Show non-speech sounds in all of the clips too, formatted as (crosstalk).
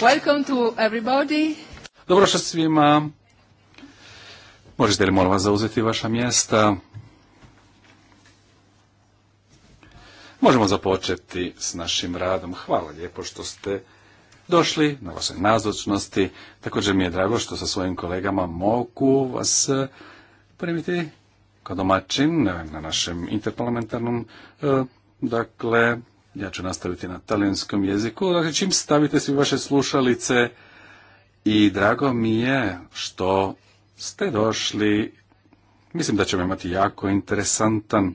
Welcome Dobro što svima. Možete li molim vas zauzeti vaša mjesta? Možemo započeti s našim radom. Hvala lijepo što ste došli na vašoj nazočnosti. Također mi je drago što sa svojim kolegama mogu vas primiti kao domaćin na našem interparlamentarnom e, dakle ja ću nastaviti na talijanskom jeziku. Dakle, čim stavite svi vaše slušalice i drago mi je što ste došli. Mislim da ćemo imati jako interesantan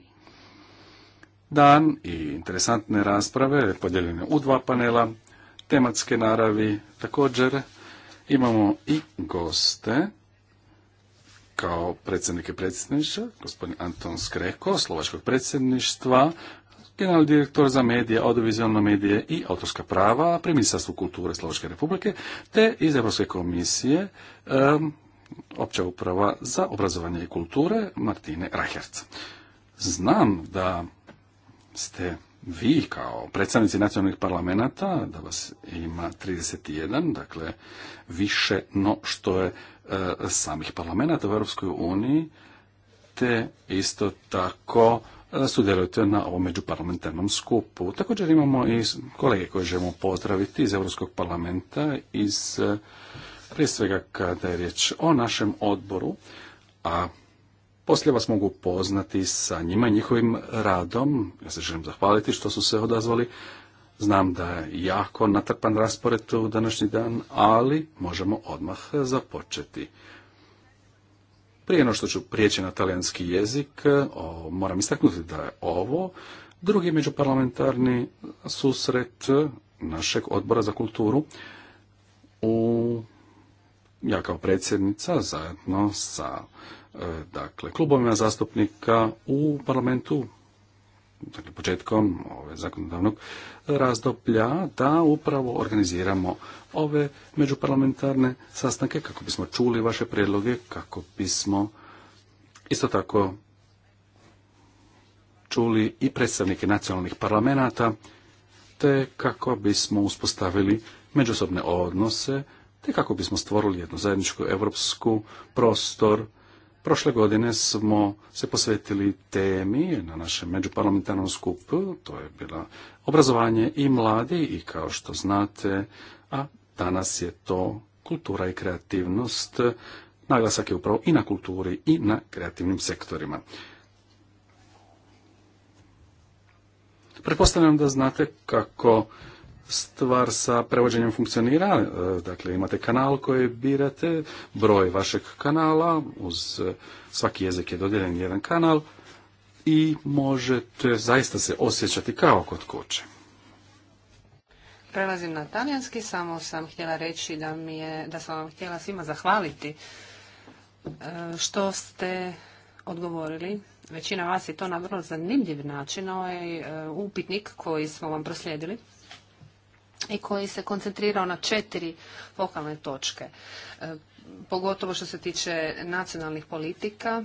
dan i interesantne rasprave podijeljene u dva panela tematske naravi. Također imamo i goste kao predsjednike predsjedništva, gospodin Anton Skreko, slovačkog predsjedništva, generalni direktor za medije, audiovizualne medije i autorska prava pri Ministarstvu kulture Slovačke republike, te iz Europske komisije um, opća uprava za obrazovanje i kulture Martine Rajherc. Znam da ste vi kao predstavnici nacionalnih parlamenta, da vas ima 31, dakle više no što je e, samih parlamenta u Europskoj uniji, te isto tako sudjelujete na ovom međuparlamentarnom skupu. Također imamo i kolege koje želimo pozdraviti iz Europskog parlamenta, iz eh, prije svega kada je riječ o našem odboru, a poslije vas mogu poznati sa njima i njihovim radom. Ja se želim zahvaliti što su se odazvali. Znam da je jako natrpan raspored u današnji dan, ali možemo odmah započeti. Prije no što ću prijeći na talijanski jezik, e, moram istaknuti da je ovo drugi međuparlamentarni susret našeg odbora za kulturu u ja kao predsjednica zajedno sa e, dakle klubovima zastupnika u parlamentu dakle, početkom ove zakonodavnog razdoblja da upravo organiziramo ove međuparlamentarne sastanke kako bismo čuli vaše prijedloge, kako bismo isto tako čuli i predstavnike nacionalnih parlamenata, te kako bismo uspostavili međusobne odnose, te kako bismo stvorili jednu zajedničku europsku prostor Prošle godine smo se posvetili temi na našem međuparlamentarnom skupu, to je bila obrazovanje i mladi i kao što znate, a danas je to kultura i kreativnost. Naglasak je upravo i na kulturi i na kreativnim sektorima. Pretpostavljam da znate kako stvar sa prevođenjem funkcionira, e, dakle imate kanal koji birate, broj vašeg kanala, uz svaki jezik je dodijeljen jedan kanal i možete zaista se osjećati kao kod kuće. Prelazim na talijanski, samo sam htjela reći da, mi je, da sam vam htjela svima zahvaliti e, što ste odgovorili većina vas je to na vrlo zanimljiv način, ovaj e, upitnik koji smo vam proslijedili i koji se koncentrirao na četiri fokalne točke. E, pogotovo što se tiče nacionalnih politika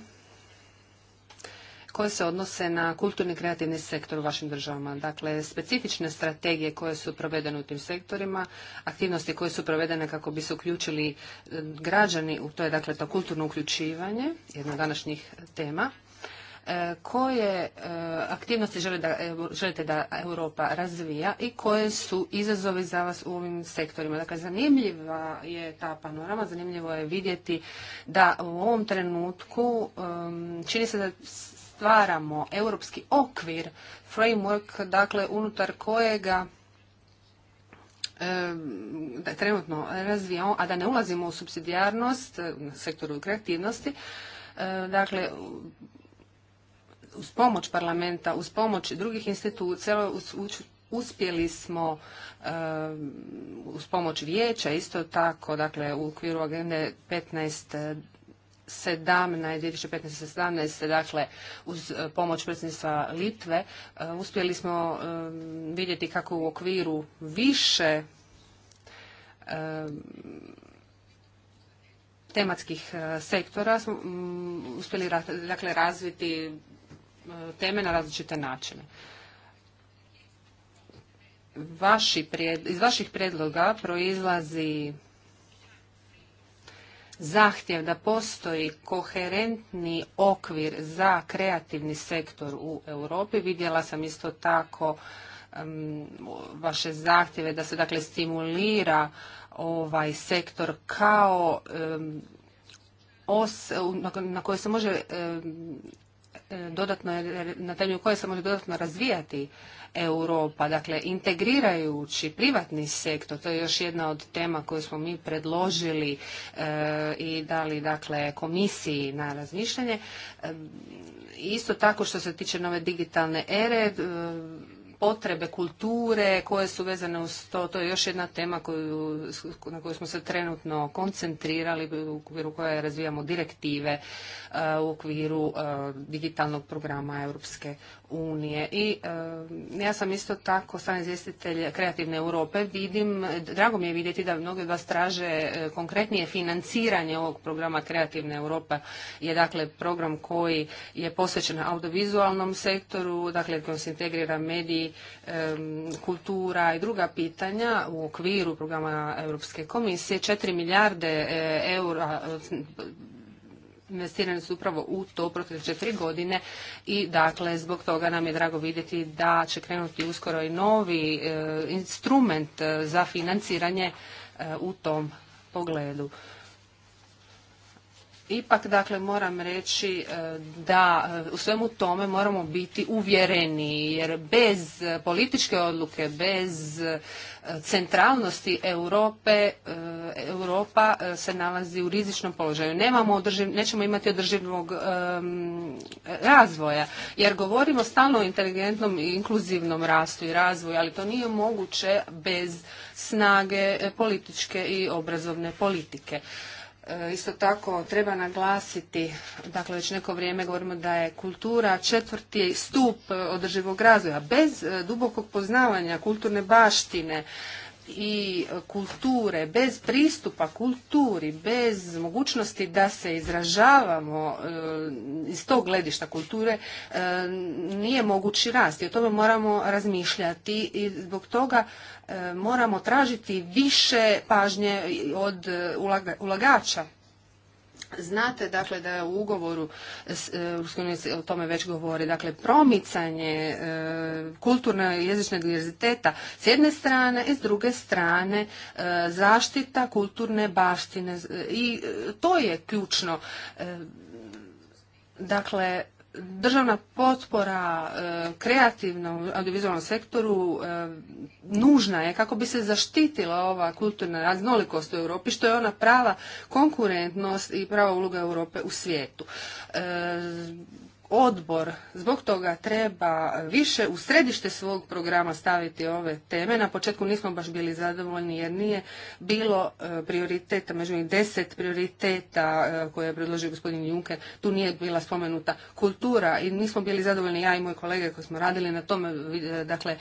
koje se odnose na kulturni kreativni sektor u vašim državama. Dakle, specifične strategije koje su provedene u tim sektorima, aktivnosti koje su provedene kako bi se uključili e, građani, to je dakle to kulturno uključivanje, jedna današnjih tema. E, koje e, aktivnosti e, želite da Europa razvija i koje su izazovi za vas u ovim sektorima. Dakle, zanimljiva je ta panorama, zanimljivo je vidjeti da u ovom trenutku čini se da stvaramo europski okvir, framework, dakle, unutar kojega da trenutno razvijamo, a da ne ulazimo u subsidijarnost sektoru kreativnosti, dakle uz pomoć parlamenta, uz pomoć drugih institucija, uspjeli smo eh, uz pomoć vijeća isto tako, dakle u okviru agende 15 17, 2015-17, dakle, uz eh, pomoć predsjedništva Litve, eh, uspjeli smo vidjeti kako u okviru više tematskih sektora smo mm, uspjeli dakle, razviti teme na različite načine. Vaši iz vaših prijedloga proizlazi zahtjev da postoji koherentni okvir za kreativni sektor u Europi. Vidjela sam isto tako vaše zahtjeve da se dakle stimulira ovaj sektor kao os na, na se može E, dodatno, na temelju koje se može dodatno razvijati Europa, dakle integrirajući privatni sektor, to je još jedna od tema koju smo mi predložili e, i dali dakle komisiji na razmišljanje. E, isto tako što se tiče nove digitalne ere, potrebe kulture koje su vezane uz to. To je još jedna tema koju, na koju smo se trenutno koncentrirali u okviru koje razvijamo direktive e, u okviru e, digitalnog programa Europske unije. I e, ja sam isto tako sam izvjestitelj Kreativne Europe. Vidim, drago mi je vidjeti da mnogi od vas traže konkretnije financiranje ovog programa Kreativne Europa je dakle program koji je posvećen audiovizualnom sektoru, dakle koji se integrira mediji kultura i druga pitanja u okviru programa Europske komisije. Četiri milijarde e, eura e, investirane su upravo u to protiv četiri godine i dakle zbog toga nam je drago vidjeti da će krenuti uskoro i novi e, instrument za financiranje u tom pogledu ipak dakle moram reći e, da e, u svemu tome moramo biti uvjereni jer bez političke odluke, bez e, centralnosti Europe, Europa se nalazi u rizičnom položaju. nećemo imati održivnog razvoja jer govorimo stalno o inteligentnom i inkluzivnom rastu i razvoju, ali to nije moguće bez snage političke i obrazovne politike. E, isto tako treba naglasiti, dakle već neko vrijeme govorimo da je kultura četvrti stup e, održivog razvoja. Bez e, dubokog poznavanja kulturne baštine, i kulture, bez pristupa kulturi, bez mogućnosti da se izražavamo e, iz tog gledišta kulture, e, nije mogući rast i o tome moramo razmišljati i zbog toga e, moramo tražiti više pažnje od ulagača Znate dakle da u ugovoru e, se o tome već govori, dakle promicanje e, kulturne i jezičnog diverziteta s jedne strane i s druge strane e, zaštita kulturne baštine i to je ključno. dakle, državna potpora e, kreativnom audiovizualnom sektoru e, nužna je kako bi se zaštitila ova kulturna raznolikost u Europi što je ona prava konkurentnost i prava uloga Europe u svijetu. E, odbor zbog toga treba više u središte svog programa staviti ove teme. Na početku nismo baš bili zadovoljni jer nije bilo e, prioriteta, među i deset prioriteta e, koje je predložio gospodin Juncker, tu nije bila spomenuta kultura i nismo bili zadovoljni ja i moji kolege koji smo radili na tome, e, dakle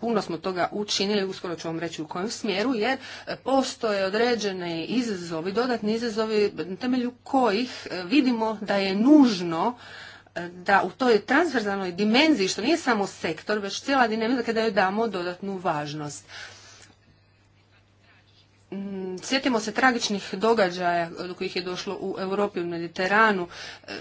puno smo toga učinili, uskoro ću vam reći u kojem smjeru, jer postoje određene izazovi, dodatni izazovi na temelju kojih vidimo da je nužno da u toj transverzalnoj dimenziji, što nije samo sektor, već cijela dinamika, da joj damo dodatnu važnost. Mm, sjetimo se tragičnih događaja do kojih je došlo u Europi, u Mediteranu. E,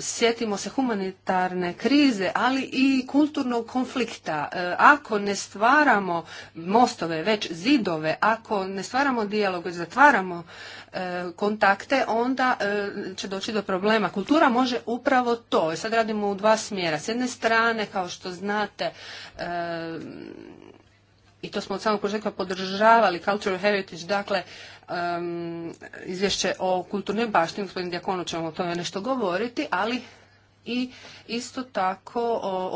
sjetimo se humanitarne krize, ali i kulturnog konflikta. E, ako ne stvaramo mostove, već zidove, ako ne stvaramo dijalog, zatvaramo e, kontakte, onda će doći do problema. Kultura može upravo to. Sad radimo u dva smjera. S jedne strane, kao što znate, i to smo od samog početka podržavali, Cultural Heritage, dakle, izvješće o kulturnoj baštini, gospodin Dijakonu ćemo o tome nešto govoriti, ali i isto tako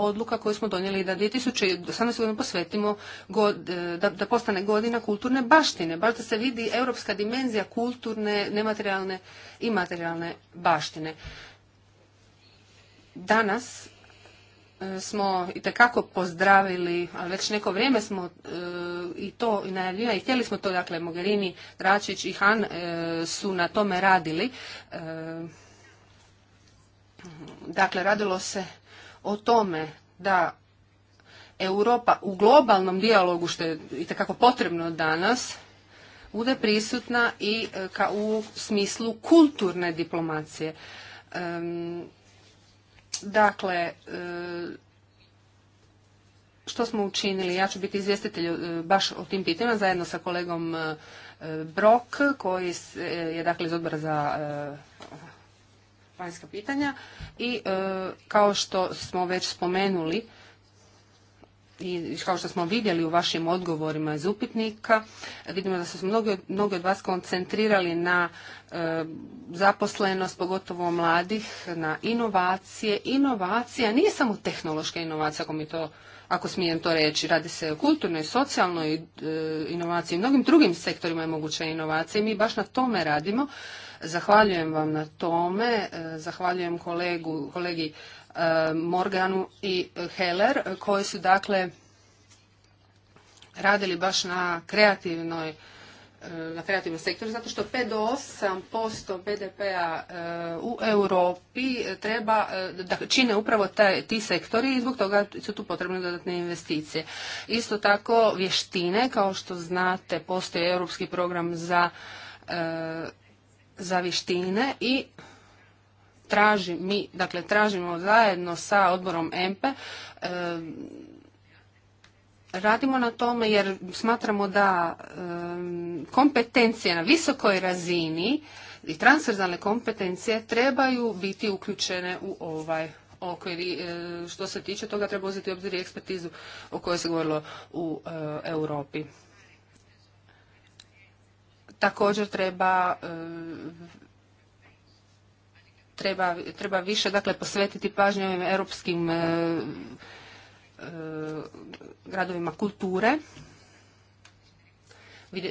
odluka koju smo donijeli da 2018. godinu posvetimo, god, e, da, da postane godina kulturne baštine, baš da se vidi europska dimenzija kulturne, nematerijalne i materijalne baštine. Danas smo i pozdravili, ali već neko vrijeme smo e, i to i najavljivali i htjeli smo to, dakle, Mogherini, Račić i Han e, su na tome radili. E, dakle, radilo se o tome da Europa u globalnom dijalogu, što je itekako potrebno danas, bude prisutna i u smislu kulturne diplomacije. Dakle, e, što smo učinili? Ja ću biti izvjestitelj e, baš o tim pitanjima zajedno sa kolegom e, Brok koji je dakle iz odbora za vanjska pitanja i kao što smo već spomenuli i kao što smo vidjeli u vašim odgovorima iz upitnika, vidimo da su se mnogi, mnogi od vas koncentrirali na e, zaposlenost, pogotovo mladih, na inovacije. Inovacija nije samo tehnološka inovacija, ako mi to ako smijem to reći, radi se o kulturnoj, socijalnoj inovaciji, e, inovaciji, mnogim drugim sektorima je moguća inovacija i mi baš na tome radimo. Zahvaljujem vam na tome, e, zahvaljujem kolegu, kolegi Morganu i Heller koji su dakle radili baš na kreativnoj e, na kreativnom sektoru, zato što 5 do 8% BDP-a e, u Europi treba, e, da čine upravo ti sektori i zbog toga su tu potrebne dodatne investicije. Isto tako vještine, kao što znate, postoji europski program za, za vještine i traži, mi dakle tražimo zajedno sa odborom EMPE radimo na tome jer smatramo da e, kompetencije na visokoj razini i transverzalne kompetencije trebaju biti uključene u ovaj okvir e, što se tiče toga treba uzeti u obzir i ekspertizu o kojoj se govorilo u e, Europi. Također treba treba, treba više dakle posvetiti pažnju ovim europskim e, e, gradovima kulture.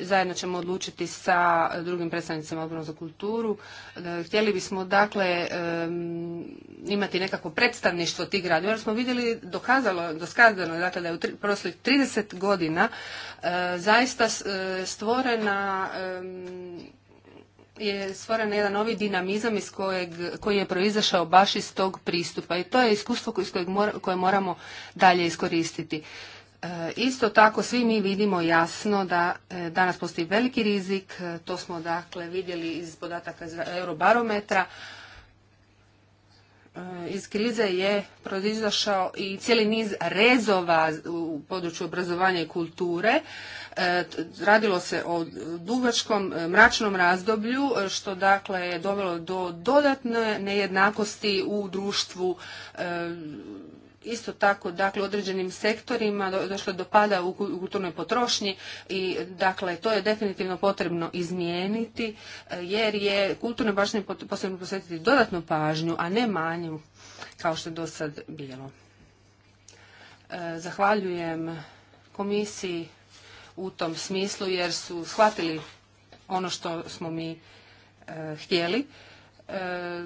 Zajedno ćemo odlučiti sa drugim predstavnicima odbora za kulturu. E, htjeli bismo dakle imati nekakvo predstavništvo tih gradova jer smo vidjeli dokazalo, doskazano dakle da je u prošlih 30 godina zaista stvorena je stvoren jedan novi dinamizam iz kojeg, koji je proizašao baš iz tog pristupa i to je iskustvo iz kojeg koje moramo dalje iskoristiti. E, isto tako svi mi vidimo jasno da e, danas postoji veliki rizik, e, to smo dakle vidjeli iz podataka iz Eurobarometra. Iz krize je proizašao i cijeli niz rezova u području obrazovanja i kulture, E, radilo se o dugačkom e, mračnom razdoblju e, što dakle je dovelo do dodatne nejednakosti u društvu isto tako dakle određenim sektorima došlo do pada u kulturnoj potrošnji i dakle to je definitivno potrebno izmijeniti jer je kulturnoj baštini posebno posvetiti dodatnu pažnju a ne manju kao što je do sad bilo. Zahvaljujem komisiji u tom smislu jer su shvatili ono što smo mi e, htjeli. E,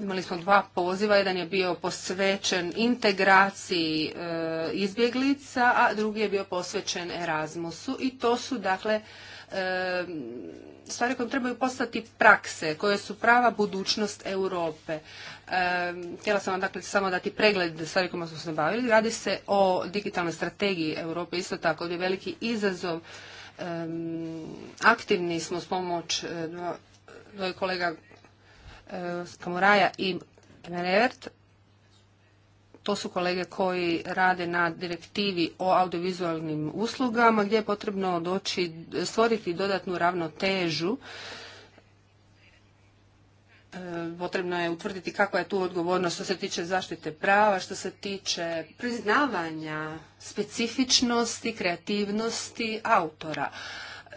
imali smo dva poziva, jedan je bio posvećen integraciji e, izbjeglica, a drugi je bio posvećen Erasmusu i to su dakle stvari koje trebaju postati prakse, koje su prava budućnost Europe. Htjela sam vam dakle samo dati pregled stvari kojima smo se bavili. Radi se o digitalnoj strategiji Europe isto tako, gdje je veliki izazov. Aktivni smo s pomoć e, dvoje kolega e, Kamuraja i Merevert. To su kolege koji rade na direktivi o audiovizualnim uslugama gdje je potrebno doći, stvoriti dodatnu ravnotežu E, potrebno je utvrditi kakva je tu odgovornost što se tiče zaštite prava, što se tiče priznavanja specifičnosti, kreativnosti autora. E,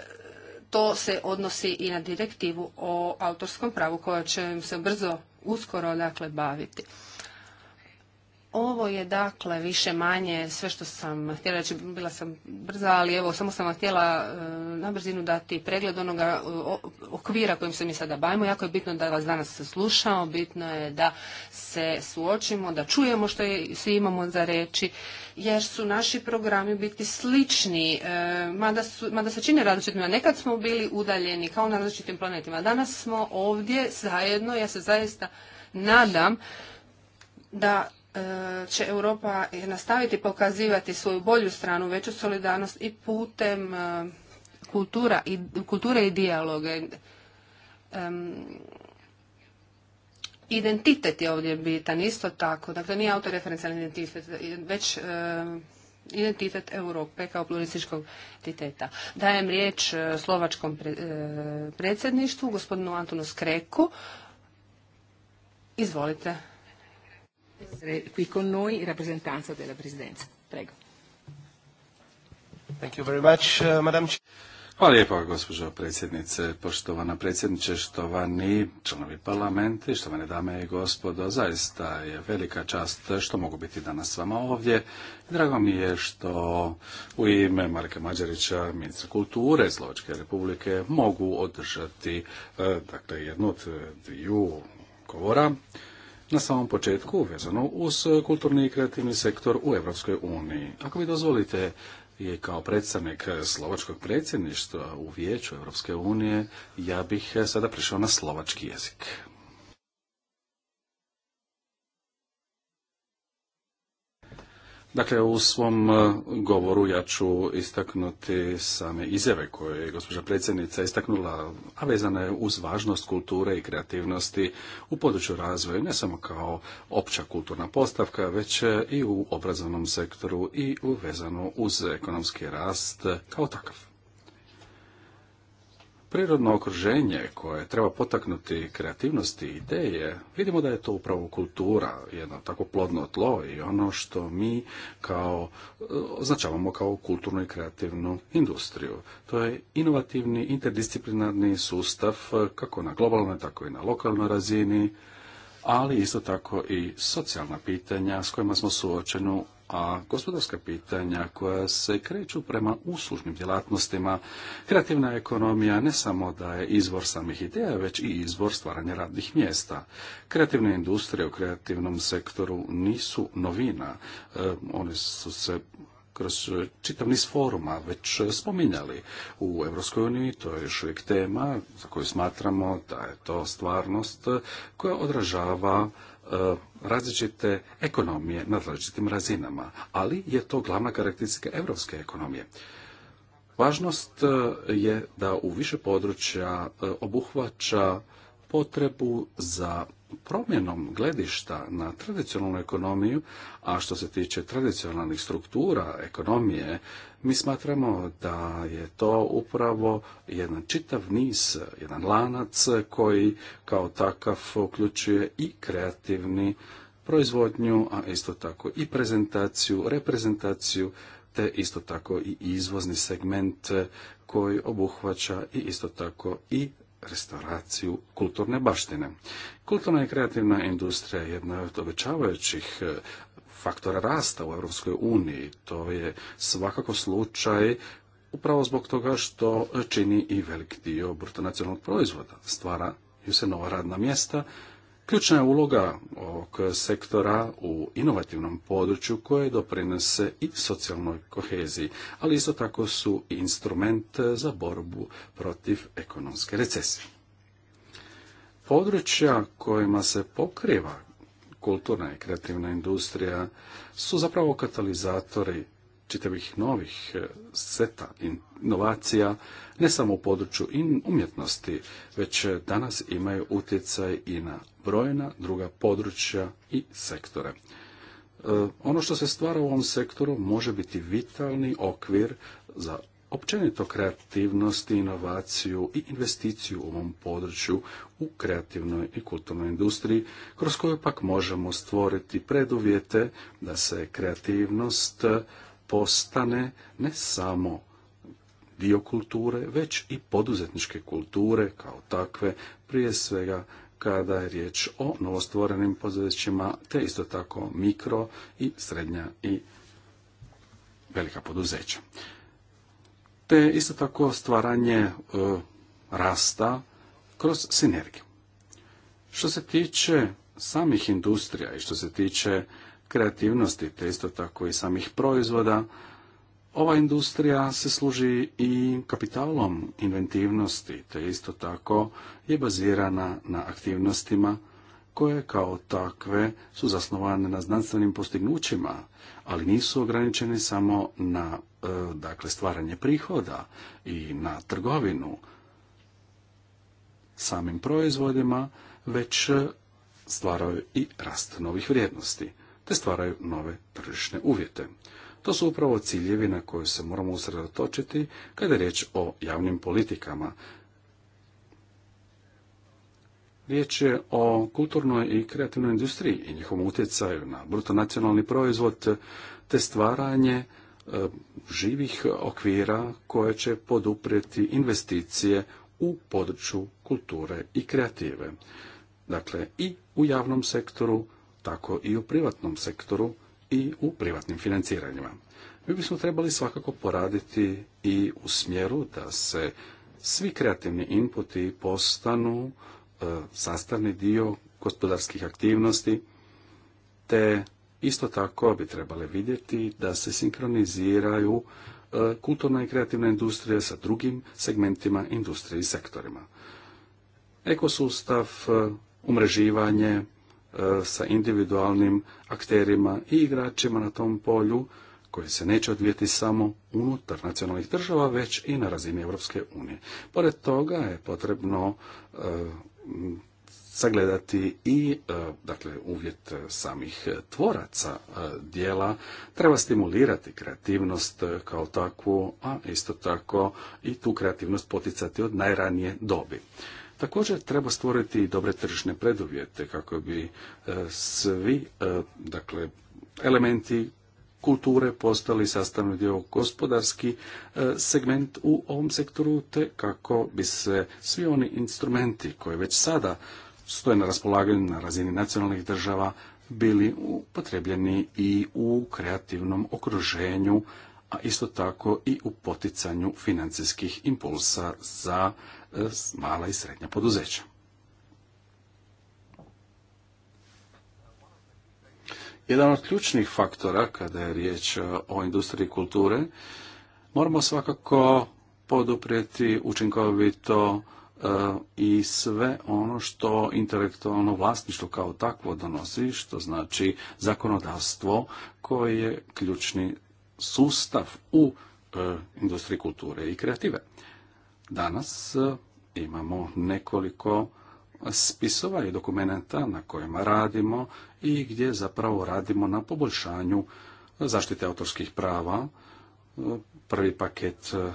to se odnosi i na direktivu o autorskom pravu koja će se brzo uskoro dakle baviti. Ovo je dakle više manje sve što sam htjela reći, bila sam brza, ali evo samo sam vam htjela e, na brzinu dati pregled onoga e, okvira kojim se mi sada bavimo. Jako je bitno da vas danas slušamo, bitno je da se suočimo, da čujemo što svi imamo za reći, jer su naši programi biti slični, e, mada, mada se čine različitima. Nekad smo bili udaljeni kao na različitim planetima. Danas smo ovdje zajedno, ja se zaista nadam da će Europa nastaviti pokazivati svoju bolju stranu, veću solidarnost i putem e, kultura i, kulture i dijaloge. identitet je ovdje bitan isto tako. Dakle, nije autoreferencijalni identitet, već e, identitet Europe kao pluralističkog identiteta. Dajem riječ e, slovačkom predsjedništvu, gospodinu Antonu Skreku. Izvolite qui con noi in rappresentanza della Presidenza. Prego. Thank you very much, uh, Madam Hvala lijepo gospođo predsjednice, poštovana predsjedniče, štovani članovi parlamenti, štovane dame i gospodo. Zaista je velika čast što mogu biti danas s vama ovdje. Drago mi je što u ime Marka Mađarića, ministra kulture Slovačke republike, mogu održati uh, dakle, jednu od dviju govora na samom početku vezano uz kulturni i kreativni sektor u Europskoj uniji. Ako mi dozvolite, i kao predstavnik slovačkog predsjedništva u Vijeću Europske unije, ja bih sada prišao na slovački jezik. Dakle, u svom e, govoru ja ću istaknuti same izjave koje je gospođa predsjednica istaknula, a vezana je uz važnost kulture i kreativnosti u području razvoja, ne samo kao opća kulturna postavka, već e, i u obrazovnom sektoru i u vezano uz ekonomski rast kao takav prirodno okruženje koje treba potaknuti kreativnosti i ideje, vidimo da je to upravo kultura, jedno tako plodno tlo i ono što mi kao, označavamo kao kulturnu i kreativnu industriju. To je inovativni interdisciplinarni sustav kako na globalnoj, tako i na lokalnoj razini, ali isto tako i socijalna pitanja s kojima smo suočeni a gospodarska pitanja koja se kreću prema uslužnim djelatnostima, kreativna ekonomija ne samo da je izvor samih ideja, već i izvor stvaranja radnih mjesta. Kreativne industrije u kreativnom sektoru nisu novina, e, one su se kroz čitav niz foruma već spominjali u EU uniji, to je još uvijek tema za koju smatramo da je to stvarnost koja odražava E, različite ekonomije na različitim razinama, ali je to glavna karakteristika europske ekonomije. Važnost e, je da u više područja e, obuhvaća potrebu za promjenom gledišta na tradicionalnu ekonomiju, a što se tiče tradicionalnih struktura ekonomije, mi smatramo da je to upravo jedan čitav niz, jedan lanac koji kao takav uključuje i kreativni proizvodnju, a isto tako i prezentaciju, reprezentaciju, te isto tako i izvozni segment koji obuhvaća i isto tako i restauraciju kulturne baštine. Kulturna i kreativna industrija je jedna od obećavajućih e, faktora rasta u Europskoj uniji. To je svakako slučaj upravo zbog toga što čini i velik dio brutonacionalnog proizvoda. stvara Stvaraju se nova radna mjesta, Ključna je uloga ovog sektora u inovativnom području koje doprinese i socijalnoj koheziji, ali isto tako su i instrument za borbu protiv ekonomske recesije. Područja kojima se pokriva kulturna i kreativna industrija su zapravo katalizatori čitavih novih e, seta inovacija, ne samo u području umjetnosti, već e, danas imaju utjecaj i na brojna druga područja i sektore. E, ono što se stvara u ovom sektoru može biti vitalni okvir za općenito kreativnost, inovaciju i investiciju u ovom području u kreativnoj i kulturnoj industriji, kroz koju pak možemo stvoriti preduvjete da se kreativnost postane ne samo dio kulture, već i poduzetničke kulture kao takve, prije svega kada je riječ o novostvorenim poduzećima, te isto tako mikro i srednja i velika poduzeća. Te isto tako stvaranje e, rasta kroz sinergiju. Što se tiče samih industrija i što se tiče kreativnosti, te isto tako i samih proizvoda, ova industrija se služi i kapitalom inventivnosti, te isto tako je bazirana na aktivnostima koje kao takve su zasnovane na znanstvenim postignućima, ali nisu ograničene samo na e, dakle, stvaranje prihoda i na trgovinu samim proizvodima, već stvaraju i rast novih vrijednosti te stvaraju nove tržišne uvjete. To su upravo ciljevi na koje se moramo usredotočiti kada je riječ o javnim politikama. Riječ je o kulturnoj i kreativnoj industriji i njihovom utjecaju na brutonacionalni proizvod te stvaranje e, živih okvira koje će poduprijeti investicije u području kulture i kreative. Dakle, i u javnom sektoru, tako i u privatnom sektoru i u privatnim financiranjima. Mi bismo trebali svakako poraditi i u smjeru da se svi kreativni inputi postanu e, sastavni dio gospodarskih aktivnosti, te isto tako bi trebali vidjeti da se sinkroniziraju e, kulturna i kreativna industrija sa drugim segmentima industrije i sektorima. Ekosustav, e, umreživanje, E, sa individualnim akterima i igračima na tom polju koji se neće odvijeti samo unutar nacionalnih država, već i na razini Europske unije. Pored toga je potrebno e, sagledati i e, dakle uvjet samih tvoraca djela dijela treba stimulirati kreativnost kao takvu a isto tako i tu kreativnost poticati od najranije dobi Također treba stvoriti dobre tržišne preduvjete kako bi e, svi e, dakle, elementi kulture postali sastavni dio gospodarski e, segment u ovom sektoru, te kako bi se svi oni instrumenti koji već sada stoje na raspolaganju na razini nacionalnih država bili upotrebljeni i u kreativnom okruženju, a isto tako i u poticanju financijskih impulsa za mala i srednja poduzeća. Jedan od ključnih faktora kada je riječ e, o industriji kulture, moramo svakako poduprijeti učinkovito e, i sve ono što intelektualno vlasništvo kao takvo donosi, što znači zakonodavstvo koje je ključni sustav u e, industriji kulture i kreative. Danas eh, imamo nekoliko spisova i dokumenta na kojima radimo i gdje zapravo radimo na poboljšanju zaštite autorskih prava. Eh, prvi paket eh,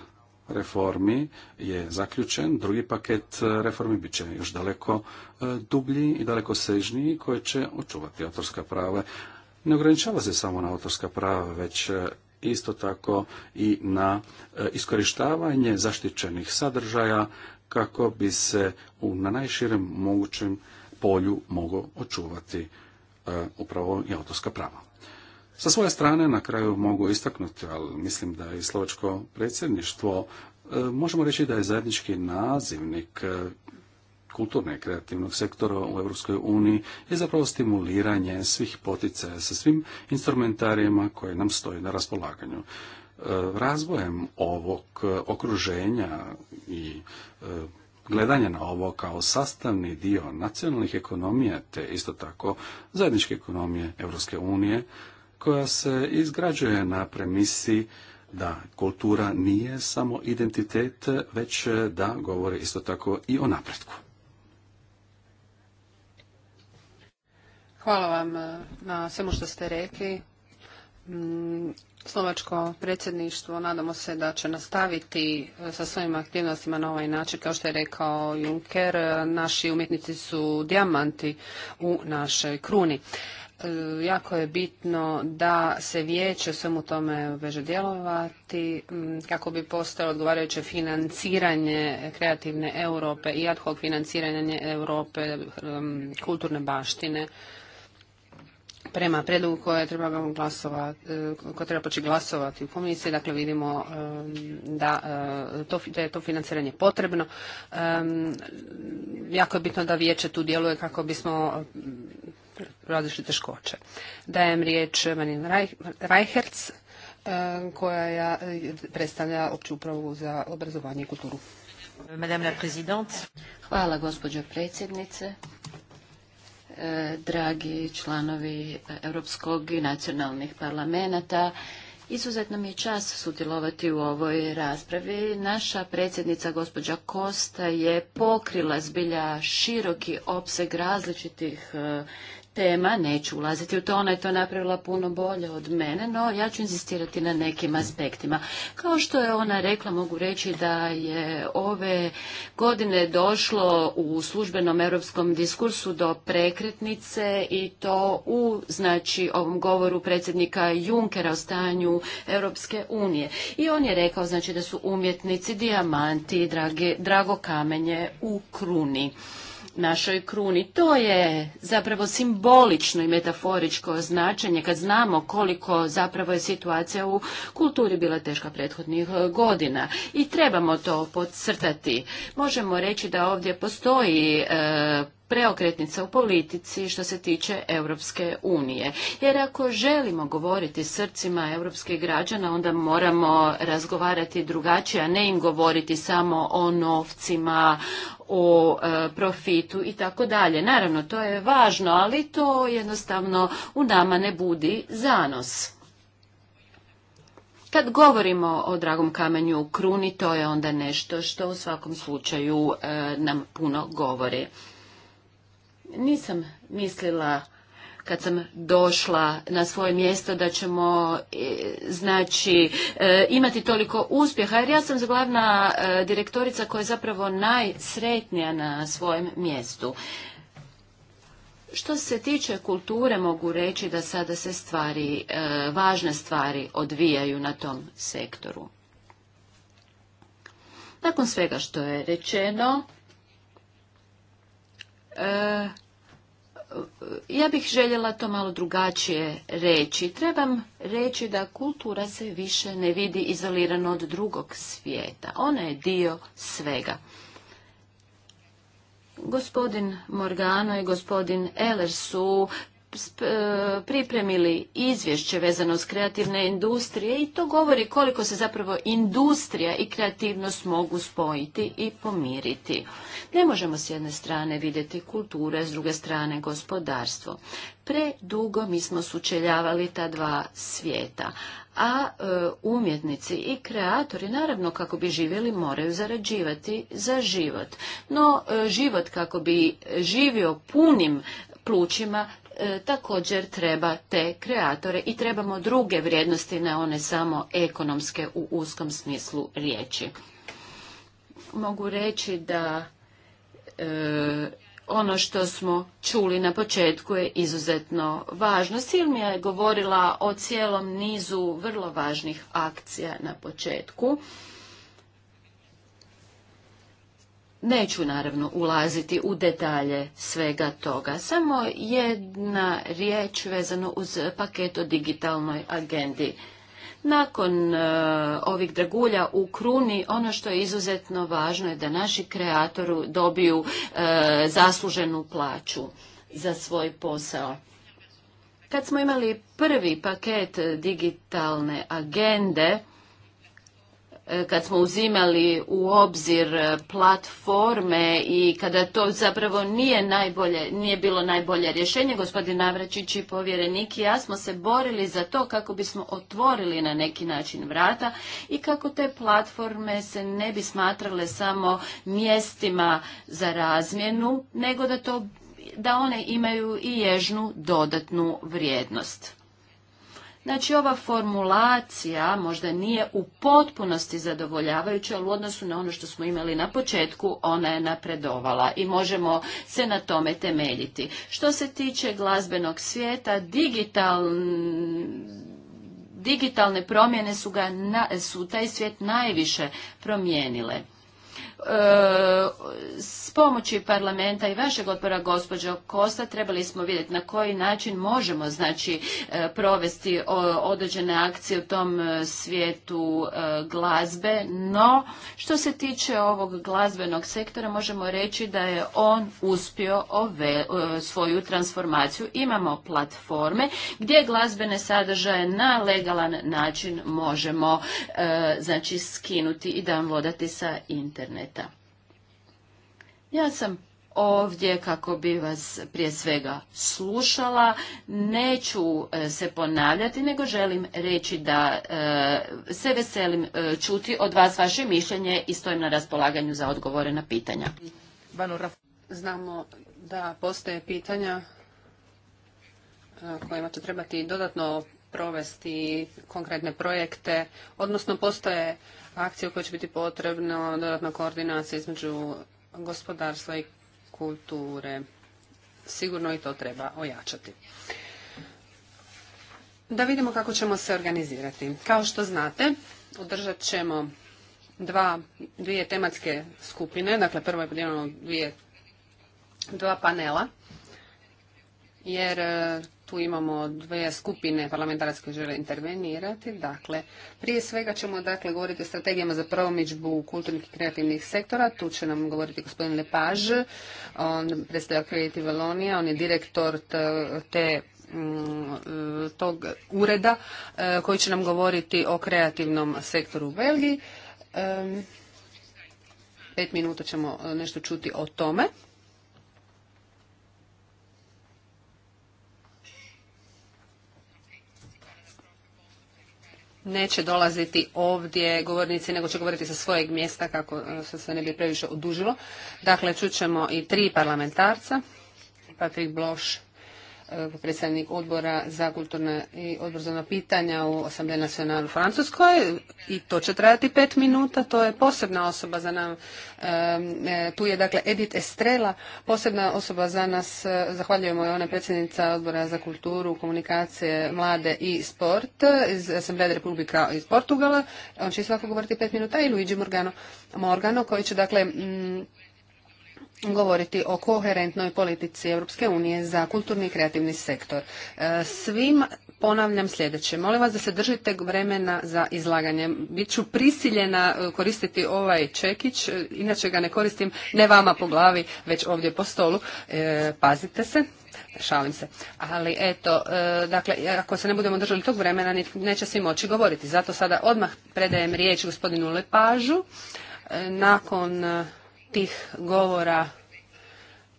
reformi je zaključen, drugi paket reformi bit će još daleko dublji i daleko sežniji koje će očuvati autorska prava. Ne ograničava se samo na autorska prava, već isto tako i na e, iskorištavanje zaštićenih sadržaja kako bi se na najširem mogućem polju moglo očuvati e, upravo i autorska prava. Sa svoje strane na kraju mogu istaknuti, ali mislim da je slovačko predsjedništvo, e, možemo reći da je zajednički nazivnik kulturne i kreativnog sektora u Europskoj uniji je zapravo stimuliranje svih poticaja sa svim instrumentarijima koje nam stoji na raspolaganju. E, razvojem ovog okruženja i e, gledanja na ovo kao sastavni dio nacionalnih ekonomija te isto tako zajedničke ekonomije Europske unije koja se izgrađuje na premisi da kultura nije samo identitet, već da govori isto tako i o napretku. Hvala vam eh, na svemu što ste rekli. Mm, Slovačko predsjedništvo nadamo se da će nastaviti eh, sa svojim aktivnostima na ovaj način. Kao što je rekao Juncker, eh, naši umjetnici su dijamanti u našoj kruni. Jako je bitno da se vijeće svemu tome veže djelovati mm, kako bi postalo odgovarajuće financiranje kreativne Europe i ad hoc financiranje Europe kulturne baštine prema predlogu koje treba glasovati, e, koje treba početi glasovati u komisiji, dakle vidimo e, da, e, to, je to financiranje potrebno. Jako je bitno da vijeće tu djeluje kako bismo različite teškoće. Dajem riječ Manin Reichertz koja predstavlja opću upravu za obrazovanje i kulturu. Hvala gospođo predsjednice dragi članovi Europskog i nacionalnih parlamenta. Izuzetno mi je čast sudjelovati u ovoj raspravi. Naša predsjednica gospođa Kosta je pokrila zbilja široki opseg različitih tema, neću ulaziti u to, ona je to napravila puno bolje od mene, no ja ću insistirati na nekim aspektima. Kao što je ona rekla, mogu reći da je ove godine došlo u službenom europskom diskursu do prekretnice i to u znači ovom govoru predsjednika Junkera o stanju Europske unije. I on je rekao znači da su umjetnici dijamanti, drage, drago kamenje u kruni našoj kruni. To je zapravo simbolično i metaforičko značenje kad znamo koliko zapravo je situacija u kulturi bila teška prethodnih eh, godina. I trebamo to podcrtati. Možemo reći da ovdje postoji eh, preokretnica u politici što se tiče Europske unije. Jer ako želimo govoriti srcima europskih građana, onda moramo razgovarati drugačije, a ne im govoriti samo o novcima, o e, profitu i tako dalje. Naravno, to je važno, ali to jednostavno u nama ne budi zanos. Kad govorimo o dragom kamenju kruni, to je onda nešto što u svakom slučaju e, nam puno govori. Nisam mislila kad sam došla na svoje mjesto da ćemo e, znači e, imati toliko uspjeha jer ja sam glavna e, direktorica koja je zapravo najsretnija na svojem mjestu. Što se tiče kulture mogu reći da sada se stvari, važne stvari odvijaju na tom sektoru. Nakon svega što je rečeno, E, ja bih željela to malo drugačije reći. Trebam reći da kultura se više ne vidi izolirano od drugog svijeta. Ona je dio svega. Gospodin Morgano i gospodin Eller su E, pripremili izvješće vezano s kreativne industrije i to govori koliko se zapravo industrija i kreativnost mogu spojiti i pomiriti. Ne možemo s jedne strane vidjeti kulture, s druge strane gospodarstvo. Predugo mi smo sučeljavali ta dva svijeta, a e, umjetnici i kreatori naravno kako bi živjeli moraju zarađivati za život. No e, život kako bi živio punim plućima E, također treba te kreatore i trebamo druge vrijednosti, ne one samo ekonomske u uskom smislu riječi. Mogu reći da e, ono što smo čuli na početku je izuzetno važno. Silmija je govorila o cijelom nizu vrlo važnih akcija na početku. Neću naravno ulaziti u detalje svega toga, samo jedna riječ vezano uz paket o digitalnoj agendi. Nakon e, ovih dragulja u kruni, ono što je izuzetno važno je da naši kreatoru dobiju e, zasluženu plaću za svoj posao. Kad smo imali prvi paket digitalne agende, E, kad smo uzimali u obzir e, platforme i kada to zapravo nije najbolje, nije bilo najbolje rješenje, gospodin Navračić i povjerenik i ja smo se borili za to kako bismo otvorili na neki način vrata i kako te platforme se ne bi smatrale samo mjestima za razmjenu, nego da to da one imaju i ježnu dodatnu vrijednost. Znači ova formulacija možda nije u potpunosti zadovoljavajuća, ali u odnosu na ono što smo imali na početku ona je napredovala i možemo se na tome temeljiti. Što se tiče glazbenog svijeta, digitalne promjene su, ga su taj svijet najviše promijenile. E, s pomoći parlamenta i vašeg odbora gospođo Kosta trebali smo vidjeti na koji način možemo znači e, provesti određene akcije u tom e, svijetu glazbe, no što se tiče ovog glazbenog sektora možemo reći da je on uspio ove, svoju transformaciju. Imamo platforme gdje glazbene sadržaje na legalan način možemo znači skinuti i vodati sa internet sveta. Ja sam ovdje kako bi vas prije svega slušala. Neću e, se ponavljati, nego želim reći da e, se veselim e, čuti od vas vaše mišljenje i stojim na raspolaganju za odgovore na pitanja. Znamo da postoje pitanja kojima će trebati dodatno provesti konkretne projekte, odnosno postoje akciju koja će biti potrebno, dodatna koordinacija između gospodarstva i kulture. Sigurno i to treba ojačati. Da vidimo kako ćemo se organizirati. Kao što znate, održat ćemo dva, dvije tematske skupine, dakle prvo je podijeljeno dva panela, jer tu imamo dve skupine parlamentarske koje žele intervenirati. Dakle, prije svega ćemo dakle govoriti o strategijama za promičbu kulturnih i kreativnih sektora. Tu će nam govoriti gospodin Lepaž, on predstavlja Creative valonija on je direktor te mm, tog ureda e, koji će nam govoriti o kreativnom sektoru u Belgiji. Pet minuta ćemo e, nešto čuti o tome. neće dolaziti ovdje govornici, nego će govoriti sa svojeg mjesta kako e, se sve ne bi previše odužilo. Dakle, čućemo i tri parlamentarca, Patrick Bloš E, predsjednik odbora za kulturna i obrazovna pitanja u Asamblea nacional Francuskoj i to će trajati pet minuta, to je posebna osoba za nam, e, e, tu je dakle Edith Estrela, posebna osoba za nas, zahvaljujemo je ona predsjednica odbora za kulturu, komunikacije, mlade i sport iz Asamblea Republika iz Portugala, on će svakako govoriti pet minuta i Luigi Morgano, Morgano koji će dakle mm, govoriti o koherentnoj politici Europske unije za kulturni i kreativni sektor. E, svim ponavljam sljedeće. Molim vas da se držite vremena za izlaganje. Biću prisiljena e, koristiti ovaj čekić, e, inače ga ne koristim ne vama po glavi, već ovdje po stolu. Pazite se. Šalim se. Ali eto, dakle, ako se ne budemo držali tog vremena, neće svi moći govoriti. Zato sada odmah predajem riječ gospodinu Lepažu. Nakon tih govora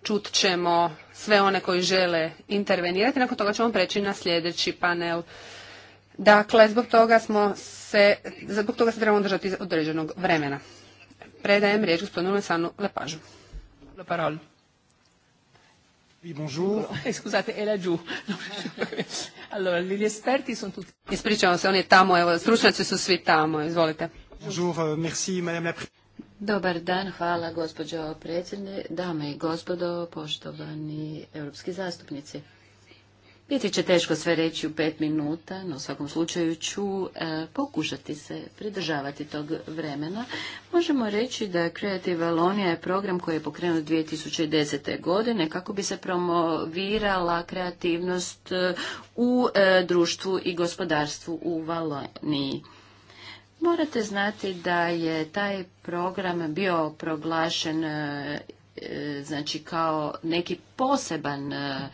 čut ćemo sve one koji žele intervenirati. Nakon toga ćemo preći na sljedeći panel. Dakle, zbog toga smo se, zbog toga se trebamo držati određenog vremena. Predajem riječ gospodinu Lesanu Lepažu. La parole. Oui, bonjour. (laughs) Scusate, è laggiù. allora, gli esperti sono tutti... Ispričavam se, on je tamo, evo, stručnjaci su svi tamo, izvolite. Bonjour, euh, merci, madame la Dobar dan, hvala gospođo predsjedne, dame i gospodo, poštovani europski zastupnici. Biti će teško sve reći u pet minuta, no u svakom slučaju ću e, pokušati se pridržavati tog vremena. Možemo reći da Creative Valonija je program koji je pokrenut 2010. godine kako bi se promovirala kreativnost e, u e, društvu i gospodarstvu u Valoniji. Morate znati da je taj program bio proglašen e, znači kao neki poseban e,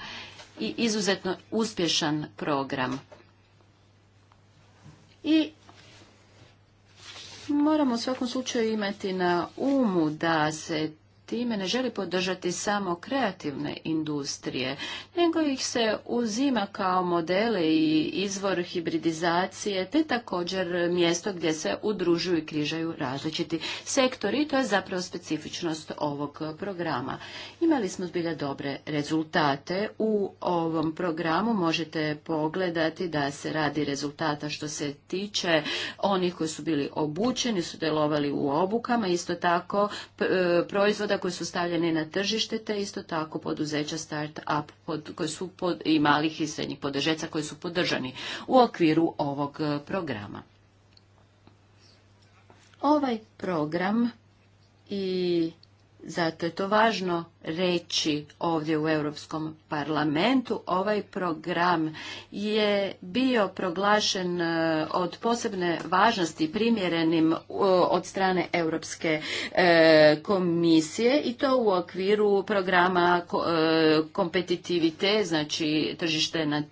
i izuzetno uspješan program. I moramo u svakom slučaju imati na umu da se time ne želi podržati samo kreativne industrije, nego ih se uzima kao modele i izvor hibridizacije, te također mjesto gdje se udružuju i križaju različiti sektori to je zapravo specifičnost ovog programa. Imali smo zbilja dobre rezultate u ovom programu, možete pogledati da se radi rezultata što se tiče onih koji su bili obučeni, sudjelovali u obukama, isto tako e, proizvoda proizvoda koji su stavljeni na tržište, te isto tako poduzeća start-up koji su i malih i srednjih poduzeća koji su podržani u okviru ovog e, programa. Ovaj program i zato je to važno reći ovdje u Europskom parlamentu. Ovaj program je bio proglašen e, od posebne važnosti primjerenim e, od strane Europske e, komisije i to u okviru programa kompetitivite, znači tržište na,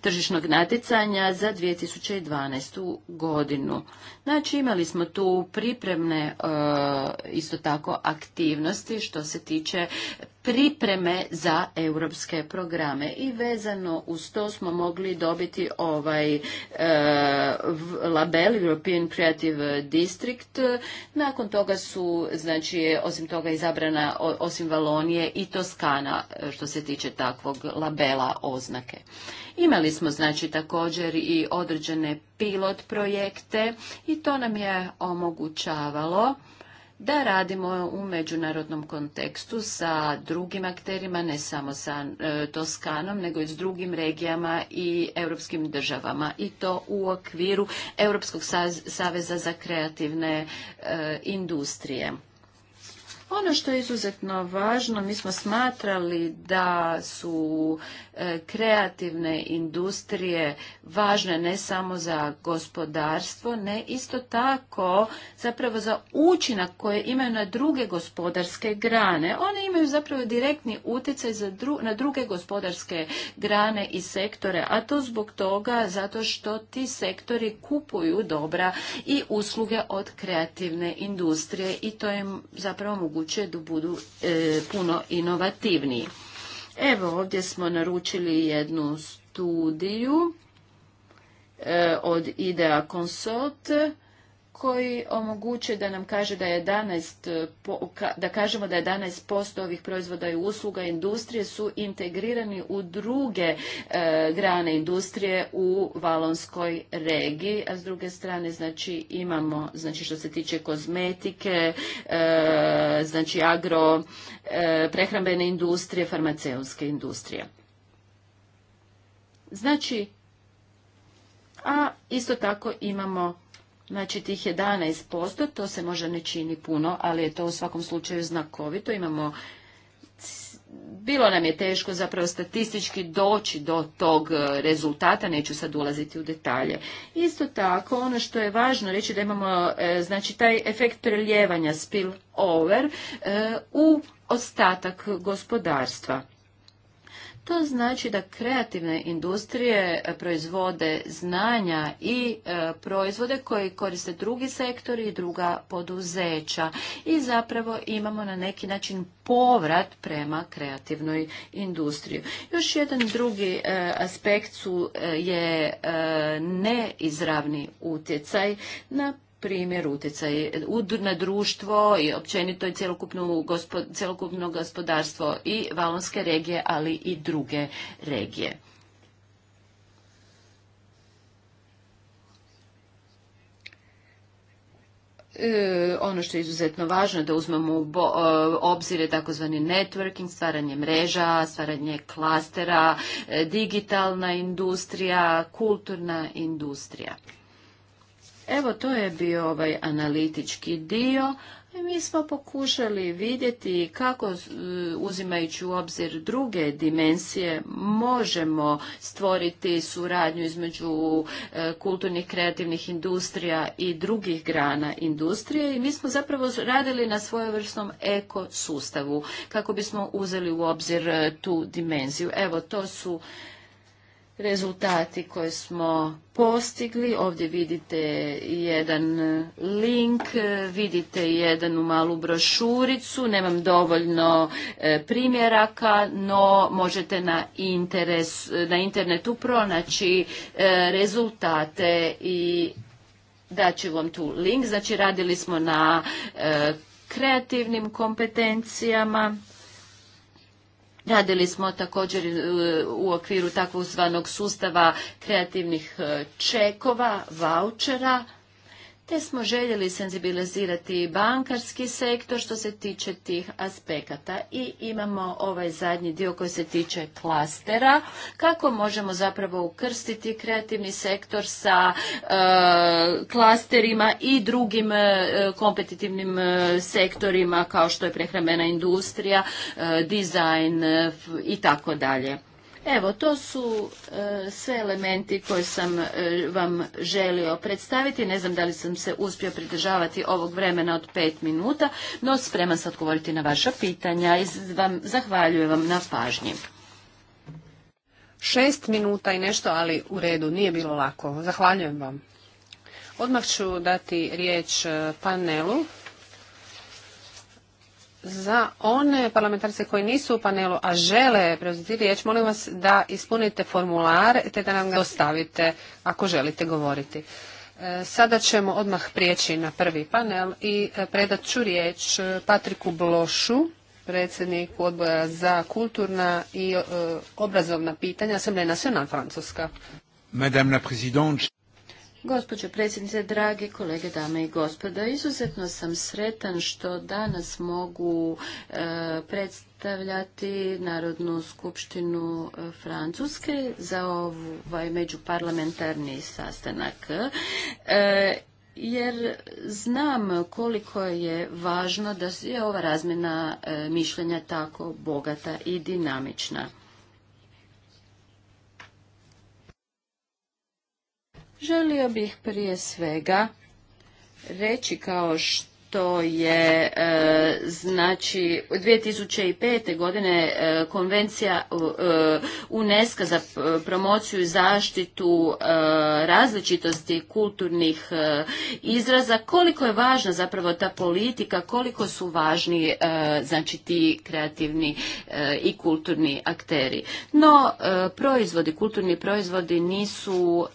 tržišnog natjecanja za 2012. godinu. Znači imali smo tu pripremne e, isto tako aktivnosti što se tiče pripreme za europske programe i vezano uz to smo mogli dobiti ovaj e, label European Creative District nakon toga su znači osim toga izabrana osim Valonije i Toskana e, što se tiče takvog labela oznake Imali smo znači također i određene pilot projekte i to nam je omogućavalo da radimo u međunarodnom kontekstu sa drugim akterima, ne samo sa e, Toskanom, nego i s drugim regijama i europskim državama. I to u okviru Europskog saveza za kreativne e, industrije. Ono što je izuzetno važno, mi smo smatrali da su e, kreativne industrije važne ne samo za gospodarstvo, ne isto tako zapravo za učinak koje imaju na druge gospodarske grane. One imaju zapravo direktni utjecaj na druge gospodarske grane i sektore, a to zbog toga zato što ti sektori kupuju dobra i usluge od kreativne industrije i to im zapravo mogućuje moguće da budu e, puno inovativniji. Evo ovdje smo naručili jednu studiju e, od IDEA Consult koji omogućuje da nam kaže da 11 da kažemo da 11% ovih proizvoda i usluga industrije su integrirani u druge e, grane industrije u valonskoj regiji a s druge strane znači imamo znači što se tiče kozmetike e, znači agro e, prehrambene industrije farmaceutske industrije znači a isto tako imamo Znači tih 11%, to se možda ne čini puno, ali je to u svakom slučaju znakovito. Imamo, bilo nam je teško zapravo statistički doći do tog e, rezultata, neću sad ulaziti u detalje. Isto tako, ono što je važno reći da imamo, e, znači taj efekt prelijevanja spill over e, u ostatak gospodarstva. To znači da kreativne industrije e, proizvode znanja i e, proizvode koji koriste drugi sektori i druga poduzeća. I zapravo imamo na neki način povrat prema kreativnoj industriji. Još jedan drugi e, aspekt su je neizravni utjecaj na primjer utjecaj na društvo i općenito i cjelokupno gospodarstvo i valonske regije, ali i druge regije. E, ono što je izuzetno važno da uzmemo u e, obzir takozvani networking, stvaranje mreža, stvaranje klastera, e, digitalna industrija, kulturna industrija. Evo, to je bio ovaj analitički dio. Mi smo pokušali vidjeti kako, e, uzimajući u obzir druge dimensije, možemo stvoriti suradnju između e, kulturnih, kreativnih industrija i drugih grana industrije. I mi smo zapravo radili na svojevrsnom ekosustavu, kako bismo uzeli u obzir e, tu dimenziju. Evo, to su rezultati koje smo postigli. Ovdje vidite jedan link, vidite jednu malu brošuricu, nemam dovoljno e, primjeraka, no možete na, interes, na internetu pronaći e, rezultate i daću vam tu link. Znači radili smo na e, kreativnim kompetencijama Radili smo također e, u okviru takvog zvanog sustava kreativnih e, čekova, vouchera, te smo željeli senzibilizirati bankarski sektor što se tiče tih aspekata. I imamo ovaj zadnji dio koji se tiče klastera, kako možemo zapravo ukrstiti kreativni sektor sa e, klasterima i drugim e, kompetitivnim e, sektorima kao što je prehrambena industrija, dizajn i tako dalje. Evo, to su e, sve elementi koje sam e, vam želio predstaviti. Ne znam da li sam se uspio pridržavati ovog vremena od pet minuta, no spreman sam odgovoriti na vaša pitanja i vam, zahvaljujem vam na pažnji. Šest minuta i nešto, ali u redu, nije bilo lako. Zahvaljujem vam. Odmah ću dati riječ e, panelu za one parlamentarce koji nisu u panelu, a žele preuzeti riječ, molim vas da ispunite formular te da nam ga dostavite ako želite govoriti. E, sada ćemo odmah prijeći na prvi panel i e, predat ću riječ e, Patriku Blošu, predsjedniku odboja za kulturna i obrazovna pitanja Asamblée nacional Francuska. Madame la présidente, Gospođo predsjednice, drage kolege, dame i gospoda, izuzetno sam sretan što danas mogu e, predstavljati Narodnu skupštinu e, Francuske za ovaj međuparlamentarni sastanak. E, jer znam koliko je važno da je ova razmjena mišljenja tako bogata i dinamična. Želio bih prije svega reći kao što to je e, znači 2005. godine e, konvencija e, UNESCO za e, promociju i zaštitu različitosti kulturnih izraza koliko je važna zapravo ta politika koliko su važni znači ti kreativni i kulturni akteri no proizvodi kulturni proizvodi nisu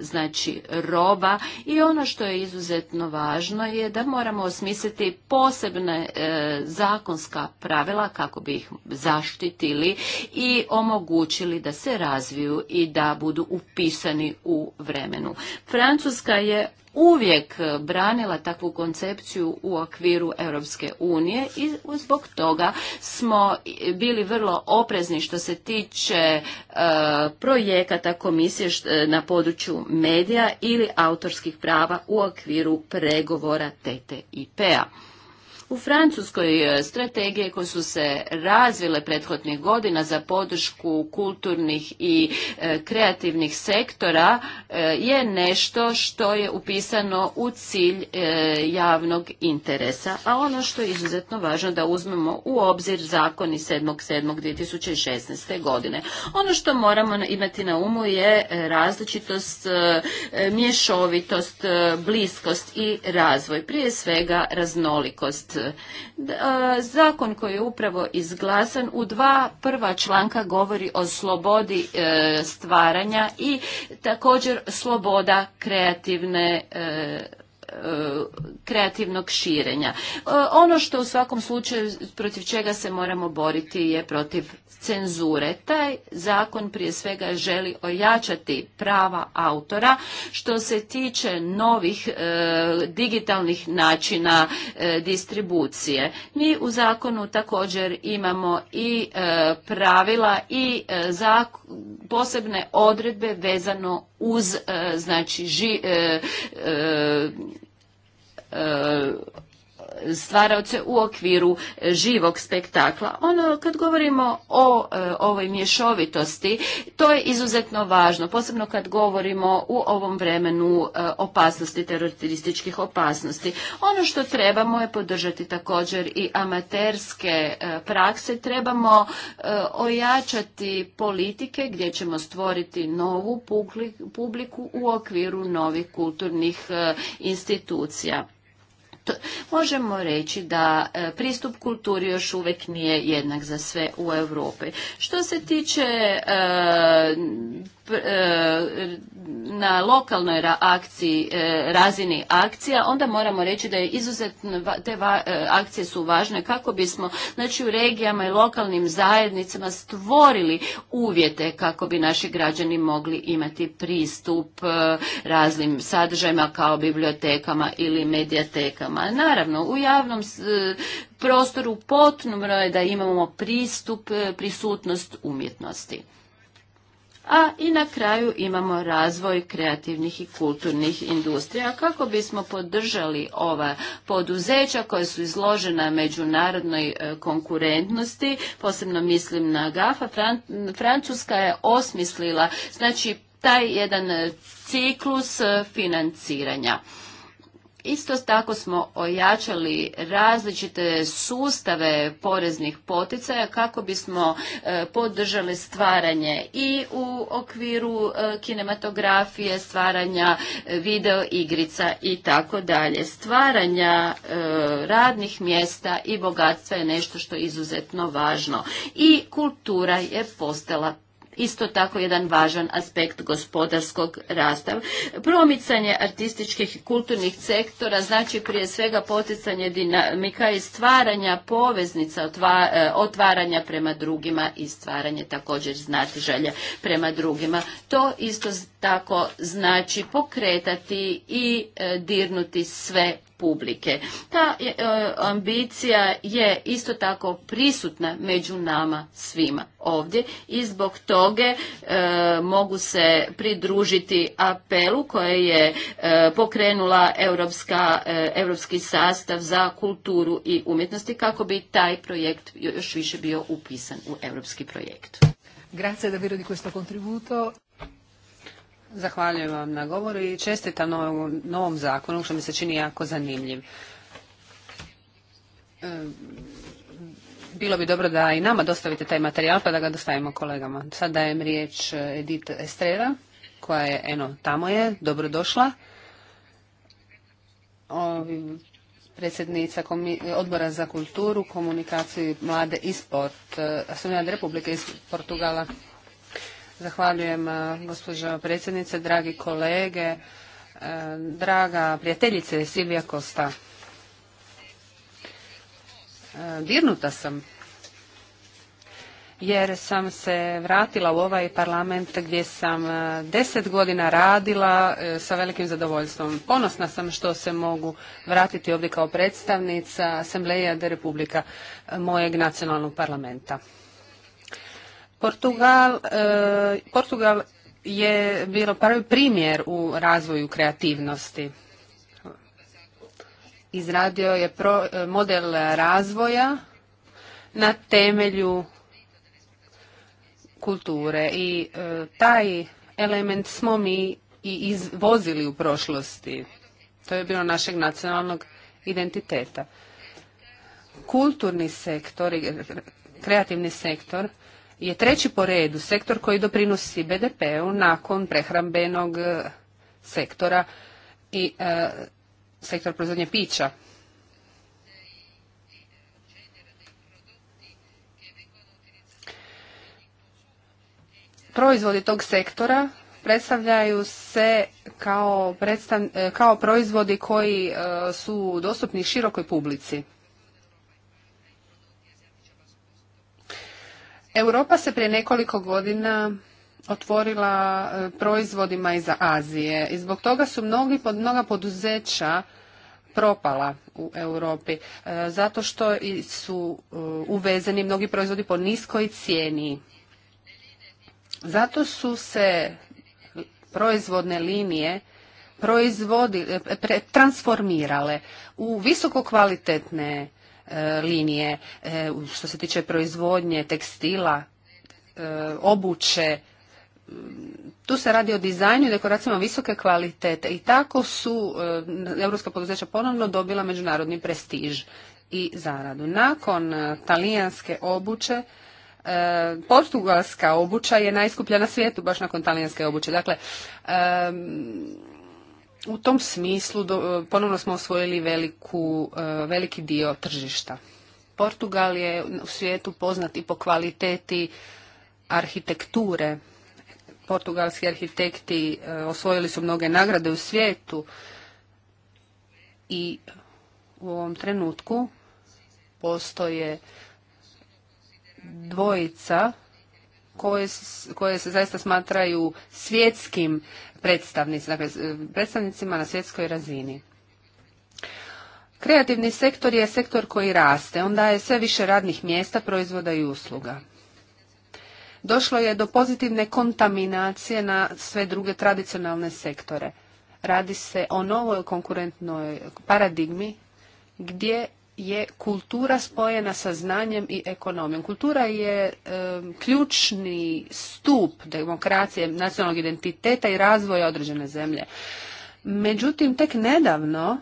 znači roba i ono što je izuzetno važno je da moramo osmisliti posebne e, zakonska pravila kako bi ih zaštitili i omogućili da se razviju i da budu upisani u vremenu. Francuska je uvijek branila takvu koncepciju u okviru Europske unije i zbog toga smo bili vrlo oprezni što se tiče e, projekata komisije e, na području medija ili autorskih prava u okviru pregovora TTIP-a. U Francuskoj e, strategije koje su se razvile prethodnih godina za podršku kulturnih i e, kreativnih sektora e, je nešto što je upisano u cilj javnog interesa. A ono što je izuzetno važno da uzmemo u obzir zakon iz 7.7.2016. godine. Ono što moramo imati na umu je različitost, mješovitost, bliskost i razvoj. Prije svega raznolikost Zakon koji je upravo izglasan u dva prva članka govori o slobodi e, stvaranja i također sloboda kreativne e, kreativnog širenja. E, ono što u svakom slučaju protiv čega se moramo boriti je protiv cenzure. Taj zakon prije svega želi ojačati prava autora što se tiče novih e, digitalnih načina e, distribucije. Mi u zakonu također imamo i pravila i posebne odredbe vezano uz znači E, stvaraoce u okviru živog spektakla. Ono kad govorimo o e, ovoj mješovitosti, to je izuzetno važno, posebno kad govorimo u ovom vremenu e, opasnosti, terorističkih opasnosti. Ono što trebamo je podržati također i amaterske prakse, trebamo ojačati politike gdje ćemo stvoriti novu publiku u okviru novih kulturnih institucija možemo reći da e, pristup kulturi još uvijek nije jednak za sve u Europi. Što se tiče e, e, na lokalnoj akciji, razini akcija, onda moramo reći da je izuzetno te akcije su važne kako bismo znači u regijama i lokalnim zajednicama stvorili uvjete kako bi naši građani mogli imati pristup raznim sadržajima kao bibliotekama ili medijatekama Naravno, u javnom e, prostoru potpuno je da imamo pristup, e, prisutnost umjetnosti. A i na kraju imamo razvoj kreativnih i kulturnih industrija kako bismo podržali ova poduzeća koja su izložena međunarodnoj e, konkurentnosti, posebno mislim na GAFA, Francuska je osmislila znači taj jedan ciklus financiranja. Isto tako smo ojačali različite sustave poreznih poticaja kako bismo e, podržali stvaranje i u okviru e, kinematografije, stvaranja e, video igrica i tako dalje. Stvaranja radnih mjesta i bogatstva je nešto što je izuzetno važno i kultura je postala isto tako jedan važan aspekt gospodarskog rasta. Promicanje artističkih i kulturnih sektora znači prije svega poticanje dinamika i stvaranja poveznica, e, otvaranja prema drugima i stvaranje također znatiželja prema drugima. To isto tako znači pokretati i e, dirnuti sve publike. Ta e, e, ambicija je isto tako prisutna među nama svima ovdje i zbog toga e, mogu se pridružiti apelu koje je pokrenula Europska, Europski sastav za kulturu i umjetnosti kako bi taj projekt još više bio upisan u europski projekt. Grazie davvero di questo contributo. Zahvaljujem vam na govoru i čestitam novom, novom zakonu što mi se čini jako zanimljiv. E, bilo bi dobro da i nama dostavite taj materijal pa da ga dostavimo kolegama. Sad dajem riječ e, Edith Estrera koja je, eno, tamo je, dobrodošla. predsjednica odbora za kulturu, komunikaciju, mlade i sport, e, Republike iz Portugala. Zahvaljujem eh, gospođo predsjednice, dragi kolege, eh, draga prijateljice Silvija Kosta. Eh, dirnuta sam jer sam se vratila u ovaj parlament gdje sam deset godina radila sa velikim zadovoljstvom. Ponosna sam što se mogu vratiti ovdje kao predstavnica Asambleja de Republika mojeg nacionalnog parlamenta. Portugal, e, Portugal je bilo prvi primjer u razvoju kreativnosti. Izradio je e, model razvoja na temelju kulture i e, taj element smo mi i izvozili u prošlosti. To je bilo našeg nacionalnog identiteta. Kulturni sektor kreativni sektor je treći po redu sektor koji doprinosi BDP-u nakon prehrambenog e, sektora i e, sektor proizvodnje pića. Proizvodi tog sektora predstavljaju se kao, e, proizvodi koji su dostupni širokoj publici. Europa se prije nekoliko godina otvorila e, proizvodima iz Azije i zbog toga su mnogi, mnoga poduzeća propala u Europi e, zato što su e, uvezeni mnogi proizvodi po niskoj cijeni. Zato su se proizvodne linije proizvodi, transformirale u visokokvalitetne E, linije e, što se tiče proizvodnje tekstila, e, obuće, tu se radi o dizajnu i dekoracijama visoke kvalitete i tako su europska poduzeća ponovno dobila međunarodni prestiž i zaradu. Nakon talijanske obuće, portugalska obuća je najskuplja na svijetu, baš nakon talijanske obuće. Dakle, u tom smislu e, ponovno smo osvojili e, veliki dio tržišta. Portugal je u svijetu poznat i po kvaliteti arhitekture. Portugalski arhitekti e, osvojili su mnoge nagrade u svijetu i u ovom trenutku postoje dvojica koje, se zaista smatraju svjetskim predstavnicima, dakle predstavnicima na svjetskoj razini. Kreativni sektor je sektor koji raste, on daje sve više radnih mjesta, proizvoda i usluga. Došlo je do pozitivne kontaminacije na sve druge tradicionalne sektore. Radi se o novoj konkurentnoj paradigmi gdje je kultura spojena sa znanjem i ekonomijom. Kultura je ključni stup demokracije, nacionalnog identiteta i razvoja određene zemlje. Međutim, tek nedavno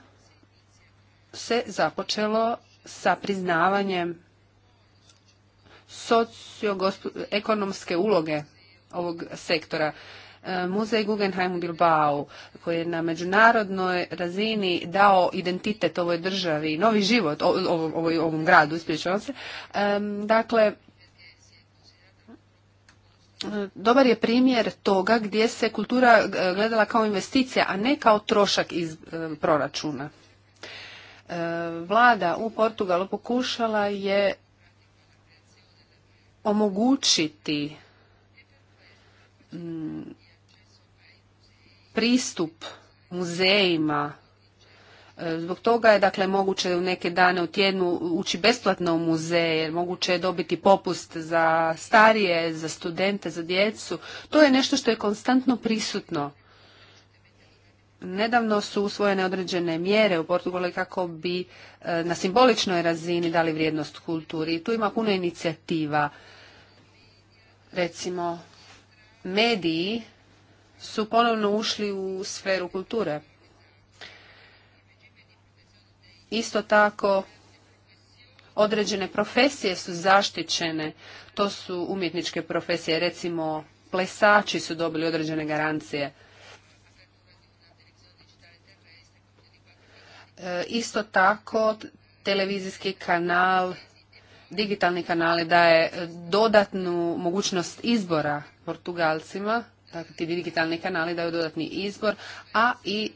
se započelo sa priznavanjem ekonomske uloge ovog sektora. E, Muzej Guggenheim u Bilbao, koji je na međunarodnoj razini dao identitet ovoj državi, novi život ovoj, ovom gradu, ispričavam se. E, dakle, e, dobar je primjer toga gdje se kultura gledala kao investicija, a ne kao trošak iz proračuna. Vlada u Portugalu pokušala je omogućiti pristup muzejima. E, zbog toga je dakle moguće u neke dane u tjednu ući besplatno u muzeje, moguće je dobiti popust za starije, za studente, za djecu. To je nešto što je konstantno prisutno. Nedavno su usvojene određene mjere u Portugalu kako bi e, na simboličnoj razini dali vrijednost kulturi. tu ima puno inicijativa. Recimo, mediji su ponovno ušli u sferu kulture. Isto tako, određene profesije su zaštićene. To su umjetničke profesije, recimo plesači su dobili određene garancije. E, isto tako, televizijski kanal, digitalni kanali daje dodatnu mogućnost izbora Portugalcima Dakle, ti digitalni kanali daju dodatni izbor, a i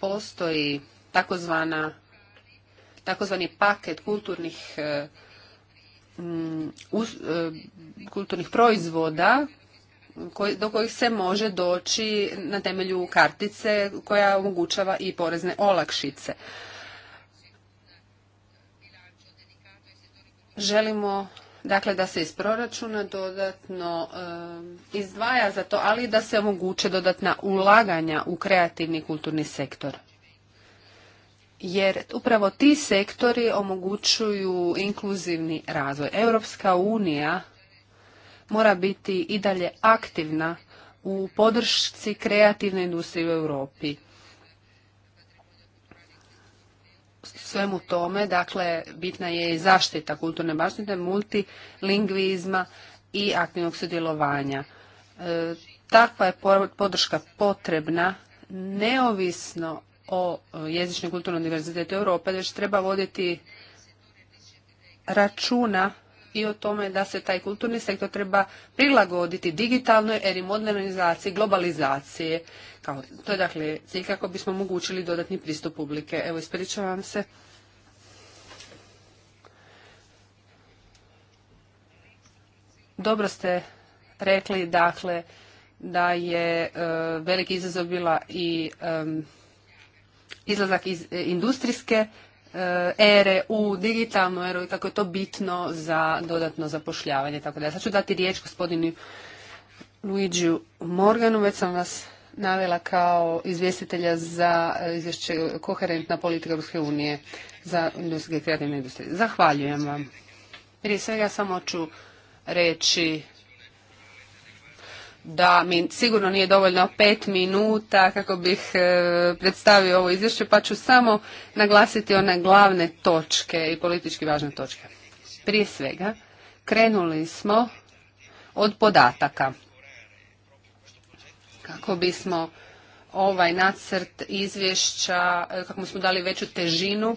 postoji takozvana takozvani paket kulturnih e, e, kulturnih proizvoda do kojih se može doći na temelju kartice koja omogućava i porezne olakšice. Želimo Dakle, da se iz proračuna dodatno eh, izdvaja za to, ali da se omoguće dodatna ulaganja u kreativni kulturni sektor. Jer upravo ti sektori omogućuju inkluzivni razvoj. Europska unija mora biti i dalje aktivna u podršci kreativne industrije u Europi. svemu tome, dakle, bitna je i zaštita kulturne baštine, multilingvizma i aktivnog sudjelovanja. E, takva je podrška potrebna neovisno o jezičnoj kulturnom diverzitetu Europe, već treba voditi računa i o tome da se taj kulturni sektor treba prilagoditi digitalnoj eri modernizaciji, globalizacije. Kao, to je dakle cilj kako bismo omogućili dodatni pristup publike. Evo, ispričavam se. Dobro ste rekli, dakle, da je e, veliki izazov bila i izlazak iz e, industrijske E, ere u digitalnu eru i kako je to bitno za dodatno zapošljavanje. Tako da sad ću dati riječ gospodinu Luigi Morganu, već sam vas navela kao izvjestitelja za izvješće koherentna politika Europske unije za industrijske kreativne industrije. Zahvaljujem vam. Prije svega samo ću reći da mi sigurno nije dovoljno pet minuta kako bih e, predstavio ovo izvješće, pa ću samo naglasiti one glavne točke i politički važne točke. Prije svega, krenuli smo od podataka kako bismo ovaj nacrt izvješća, e, kako smo dali veću težinu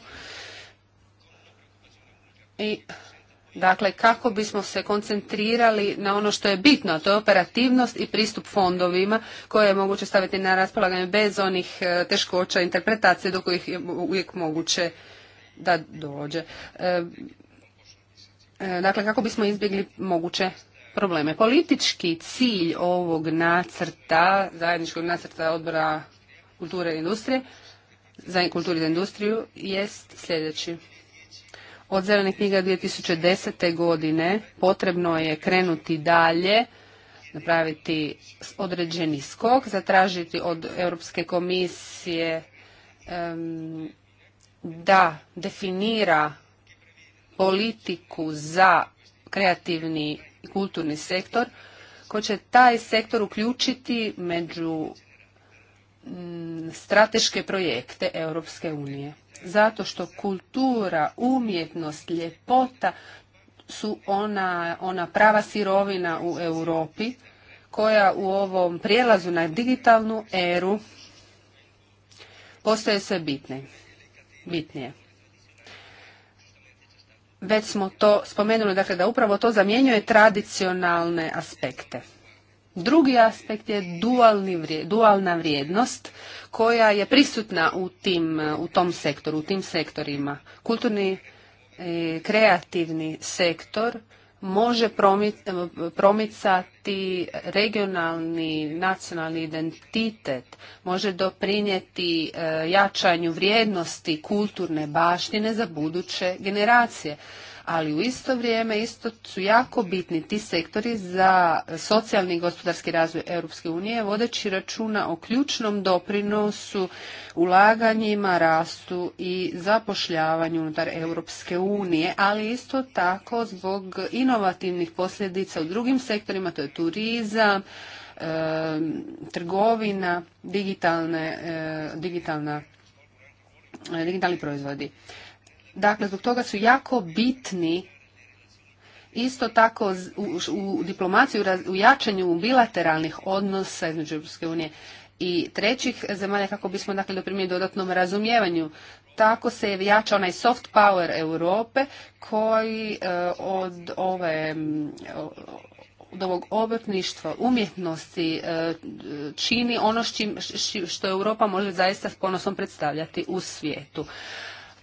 i Dakle, kako bismo se koncentrirali na ono što je bitno, a to je operativnost i pristup fondovima koje je moguće staviti na raspolaganje bez onih e, teškoća interpretacije do kojih je uvijek moguće da dođe. E, e, dakle, kako bismo izbjegli moguće probleme. Politički cilj ovog nacrta, zajedničkog nacrta odbora kulture i industrije, za kulturu i industriju, jest sljedeći od zelenih knjiga 2010. godine potrebno je krenuti dalje, napraviti određeni skok, zatražiti od Europske komisije da definira politiku za kreativni i kulturni sektor, koji će taj sektor uključiti među strateške projekte Europske unije zato što kultura, umjetnost, ljepota su ona, ona prava sirovina u Europi koja u ovom prijelazu na digitalnu eru postaje sve bitne bitnije. Već smo to spomenuli, dakle da upravo to zamjenjuje tradicionalne aspekte. Drugi aspekt je dualni, dualna vrijednost koja je prisutna u, tim, u tom sektoru, u tim sektorima. Kulturni e, kreativni sektor može e, promicati regionalni nacionalni identitet, može doprinijeti e, jačanju vrijednosti kulturne baštine za buduće generacije ali u isto vrijeme isto su jako bitni ti sektori za socijalni i gospodarski razvoj Europske unije, vodeći računa o ključnom doprinosu, ulaganjima, rastu i zapošljavanju unutar Europske unije, ali isto tako zbog inovativnih posljedica u drugim sektorima, to je turizam, trgovina, digitalne, digitalna digitalni proizvodi. Dakle, zbog toga su jako bitni isto tako u, u diplomaciju, u jačanju bilateralnih odnosa između Europske unije i trećih zemalja kako bismo dakle doprinijeli dodatnom razumijevanju. Tako se jača onaj soft power Europe koji e, od ove ovog obrtništva, umjetnosti e, čini ono što, što Europa može zaista s ponosom predstavljati u svijetu.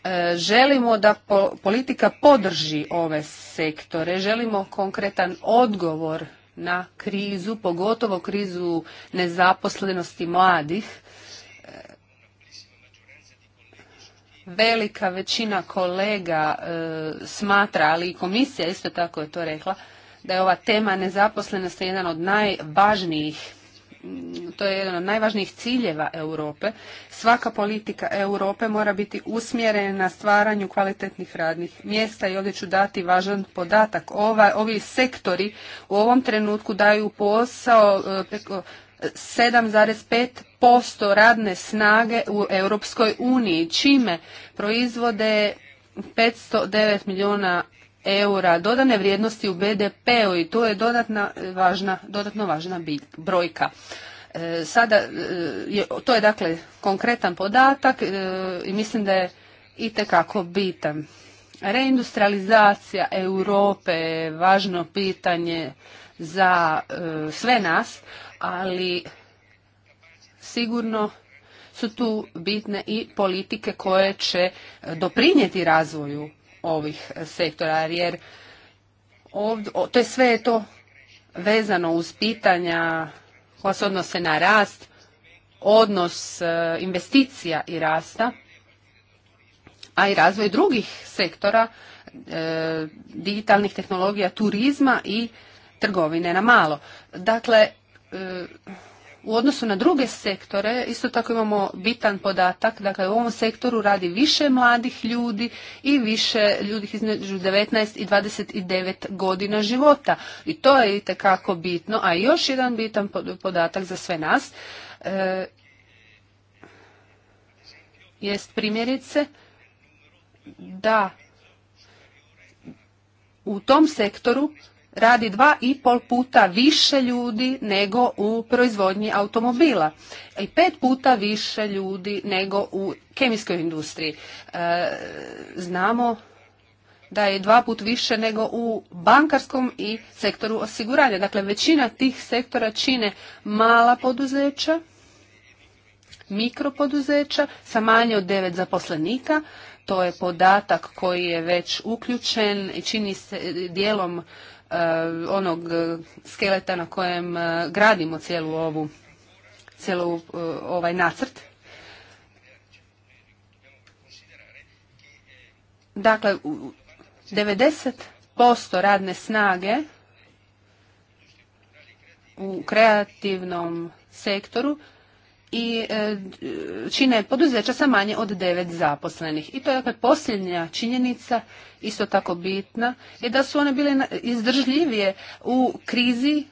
E, želimo da politika podrži ove sektore, želimo konkretan odgovor na krizu, pogotovo krizu nezaposlenosti mladih. E, velika većina kolega e, smatra, ali i komisija isto tako je to rekla, da je ova tema nezaposlenosti jedan od najvažnijih to je jedan od najvažnijih ciljeva Europe. Svaka politika Europe mora biti usmjerena na stvaranju kvalitetnih radnih mjesta i ovdje ću dati važan podatak. Ova, ovi sektori u ovom trenutku daju posao e, preko 7,5% radne snage u Europskoj uniji, čime proizvode 509 milijuna eura dodane vrijednosti u BDP-u i to je dodatno važna brojka. E, sada, e, to je dakle konkretan podatak e, i mislim da je itekako bitan. Reindustrializacija Europe je važno pitanje za sve nas, ali sigurno su tu bitne i politike koje će doprinijeti razvoju ovih sektora jer ovdje, to je sve je to vezano uz pitanja koja se odnose na rast, odnos e, investicija i rasta, a i razvoj drugih sektora, e, digitalnih tehnologija, turizma i trgovine na malo. Dakle, e, u odnosu na druge sektore, isto tako imamo bitan podatak, dakle u ovom sektoru radi više mladih ljudi i više ljudi između 19 i 29 godina života. I to je itekako bitno, a još jedan bitan podatak za sve nas e, jest primjerice da u tom sektoru radi dva i pol puta više ljudi nego u proizvodnji automobila i pet puta više ljudi nego u kemijskoj industriji. E, znamo da je dva put više nego u bankarskom i sektoru osiguranja. Dakle, većina tih sektora čine mala poduzeća, mikropoduzeća sa manje od devet zaposlenika. To je podatak koji je već uključen i čini se dijelom E, onog skeleta na kojem e, gradimo cijelu ovu cijelu e, ovaj nacrt. Dakle, 90% radne snage u kreativnom sektoru i e, čine poduzeća sa manje od devet zaposlenih. I to je dakle posljednja činjenica, isto tako bitna, je da su one bile izdržljivije u krizi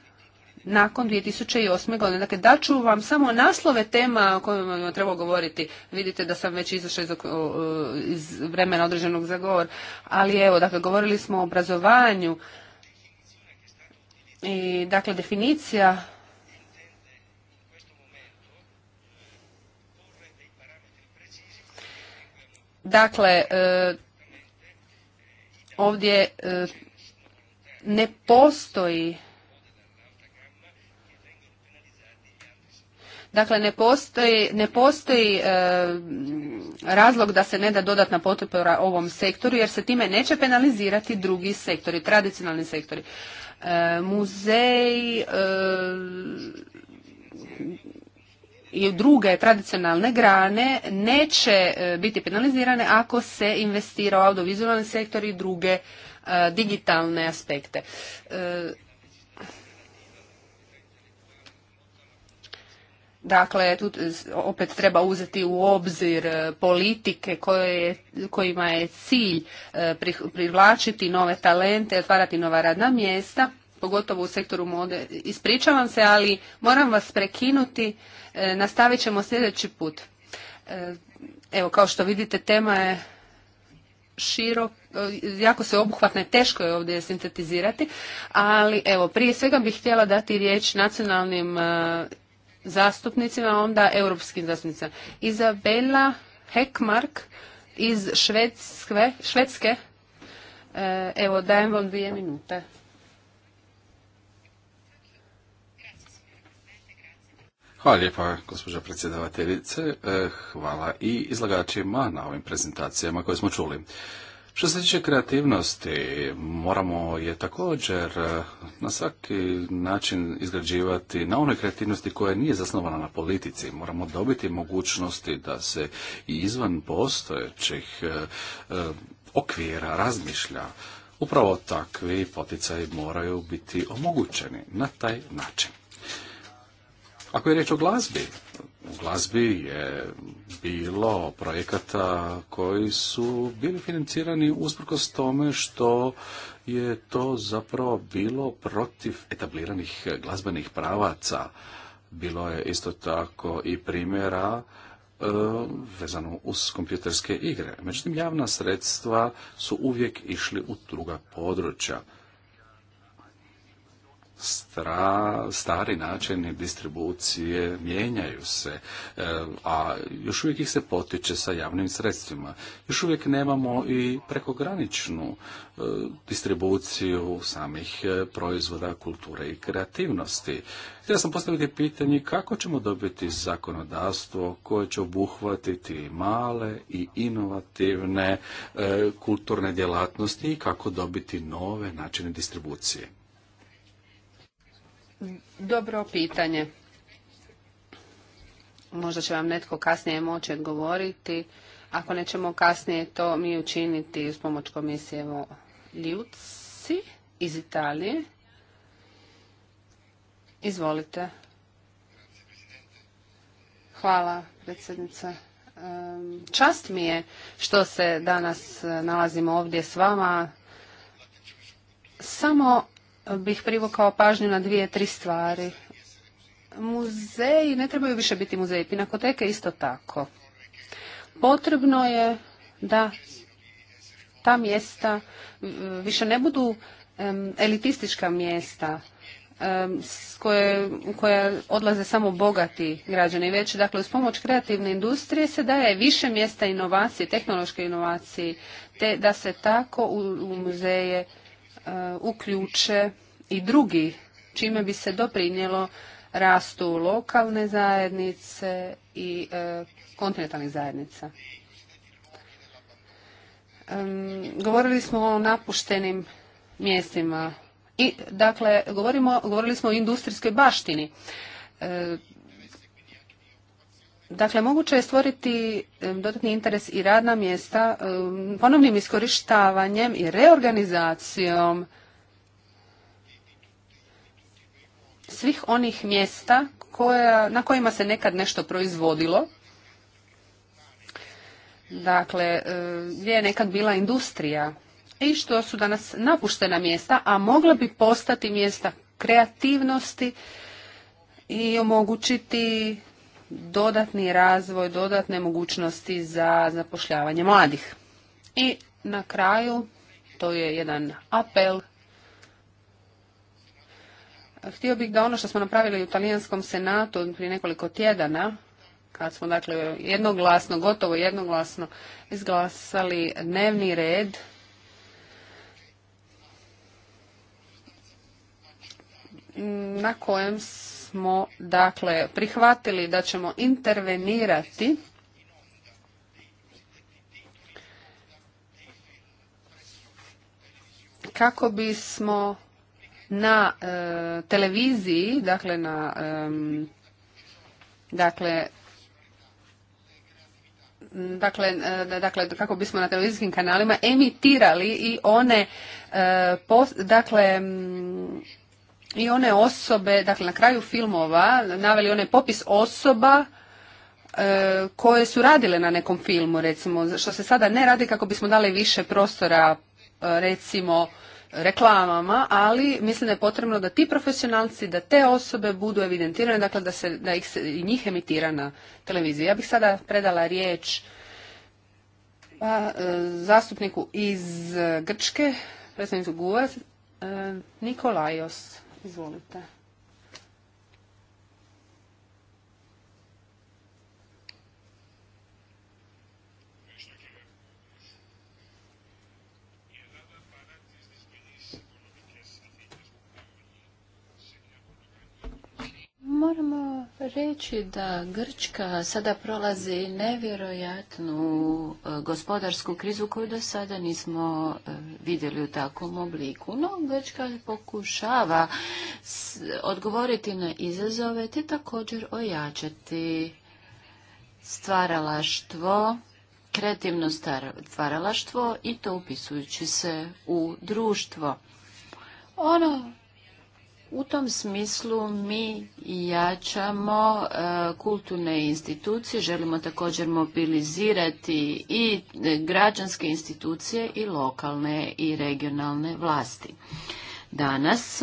nakon 2008. godine. Dakle, ću vam samo naslove tema o kojima treba govoriti. Vidite da sam već izašla iz, iz vremena određenog za govor. Ali evo, dakle, govorili smo o obrazovanju i, dakle, definicija Dakle, e, ovdje e, ne postoji Dakle, ne postoji, e, razlog da se ne da dodatna potpora ovom sektoru, jer se time neće penalizirati drugi sektori, tradicionalni sektori. E, muzeji, i druge tradicionalne grane neće e, biti penalizirane ako se investira u audiovizualni sektor i druge e, digitalne aspekte. E, dakle, tu opet treba uzeti u obzir politike kojima je cilj privlačiti nove talente, otvarati nova radna mjesta, pogotovo u sektoru mode. Ispričavam se, ali moram vas prekinuti E, nastavit ćemo sljedeći put. E, evo, kao što vidite, tema je širo, e, jako se obuhvatna i teško je ovdje sintetizirati, ali evo, prije svega bih htjela dati riječ nacionalnim zastupnicima, onda europskim zastupnicima. Izabela Hekmark iz Švedske. evo, dajem vam dvije minute. Hvala lijepa, gospođa predsjedavateljice. E, hvala i izlagačima na ovim prezentacijama koje smo čuli. Što se tiče kreativnosti, moramo je također e, na svaki način izgrađivati na onoj kreativnosti koja nije zasnovana na politici. Moramo dobiti mogućnosti da se i izvan postojećih e, okvira razmišlja. Upravo takvi poticaji moraju biti omogućeni na taj način. Ako je riječ o glazbi, u glazbi je bilo projekata koji su bili financirani usprkos tome što je to zapravo bilo protiv etabliranih glazbenih pravaca. Bilo je isto tako i primjera e, vezano uz kompjuterske igre. Međutim, javna sredstva su uvijek išli u druga područja stari načini distribucije mijenjaju se, e, a još uvijek ih se potiče sa javnim sredstvima. Još uvijek nemamo i prekograničnu e, distribuciju samih e, proizvoda kulture i kreativnosti. Htio sam postaviti pitanje kako ćemo dobiti zakonodavstvo koje će obuhvatiti male i inovativne kulturne djelatnosti i kako dobiti nove načine distribucije. Dobro pitanje. Možda će vam netko kasnije moći odgovoriti. Ako nećemo kasnije to mi učiniti s pomoć komisije Ljuci iz Italije. Izvolite. Hvala, predsjednica. Čast mi je što se danas eh, nalazimo ovdje s vama. Samo bih privukao pažnju na dvije, tri stvari. Muzeji ne trebaju više biti muzeji, pinakoteke isto tako. Potrebno je da ta mjesta više ne budu elitistička mjesta koja koje, odlaze samo bogati građani, već dakle uz pomoć kreativne industrije se daje više mjesta inovacije, tehnološke inovacije, te da se tako u muzeje Uh, uključe i drugi, čime bi se doprinijelo rastu lokalne zajednice i uh, kontinentalnih zajednica. Um, govorili smo o napuštenim mjestima i dakle govorili smo o industrijskoj baštini. Uh, Dakle, moguće je stvoriti e, dodatni interes i radna mjesta e, ponovnim iskorištavanjem i reorganizacijom svih onih mjesta koja, na kojima se nekad nešto proizvodilo. Dakle, e, gdje je nekad bila industrija i što su danas napuštena mjesta, a mogla bi postati mjesta kreativnosti i omogućiti dodatni razvoj, dodatne mogućnosti za zapošljavanje mladih. I na kraju, to je jedan apel. Htio bih da ono što smo napravili u Talijanskom senatu prije nekoliko tjedana, kad smo dakle jednoglasno, gotovo jednoglasno izglasali dnevni red na kojem smo dakle prihvatili da ćemo intervenirati kako bismo na e, televiziji, dakle na dakle Dakle, e, dakle, kako bismo na televizijskim kanalima emitirali i one, e, dakle, i one osobe, dakle na kraju filmova naveli onaj popis osoba e, koje su radile na nekom filmu, recimo, što se sada ne radi kako bismo dali više prostora, e, recimo, reklamama, ali mislim da je potrebno da ti profesionalci, da te osobe budu evidentirane, dakle da, se, da ih se, njih emitira na televiziji. Ja bih sada predala riječ pa, e, zastupniku iz Grčke, predstavnicu Guva, Nikolajos. Izvolite. Moramo reći da Grčka sada prolazi nevjerojatnu e, gospodarsku krizu koju do sada nismo e, vidjeli u takvom obliku. No, Grčka pokušava odgovoriti na izazove te također ojačati stvaralaštvo, kreativno stvaralaštvo i to upisujući se u društvo. Ono u tom smislu mi jačamo e, kulturne institucije, želimo također mobilizirati i e, građanske institucije i lokalne i regionalne vlasti. Danas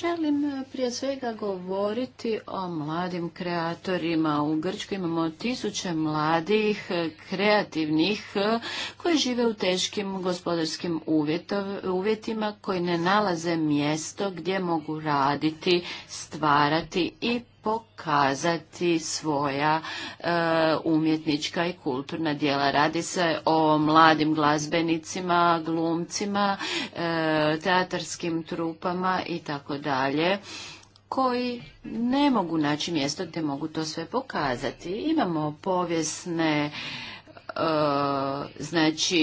Želim e, prije svega govoriti o mladim kreatorima. U Grčkoj imamo tisuće mladih e, kreativnih e, koji žive u teškim gospodarskim uvjetima, koji ne nalaze mjesto gdje mogu raditi, stvarati i pokazati svoja e, umjetnička i kulturna djela. Radi se o mladim glazbenicima, glumcima, e, teatarskim trupama i tako dalje koji ne mogu naći mjesto gdje mogu to sve pokazati. Imamo povijesne e, znači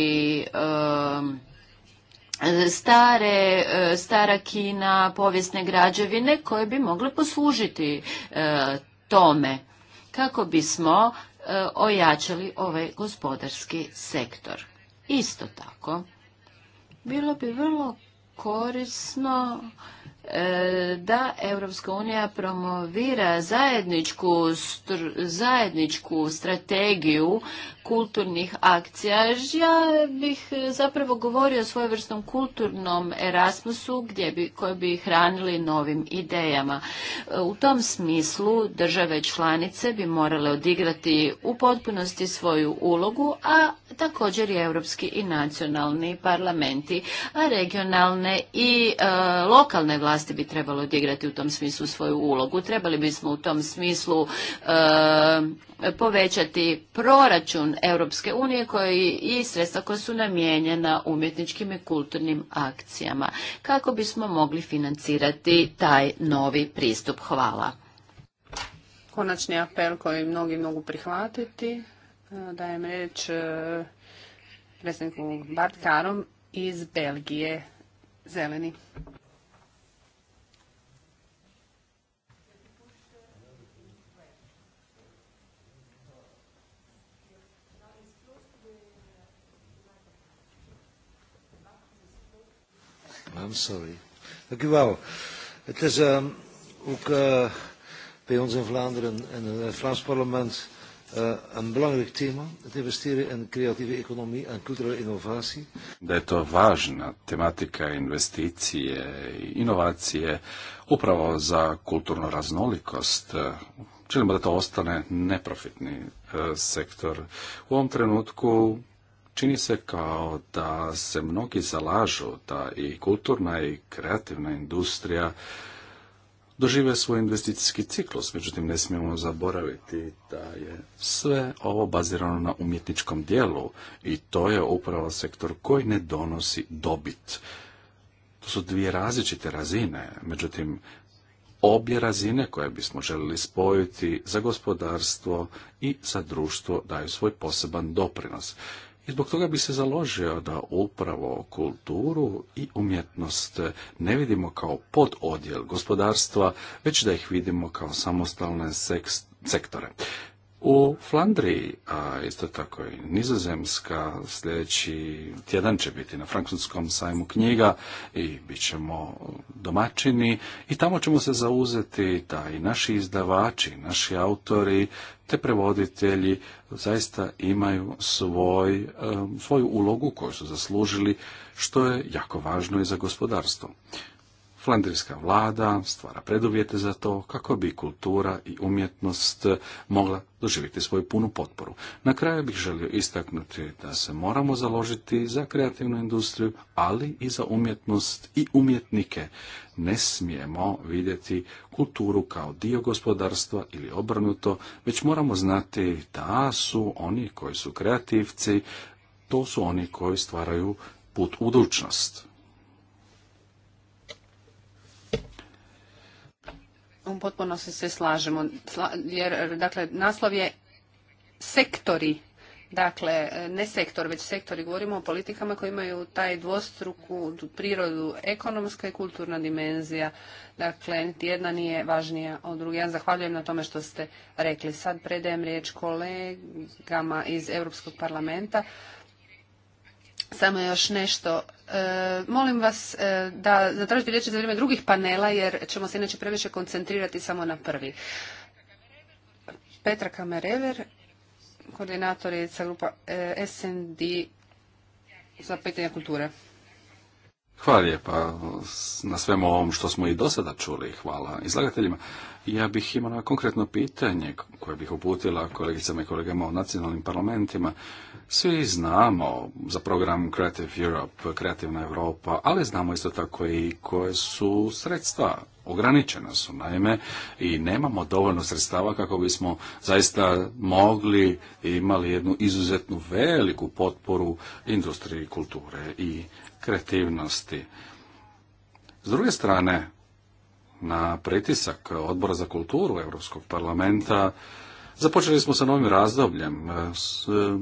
stare, e, stara kina, povijesne građevine koje bi mogle poslužiti e, tome kako bismo e, ojačali ovaj gospodarski sektor. Isto tako, bilo bi vrlo korisno E, da Europska unija promovira zajedničku, zajedničku strategiju kulturnih akcija. Ja bih zapravo govorio o svojevrsnom kulturnom Erasmusu gdje bi, koje bi hranili novim idejama. E, u tom smislu države članice bi morale odigrati u potpunosti svoju ulogu, a također i europski i nacionalni parlamenti, a regionalne i e, lokalne vlasti bi trebalo odigrati u tom smislu svoju ulogu. Trebali bismo u tom smislu e, povećati proračun Europske unije koji i sredstva koja su namijenjena umjetničkim i kulturnim akcijama kako bismo mogli financirati taj novi pristup. Hvala. Konačni apel koji mnogi mogu prihvatiti e, dajem riječ e, predsjedniku Bart Karom iz Belgije, Zeleni. I'm sorry. Dank u wel. Het is um, ook uh, bij ons in Vlaanderen en in het Vlaams parlement uh, een belangrijk thema. Het investeren in creatieve economie en culturele innovatie. Dat is een belangrijke tematika investicije innovatie, opravo za kulturno raznolikost. Želimo da to ostane neprofitni eh, sektor. U ovom trenutku Čini se kao da se mnogi zalažu da i kulturna i kreativna industrija dožive svoj investicijski ciklus, međutim ne smijemo zaboraviti da je sve ovo bazirano na umjetničkom dijelu i to je upravo sektor koji ne donosi dobit. To su dvije različite razine, međutim obje razine koje bismo željeli spojiti za gospodarstvo i za društvo daju svoj poseban doprinos. I zbog toga bi se založio da upravo kulturu i umjetnost ne vidimo kao pododjel gospodarstva, već da ih vidimo kao samostalne sektore. U Flandriji, a isto tako i Nizozemska, sljedeći tjedan će biti na Frankfurtskom sajmu knjiga i bit ćemo domaćini i tamo ćemo se zauzeti da i naši izdavači, naši autori te prevoditelji zaista imaju svoj, e, svoju ulogu koju su zaslužili, što je jako važno i za gospodarstvo. Flandrijska vlada stvara preduvjete za to kako bi kultura i umjetnost mogla doživjeti svoju punu potporu. Na kraju bih želio istaknuti da se moramo založiti za kreativnu industriju, ali i za umjetnost i umjetnike. Ne smijemo vidjeti kulturu kao dio gospodarstva ili obrnuto, već moramo znati da su oni koji su kreativci, to su oni koji stvaraju put u budućnost. U potpunosti se slažemo. Jer, dakle, naslov je sektori. Dakle, ne sektor, već sektori. Govorimo o politikama koji imaju taj dvostruku prirodu, ekonomska i kulturna dimenzija. Dakle, niti jedna nije važnija od druge. Ja zahvaljujem na tome što ste rekli. Sad predajem riječ kolegama iz Europskog parlamenta. Samo još nešto E, molim vas e, da zatražite riječ za vrijeme drugih panela jer ćemo se inače previše koncentrirati samo na prvi. Petra Kamerever, koordinatorica grupa e, SND za pitanje kulture. Hvala lijepa na svemu ovom što smo i do sada čuli. Hvala izlagateljima. Ja bih imala konkretno pitanje koje bih uputila kolegicama i kolegama u nacionalnim parlamentima. Svi znamo za program Creative Europe, Kreativna Europa, ali znamo isto tako i koje su sredstva ograničena su naime i nemamo dovoljno sredstava kako bismo zaista mogli imali jednu izuzetnu veliku potporu industriji kulture i kreativnosti. S druge strane, na pritisak Odbora za kulturu Europskog parlamenta započeli smo sa novim razdobljem financiranja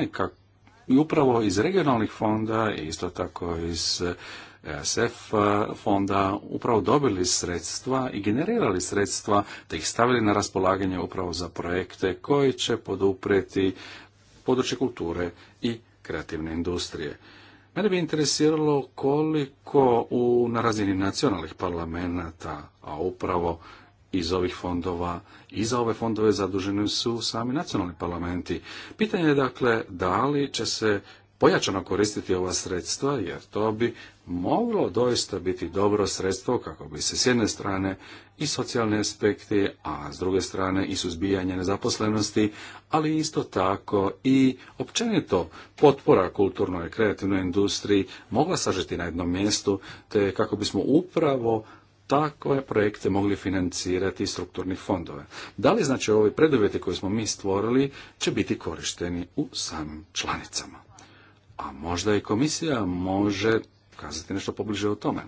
e, e, financiranje i upravo iz regionalnih fonda i isto tako iz ESF fonda upravo dobili sredstva i generirali sredstva te ih stavili na raspolaganje upravo za projekte koji će poduprijeti područje kulture i kreativne industrije. Mene bi interesiralo koliko u, na razini nacionalnih parlamenta, a upravo iz ovih fondova i za ove fondove zaduženi su sami nacionalni parlamenti. Pitanje je dakle da li će se pojačano koristiti ova sredstva, jer to bi moglo doista biti dobro sredstvo kako bi se s jedne strane i socijalni aspekti, a s druge strane i suzbijanje nezaposlenosti, ali isto tako i općenito potpora kulturnoj i kreativnoj industriji mogla sažeti na jednom mjestu, te kako bismo upravo takve projekte mogli financirati strukturnih fondove. Da li znači ovi preduvjeti koje smo mi stvorili će biti korišteni u samim članicama? a možda i komisija može kazati nešto pobliže o tome.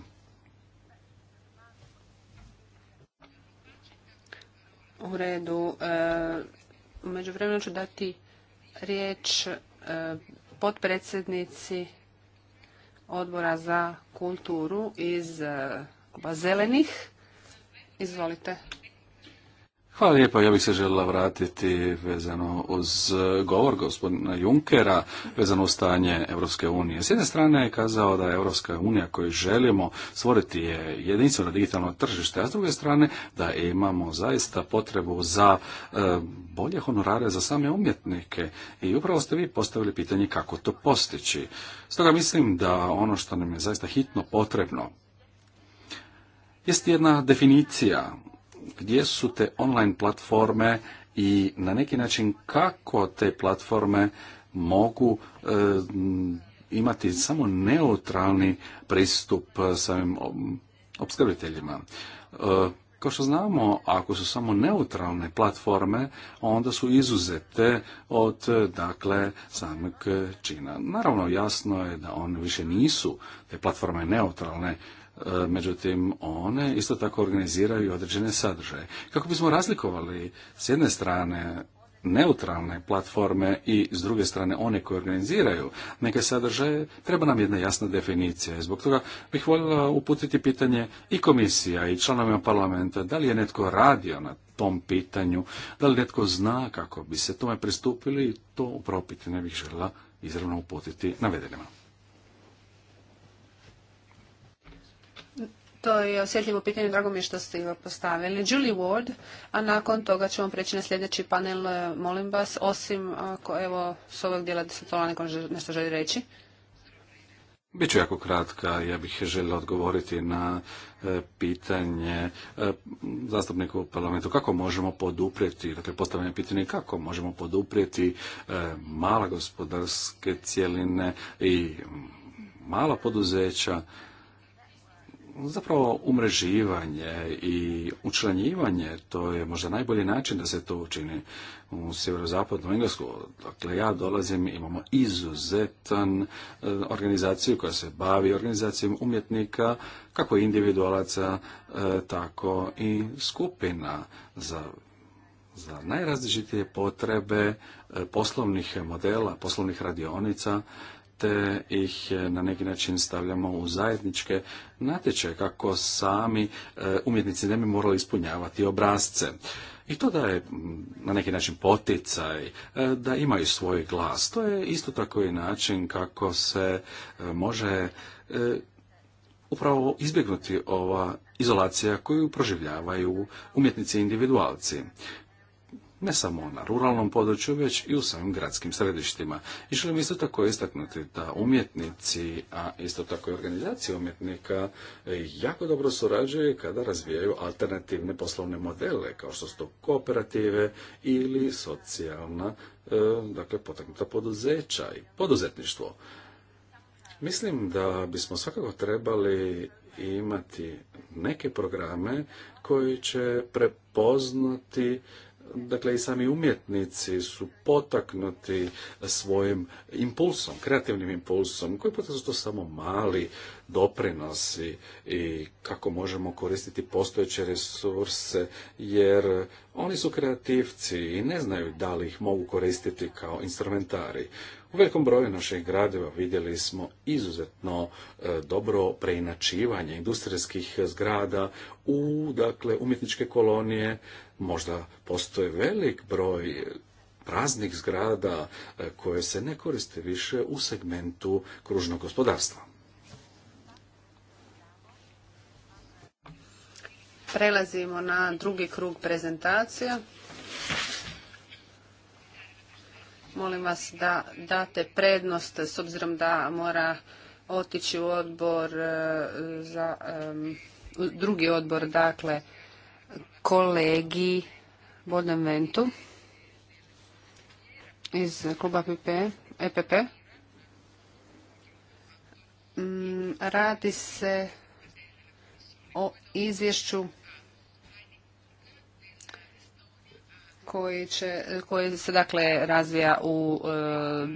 U redu. E, Umeđu vremenu ću dati riječ e, potpredsjednici odbora za kulturu iz e, Izvolite. Hvala lijepa, ja bih se željela vratiti vezano uz govor gospodina Junkera, vezano uz stanje Europske unije. S jedne strane je kazao da je Europska unija koju želimo stvoriti je jedinstveno digitalno tržište, a s druge strane da imamo zaista potrebu za e, bolje honorare za same umjetnike i upravo ste vi postavili pitanje kako to postići. Stoga mislim da ono što nam je zaista hitno potrebno jest jedna definicija gdje su te online platforme i na neki način kako te platforme mogu e, imati samo neutralni pristup samim opskrbiteljima. E, kao što znamo, ako su samo neutralne platforme, onda su izuzete od dakle, samog čina. Naravno, jasno je da one više nisu, te platforme neutralne, E, međutim one isto tako organiziraju određene sadržaje. Kako bismo razlikovali s jedne strane neutralne platforme i s druge strane one koje organiziraju neke sadržaje, treba nam jedna jasna definicija. Zbog toga bih voljela uputiti pitanje i komisija i članovima parlamenta da li je netko radio na tom pitanju, da li netko zna kako bi se tome pristupili, to upravo ne bih željela izravno uputiti navedenima. to je osjetljivo pitanje, drago mi je što ste ga postavili. Julie Ward, a nakon toga ćemo preći na sljedeći panel, e, molim vas, osim ako evo s ovog dijela da se to nešto želi reći. Biću jako kratka, ja bih želio odgovoriti na e, pitanje e, zastupnika u parlamentu kako možemo poduprijeti, dakle postavljanje pitanja kako možemo poduprijeti mala gospodarske cijeline i mala poduzeća zapravo umreživanje i učlanjivanje, to je možda najbolji način da se to učini u sjeverozapadnom Englesku. Dakle, ja dolazim, imamo izuzetan eh, organizaciju koja se bavi organizacijom umjetnika, kako individualaca, eh, tako i skupina za za najrazličitije potrebe eh, poslovnih modela, poslovnih radionica te ih e, na neki način stavljamo u zajedničke natječaje kako sami e, umjetnici ne bi morali ispunjavati obrazce. I to da je na neki način poticaj, e, da imaju svoj glas. To je isto tako i način kako se može upravo izbjegnuti ova izolacija koju proživljavaju umjetnici individualci ne samo na ruralnom području, već i u samim gradskim središtima. I želim isto tako istaknuti da umjetnici, a isto tako i organizacije umjetnika, e, jako dobro surađuju kada razvijaju alternativne poslovne modele, kao što su to kooperative ili socijalna, e, dakle, potaknuta poduzeća i poduzetništvo. Mislim da bismo svakako trebali imati neke programe koji će prepoznati dakle i sami umjetnici su potaknuti svojim impulsom, kreativnim impulsom, koji puta su to samo mali doprinosi i kako možemo koristiti postojeće resurse, jer oni su kreativci i ne znaju da li ih mogu koristiti kao instrumentari. U velikom broju naših gradova vidjeli smo izuzetno e, dobro preinačivanje industrijskih zgrada u dakle umjetničke kolonije Možda postoji velik broj praznih zgrada e, koje se ne koriste više u segmentu kružnog gospodarstva. Prelazimo na drugi krug prezentacija. Molim vas da date prednost s obzirom da mora otići u odbor e, za drugi odbor, dakle kolegi Ventu iz kluba EPP. E, e mm, radi se o izvješću koje se dakle razvija u, e,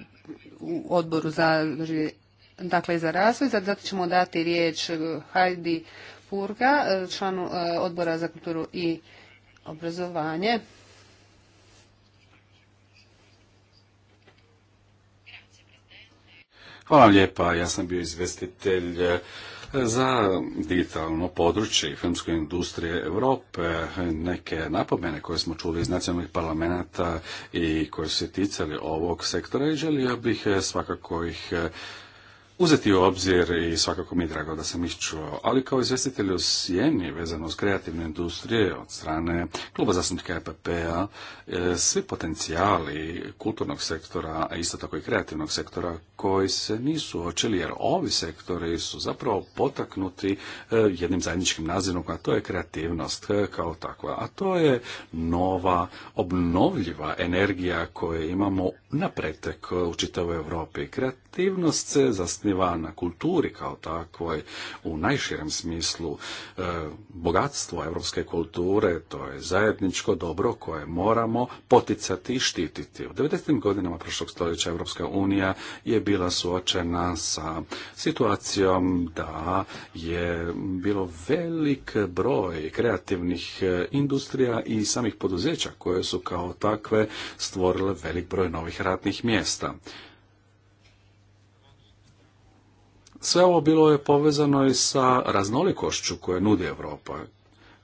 u odboru za dakle za razvoj. Zato ćemo dati riječ Hajdi Purga, e, članu e, odbora za kulturu i obrazovanje. Hvala vam lijepa, ja sam bio izvestitelj e, za digitalno područje i filmske industrije Europe. Neke napomene koje smo čuli iz nacionalnih parlamenta i koje su se ticali ovog sektora i želio bih svakako ih uzeti u obzir i svakako mi je drago da sam ih ali kao izvjestitelj u Sjeni vezano uz kreativne industrije od strane kluba zastupnika EPP-a, e, svi potencijali kulturnog sektora, a isto tako i kreativnog sektora koji se nisu očeli, jer ovi sektori su zapravo potaknuti e, jednim zajedničkim nazivom, a to je kreativnost e, kao takva, a to je nova obnovljiva energija koju imamo napretek u čitavoj Europi. Kreativnost se zasniva na kulturi kao takvoj u najširem smislu. E, bogatstvo europske kulture to je zajedničko dobro koje moramo poticati i štititi. U 90. godinama prošlog stoljeća Europska unija je bila suočena sa situacijom da je bilo velik broj kreativnih industrija i samih poduzeća koje su kao takve stvorile velik broj novih ratnih mjesta. Sve ovo bilo je povezano i sa raznolikošću koje nudi Europa.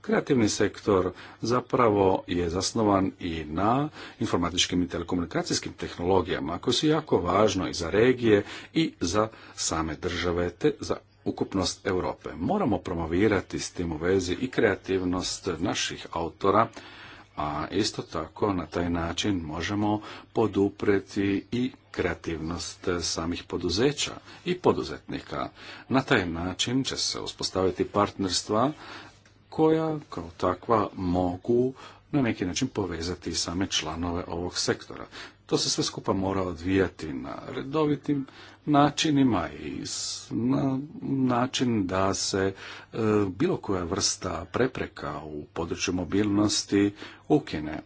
Kreativni sektor zapravo je zasnovan i na informatičkim i telekomunikacijskim tehnologijama koje su jako važno i za regije i za same države te za ukupnost Europe. Moramo promovirati s tim u vezi i kreativnost naših autora a isto tako na taj način možemo podupreti i kreativnost samih poduzeća i poduzetnika. Na taj način će se uspostaviti partnerstva koja kao takva mogu na neki način povezati same članove ovog sektora. To se sve skupa mora odvijati na redovitim načinima i na način da se e, bilo koja vrsta prepreka u području mobilnosti ukine.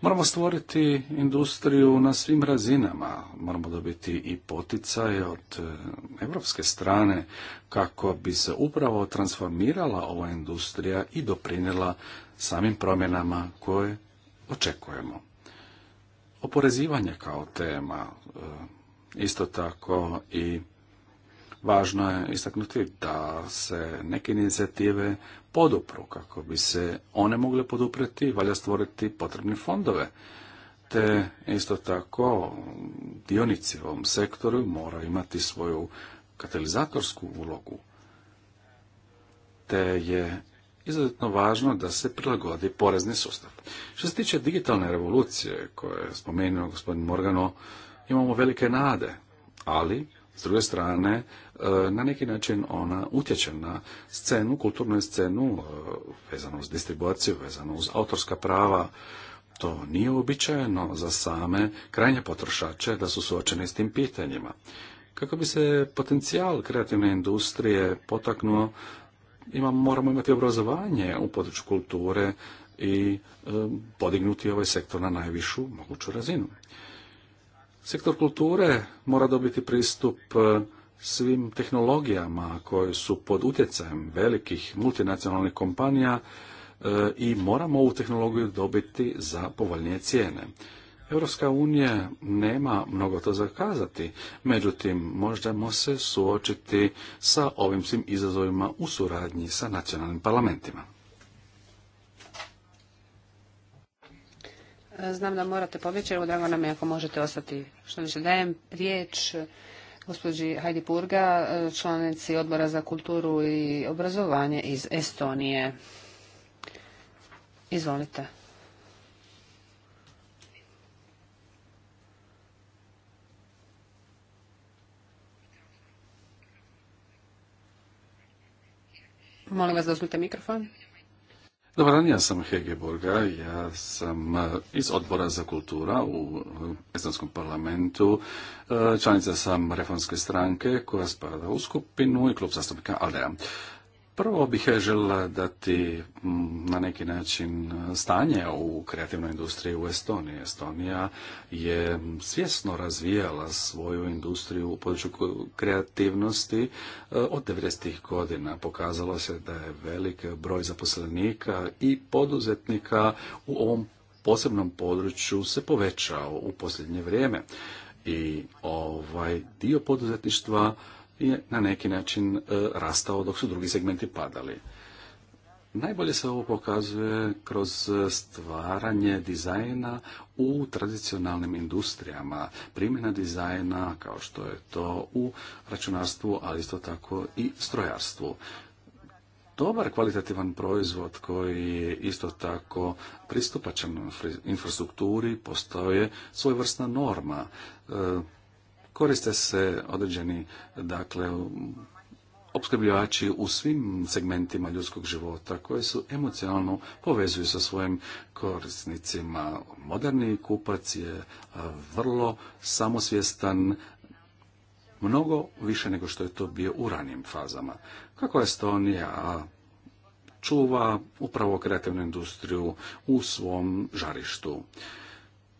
Moramo stvoriti industriju na svim razinama, moramo dobiti i poticaje od e, evropske strane kako bi se upravo transformirala ova industrija i doprinjela samim promjenama koje očekujemo. Oporezivanje kao tema, e, isto tako i Važno je istaknuti da se neke inicijative podupru. Kako bi se one mogle podupreti, valja stvoriti potrebne fondove. Te isto tako dionici u ovom sektoru mora imati svoju katalizatorsku ulogu. Te je izuzetno važno da se prilagodi porezni sustav. Što se tiče digitalne revolucije koje je spomenuo gospodin Morgano, imamo velike nade, ali s druge strane, e, na neki način ona utječe na scenu, kulturnu scenu, e, vezano uz distribuciju, vezano uz autorska prava, to nije uobičajeno za same krajnje potrošače da su suočeni s tim pitanjima. Kako bi se potencijal kreativne industrije potaknuo, imam, moramo imati obrazovanje u području kulture i e, podignuti ovaj sektor na najvišu moguću razinu. Sektor kulture mora dobiti pristup e, svim tehnologijama koje su pod utjecajem velikih multinacionalnih kompanija e, i moramo ovu tehnologiju dobiti za povoljnije cijene. Europska unija nema mnogo to zakazati, međutim možemo se suočiti sa ovim svim izazovima u suradnji sa nacionalnim parlamentima. Znam da morate pobjeći, evo drago nam je ako možete ostati što više. Dajem riječ gospođi Hajdi Purga, članici odbora za kulturu i obrazovanje iz Estonije. Izvolite. Molim vas da uzmite mikrofon. Dobar dan, ja sam Borga, ja sam e, iz odbora za kultura u e, Estonskom parlamentu, e, članica sam reformske stranke koja spada u skupinu i klub zastupnika Aldea. Prvo bih željela dati na neki način stanje u kreativnoj industriji u Estoniji. Estonija je svjesno razvijala svoju industriju u području kreativnosti e, od 90. godina. Pokazalo se da je velik broj zaposlenika i poduzetnika u ovom posebnom području se povećao u posljednje vrijeme. I ovaj dio poduzetništva je na neki način e, rastao dok su drugi segmenti padali. Najbolje se ovo pokazuje kroz stvaranje dizajna u tradicionalnim industrijama, primjena dizajna kao što je to u računarstvu, ali isto tako i strojarstvu. Dobar kvalitativan proizvod koji je isto tako pristupačan infrastrukturi postoje svojevrsna norma. E, koriste se određeni dakle opskrbljivači u svim segmentima ljudskog života koji su emocionalno povezuju sa svojim korisnicima. Moderni kupac je vrlo samosvjestan, mnogo više nego što je to bio u ranijim fazama. Kako je Estonija čuva upravo kreativnu industriju u svom žarištu.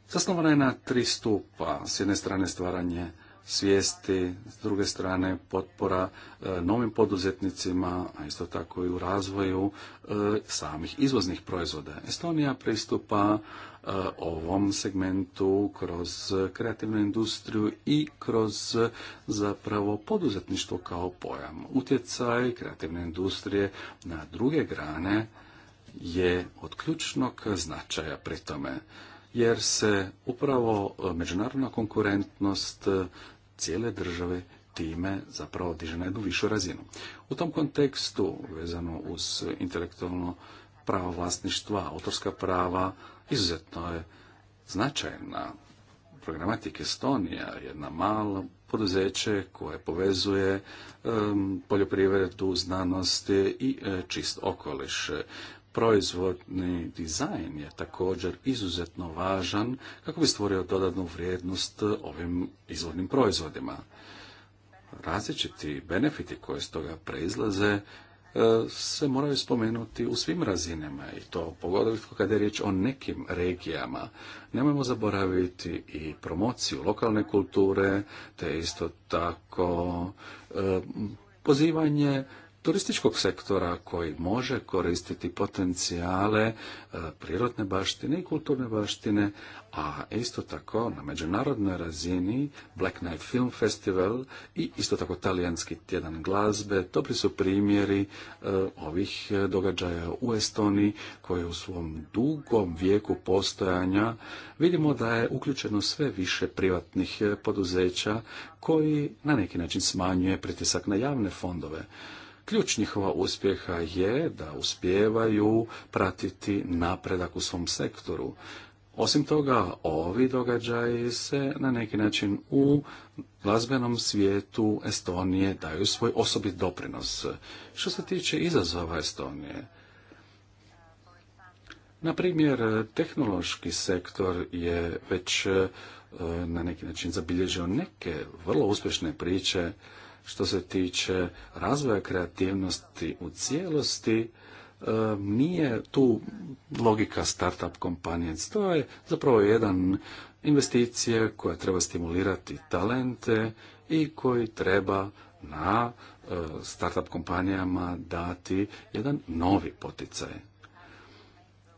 Zasnovana je na tri stupa. S jedne strane stvaranje svijesti, s druge strane potpora e, novim poduzetnicima, a isto tako i u razvoju e, samih izvoznih proizvoda. Estonija pristupa e, ovom segmentu kroz kreativnu industriju i kroz zapravo poduzetništvo kao pojam. Utjecaj kreativne industrije na druge grane je od ključnog značaja pri tome jer se upravo međunarodna konkurentnost cijele države time zapravo diže na jednu višu razinu. U tom kontekstu, vezano uz intelektualno pravo vlasništva, autorska prava, izuzetno je značajna programatika Estonija, jedna malo poduzeće koje povezuje poljoprivredu, znanosti i e, čist okoliš proizvodni dizajn je također izuzetno važan kako bi stvorio dodatnu vrijednost ovim izvodnim proizvodima. Različiti benefiti koje stoga toga proizlaze e, se moraju spomenuti u svim razinama i to pogotovo kada je riječ o nekim regijama. Nemojmo zaboraviti i promociju lokalne kulture, te isto tako e, pozivanje turističkog sektora koji može koristiti potencijale e, prirodne baštine i kulturne baštine, a isto tako na međunarodnoj razini Black Knight Film Festival i isto tako talijanski tjedan glazbe, dobri su primjeri e, ovih događaja u Estoniji koji u svom dugom vijeku postojanja vidimo da je uključeno sve više privatnih e, poduzeća koji na neki način smanjuje pritisak na javne fondove. Ključ njihova uspjeha je da uspijevaju pratiti napredak u svom sektoru. Osim toga, ovi događaji se na neki način u glazbenom svijetu Estonije daju svoj osobit doprinos. Što se tiče izazova Estonije, na primjer, tehnološki sektor je već eh, na neki način zabilježio neke vrlo uspješne priče što se tiče razvoja kreativnosti u cijelosti, e, nije tu logika startup kompanije. To je zapravo jedan investicije koja treba stimulirati talente i koji treba na e, startup kompanijama dati jedan novi poticaj.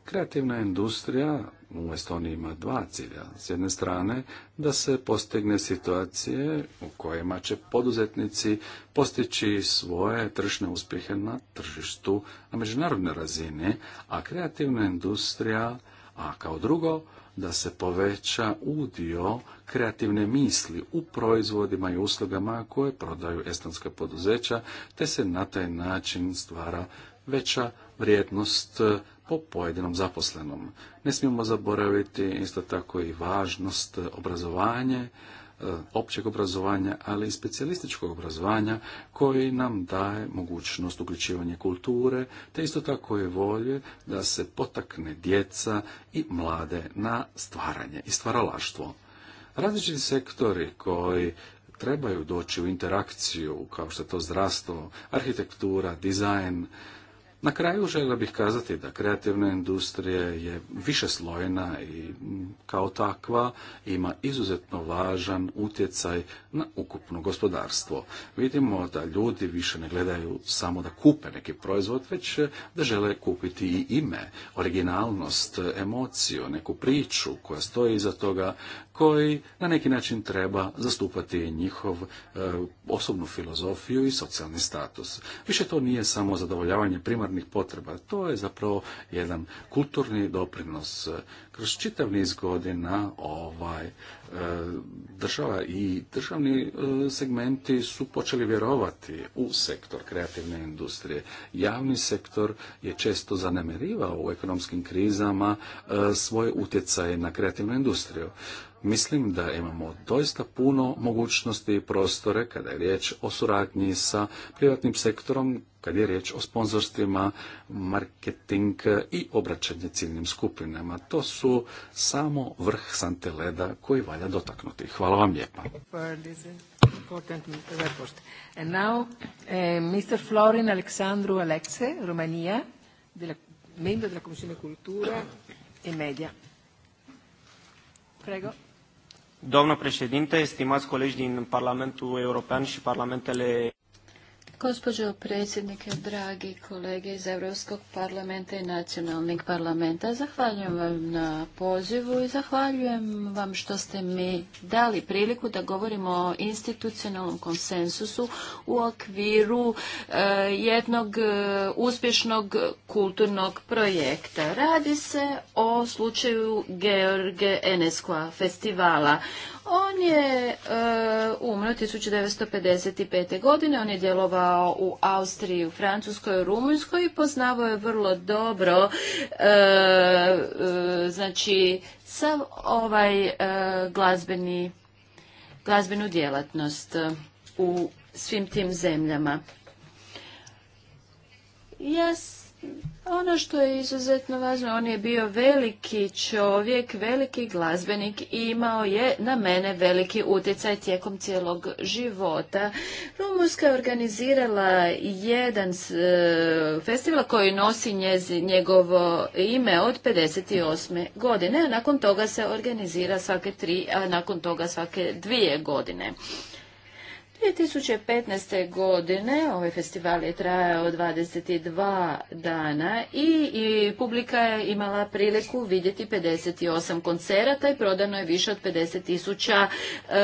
Kreativna industrija u Estoniji ima dva cilja. S jedne strane, da se postigne situacije u kojima će poduzetnici postići svoje tržne uspjehe na tržištu na međunarodnoj razini, a kreativna industrija, a kao drugo, da se poveća udio kreativne misli u proizvodima i uslugama koje prodaju estonska poduzeća, te se na taj način stvara veća vrijednost e, po pojedinom zaposlenom. Ne smijemo zaboraviti isto tako i važnost e, obrazovanje, e, općeg obrazovanja, ali i specijalističkog obrazovanja koji nam daje mogućnost uključivanja kulture, te isto tako i volje da se potakne djeca i mlade na stvaranje i stvaralaštvo. Različiti sektori koji trebaju doći u interakciju, kao što je to zdravstvo, arhitektura, dizajn, na kraju želio bih kazati da kreativna industrija je više i kao takva ima izuzetno važan utjecaj na ukupno gospodarstvo. Vidimo da ljudi više ne gledaju samo da kupe neki proizvod, već da žele kupiti i ime, originalnost, emociju, neku priču koja stoji iza toga, koji na neki način treba zastupati njihov e, osobnu filozofiju i socijalni status. Više to nije samo zadovoljavanje primarnih potreba, to je zapravo jedan kulturni doprinos. Kroz čitav niz godina ovaj, e, država i državni e, segmenti su počeli vjerovati u sektor kreativne industrije. Javni sektor je često zanemerivao u ekonomskim krizama svoje utjecaje na kreativnu industriju. Mislim da imamo doista puno mogućnosti i prostore kada je riječ o suradnji sa privatnim sektorom, kada je riječ o sponzorstvima, marketing i obraćanje ciljnim skupinama. To su samo vrh sante leda koji valja dotaknuti. Hvala vam lijepa. And now, eh, Mr. Florin Aleksandru Prego. Doamnă președinte, stimați colegi din Parlamentul European și Parlamentele Gospođo predsjednike, dragi kolege iz Europskog parlamenta i nacionalnih parlamenta, zahvaljujem vam na pozivu i zahvaljujem vam što ste mi dali priliku da govorimo o institucionalnom konsensusu u okviru e, jednog e, uspješnog kulturnog projekta. Radi se o slučaju George Eneskova festivala. On je e, umro 1955. godine, on je djelovao u Austriji, u Francuskoj, u Rumunjskoj i poznavao je vrlo dobro e, e, znači sav ovaj glazbeni glazbenu djelatnost u svim tim zemljama. Ja ono što je izuzetno važno, on je bio veliki čovjek, veliki glazbenik i imao je na mene veliki utjecaj tijekom cijelog života. Rumunska je organizirala jedan e, festival koji nosi njegovo ime od 58. godine, a nakon toga se organizira svake tri, a nakon toga svake dvije godine. 2015. godine ovaj festival je trajao 22 dana i, i publika je imala priliku vidjeti 58 koncerata i prodano je više od 50 tisuća e,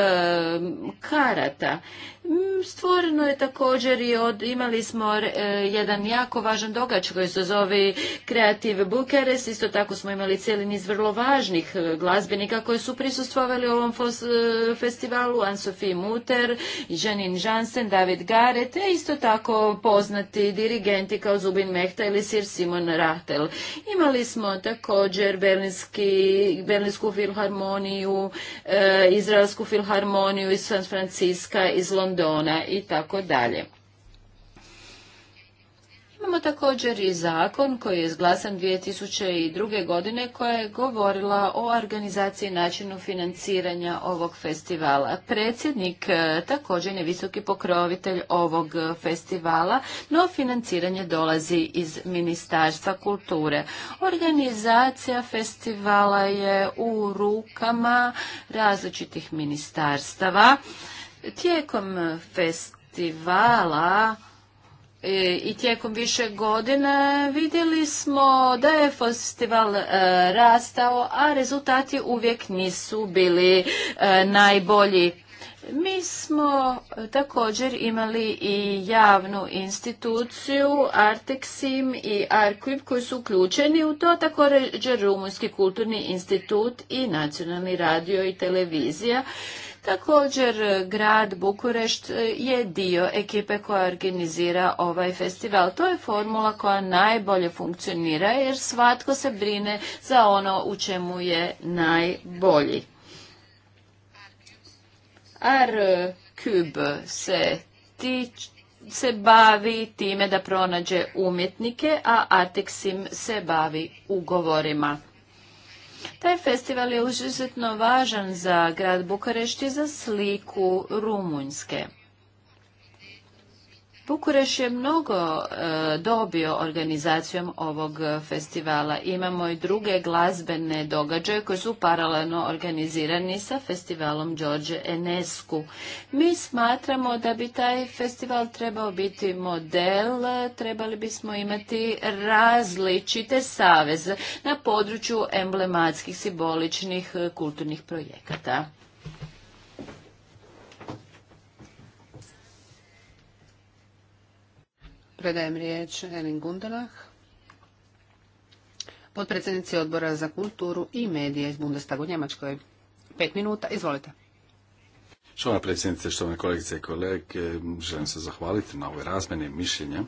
karata. Mm, stvoreno je također i od, imali smo e, jedan jako važan događaj koji se zove Kreativ Bukares, isto tako smo imali cijeli niz vrlo važnih e, glazbenika koji su prisustvovali ovom e, festivalu, Anne-Sophie Muter, Janine Jansen, David Garrett te isto tako poznati dirigenti kao Zubin Mehta ili Sir Simon Rattel Imali smo također Berlinski, Berlinsku filharmoniju, Izraelsku filharmoniju iz San Franciska, iz Londona i tako dalje. Imamo također i zakon koji je izglasan 2002. godine koja je govorila o organizaciji i načinu financiranja ovog festivala. Predsjednik e, također je visoki pokrovitelj ovog festivala, no financiranje dolazi iz Ministarstva kulture. Organizacija festivala je u rukama različitih ministarstava Tijekom festivala e, i tijekom više godina vidjeli smo da je festival e, rastao, a rezultati uvijek nisu bili e, najbolji. Mi smo također imali i javnu instituciju Artexim i Arquip koji su uključeni u to, također Rumunjski kulturni institut i nacionalni radio i televizija Također, grad Bukurešt je dio ekipe koja organizira ovaj festival. To je formula koja najbolje funkcionira jer svatko se brine za ono u čemu je najbolji. r se se bavi time da pronađe umjetnike, a Artexim se bavi ugovorima. Taj festival je izuzetno važan za grad Bukarešt i za sliku Rumunjske. Bukureš je mnogo e, dobio organizacijom ovog festivala. Imamo i druge glazbene događaje koje su paralelno organizirani sa festivalom George Enescu. Mi smatramo da bi taj festival trebao biti model, trebali bismo imati različite saveze na području emblematskih, simboličnih e, kulturnih projekata. Predajem riječ Elin Gundelach, potpredsjednici odbora za kulturu i medije iz Bundestagu u Njemačkoj. Pet minuta, izvolite. Štovana predsjednice, štovane kolegice i kolege, želim se zahvaliti na ovoj razmeni mišljenja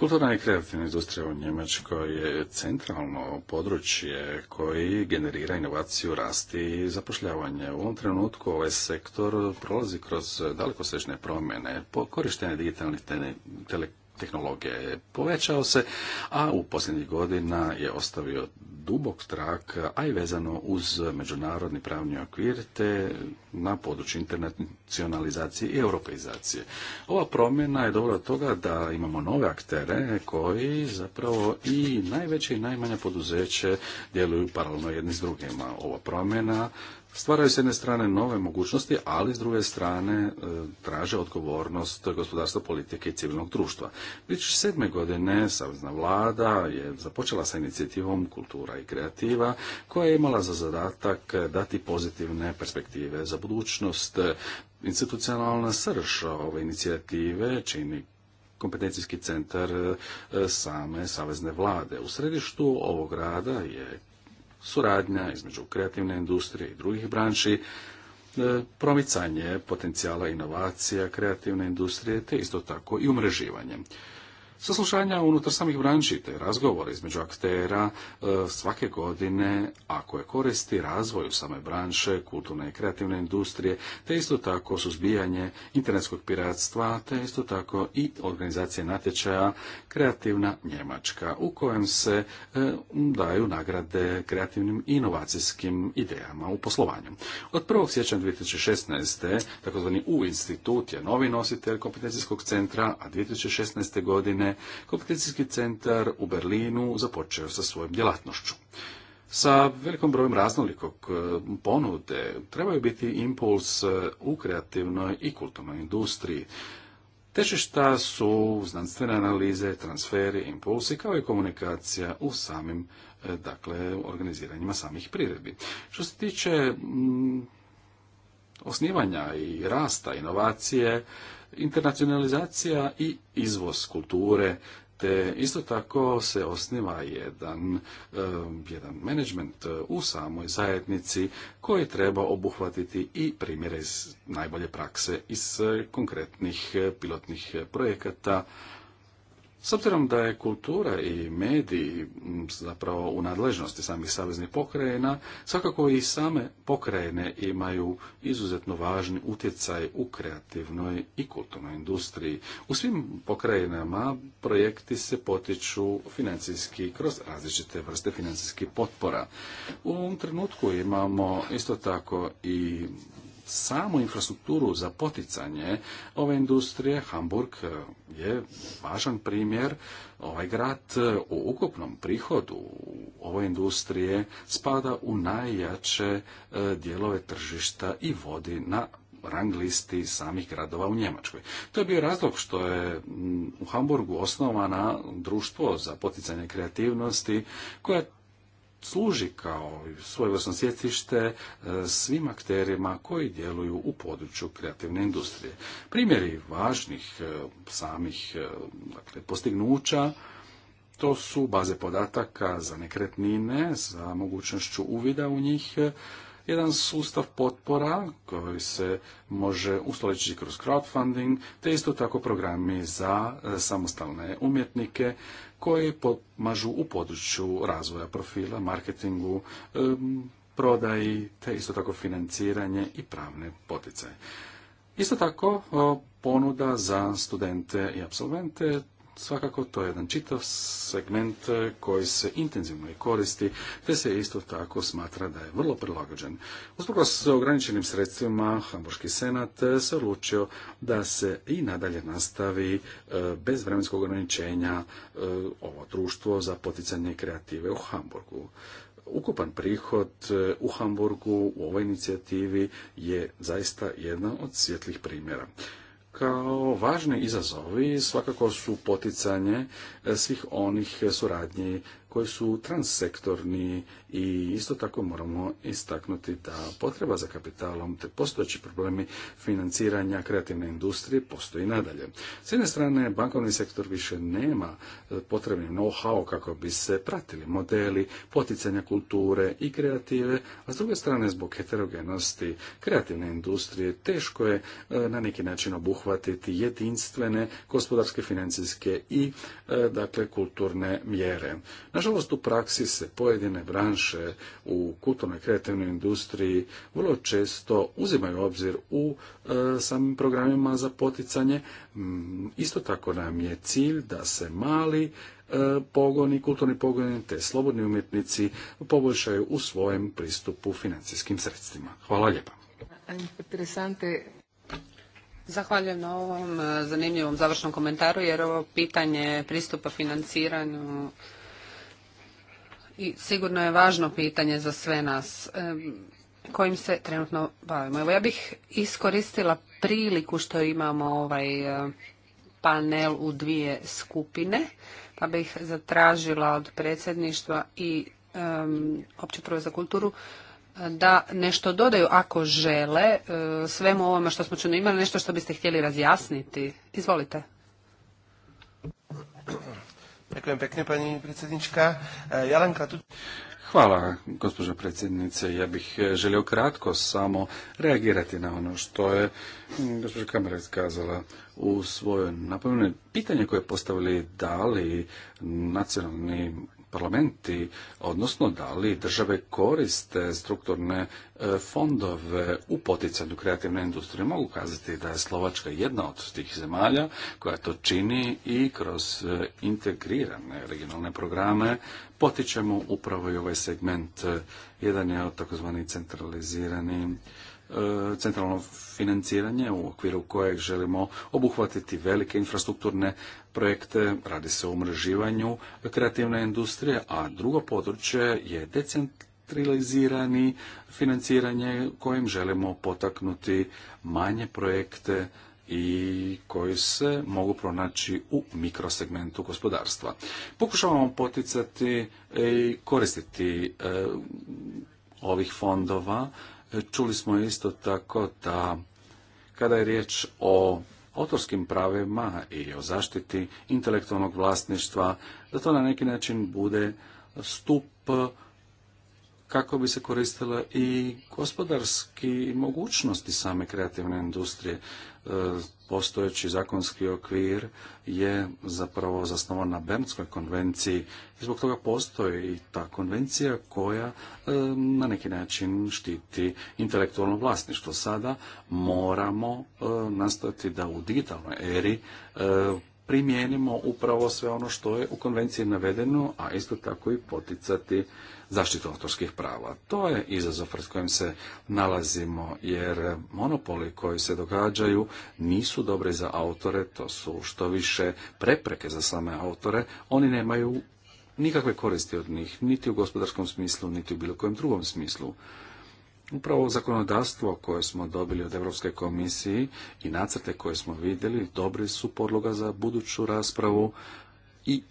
Kulturna i kreativna industrija u Njemačkoj je centralno područje koji generira inovaciju, rasti i zapošljavanje. U ovom trenutku ovaj sektor prolazi kroz dalekosežne promjene po korištenju digitalnih telekomunikacija tehnologije povećao se, a u posljednjih godina je ostavio dubok trak, a i vezano uz međunarodni pravni okvir, te na području internacionalizacije i europeizacije. Ova promjena je dobra od toga da imamo nove aktere koji zapravo i najveće i najmanje poduzeće djeluju paralelno jedni s drugima. Ova promjena Stvaraju s jedne strane nove mogućnosti, ali s druge strane e, traže odgovornost gospodarstva politike i civilnog društva. Već sedme godine Savezna vlada je započela sa inicijativom Kultura i kreativa, koja je imala za zadatak dati pozitivne perspektive za budućnost. Institucionalna srž ove inicijative čini kompetencijski centar e, same savezne vlade. U središtu ovog rada je suradnja između kreativne industrije i drugih branši, e, promicanje potencijala inovacija kreativne industrije te isto tako i umreživanje. Saslušanja unutar samih branši te razgovore između aktera e, svake godine, ako je koristi razvoju same branše, kulturne i kreativne industrije, te isto tako suzbijanje internetskog piratstva, te isto tako i organizacije natječaja Kreativna Njemačka, u kojem se e, daju nagrade kreativnim inovacijskim idejama u poslovanju. Od 1. siječnja 2016. takozvani U institut je novi nositelj kompetencijskog centra, a 2016. godine godine kompetencijski centar u Berlinu započeo sa svojom djelatnošću. Sa velikom brojem raznolikog e, ponude trebaju biti impuls e, u kreativnoj i kulturnoj industriji. Težišta su znanstvene analize, transferi, impulsi kao i komunikacija u samim e, dakle, organiziranjima samih priredbi. Što se tiče osnivanja i rasta inovacije, internacionalizacija i izvoz kulture, te isto tako se osniva jedan, eh, jedan management eh, u samoj zajednici koji treba obuhvatiti i primjere iz najbolje prakse iz eh, konkretnih pilotnih projekata s obzirom da je kultura i mediji zapravo u nadležnosti samih saveznih pokrajina, svakako i same pokrajine imaju izuzetno važni utjecaj u kreativnoj i kulturnoj industriji. U svim pokrajinama projekti se potiču financijski kroz različite vrste financijskih potpora. U ovom trenutku imamo isto tako i samu infrastrukturu za poticanje ove industrije, Hamburg e, je važan primjer. Ovaj grad e, u ukupnom prihodu ove industrije spada u najjače e, dijelove tržišta i vodi na rang listi samih gradova u Njemačkoj. To je bio razlog što je u Hamburgu osnovana društvo za poticanje kreativnosti koja služi kao svojevrsno sjecište e, svim akterima koji djeluju u području kreativne industrije. Primjeri važnih e, samih e, dakle, postignuća to su baze podataka za nekretnine, za mogućnošću uvida u njih, jedan sustav potpora koji se može ustoličiti kroz crowdfunding, te isto tako programi za e, samostalne umjetnike koji pomažu u području razvoja profila, marketingu, e, prodaji, te isto tako financiranje i pravne poticaje. Isto tako, e, ponuda za studente i absolvente, svakako to je jedan čitav segment e, koji se intenzivno i koristi, te se isto tako smatra da je vrlo prilagođen. Uspoko s ograničenim sredstvima, Hamburški senat e, se odlučio da se i nadalje nastavi e, bez vremenskog ograničenja ovo društvo za poticanje kreative u Hamburgu. Ukupan prihod u Hamburgu u ovoj inicijativi je zaista jedna od svjetlih primjera kao važni izazovi svakako su poticanje e, svih onih suradnji koji su transsektorni i isto tako moramo istaknuti da potreba za kapitalom te postojeći problemi financiranja kreativne industrije postoji nadalje. S jedne strane, bankovni sektor više nema e, potrebni know-how kako bi se pratili modeli poticanja kulture i kreative, a s druge strane zbog heterogenosti kreativne industrije teško je e, na neki način obuhvatiti jedinstvene gospodarske, financijske i e, dakle kulturne mjere. Nažalost u praksi se pojedine branže branše u kulturnoj kreativnoj industriji vrlo često uzimaju obzir u e, samim programima za poticanje. Mm, isto tako nam je cilj da se mali e, pogoni, kulturni pogoni te slobodni umjetnici poboljšaju u svojem pristupu financijskim sredstvima. Hvala lijepa. Zahvaljujem na ovom e, zanimljivom završnom komentaru jer ovo pitanje pristupa financiranju i sigurno je važno pitanje za sve nas kojim se trenutno bavimo. Evo ja bih iskoristila priliku što imamo ovaj e, panel u dvije skupine, pa bih zatražila od predsjedništva i opće prve za kulturu e, da nešto dodaju ako žele e, svemu ovome što smo čuli imali, nešto što biste htjeli razjasniti. Izvolite pekne, pani e, Hvala, gospođo predsjednice. Ja bih e, želio kratko samo reagirati na ono što je gospođa Kamera izkazala u svojoj napomenu. Pitanje koje postavili da li nacionalni parlamenti, odnosno da li države koriste strukturne e, fondove u poticanju kreativne industrije. Mogu kazati da je Slovačka jedna od tih zemalja koja to čini i kroz e, integrirane regionalne programe potičemo upravo i ovaj segment. E, jedan je od takozvani centralizirani E, centralno financiranje u okviru kojeg želimo obuhvatiti velike infrastrukturne projekte, radi se o umreživanju kreativne industrije, a drugo područje je decentralizirani financiranje kojim želimo potaknuti manje projekte i koji se mogu pronaći u mikrosegmentu gospodarstva. Pokušavamo poticati i koristiti e, ovih fondova Čuli smo isto tako da kada je riječ o autorskim pravima i o zaštiti intelektualnog vlasništva, da to na neki način bude stup kako bi se koristila i gospodarski mogućnosti same kreativne industrije postojeći zakonski okvir je zapravo zasnovan na Bernskoj konvenciji i zbog toga postoji i ta konvencija koja e, na neki način štiti intelektualno vlasništvo. Sada moramo e, nastojati da u digitalnoj eri e, primijenimo upravo sve ono što je u konvenciji navedeno, a isto tako i poticati zaštitu autorskih prava. To je izazov pred kojim se nalazimo, jer monopoli koji se događaju nisu dobri za autore, to su što više prepreke za same autore, oni nemaju nikakve koristi od njih, niti u gospodarskom smislu, niti u bilo kojem drugom smislu. Upravo zakonodavstvo koje smo dobili od Europske komisije i nacrte koje smo vidjeli dobri su podloga za buduću raspravu i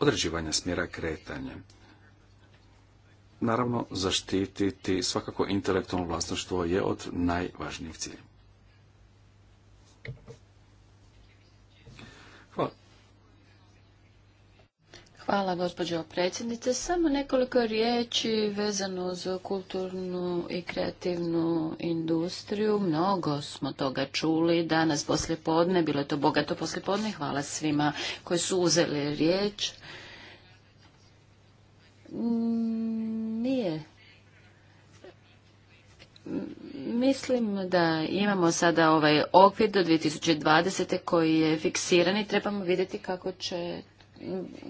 određivanje smjera kretanja. Naravno, zaštititi svakako intelektualno vlasništvo je od najvažnijih cilja. Hvala gospođo predsjednice. Samo nekoliko riječi vezano uz kulturnu i kreativnu industriju. Mnogo smo toga čuli danas poslje podne, bilo je to bogato poslje podne. Hvala svima koji su uzeli riječ. Nije Mislim da imamo sada ovaj okvir do 2020. koji je fiksiran i trebamo vidjeti kako će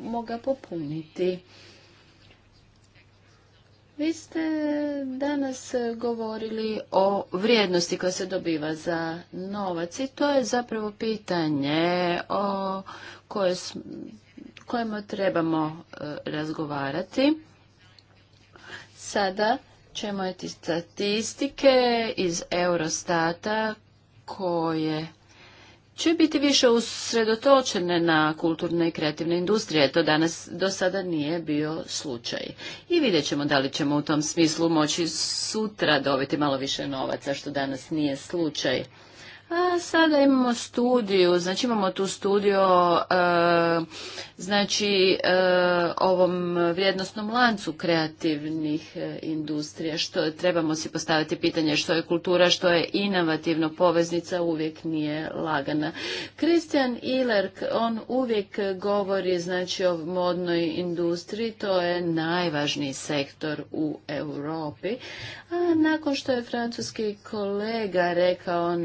moga popuniti. Vi ste danas govorili o vrijednosti koja se dobiva za novac i to je zapravo pitanje o koje, trebamo e, razgovarati. Sada ćemo eti statistike iz Eurostata koje će biti više usredotočene na kulturne i kreativne industrije. To danas do sada nije bio slučaj. I vidjet ćemo da li ćemo u tom smislu moći sutra dobiti malo više novaca, što danas nije slučaj. A sada imamo studiju, znači imamo tu studiju e, znači e, ovom vrijednostnom lancu kreativnih e, industrija, što trebamo si postaviti pitanje što je kultura, što je inovativno, poveznica uvijek nije lagana. Christian Ilerk, on uvijek govori znači o modnoj industriji, to je najvažniji sektor u Europi, a nakon što je francuski kolega rekao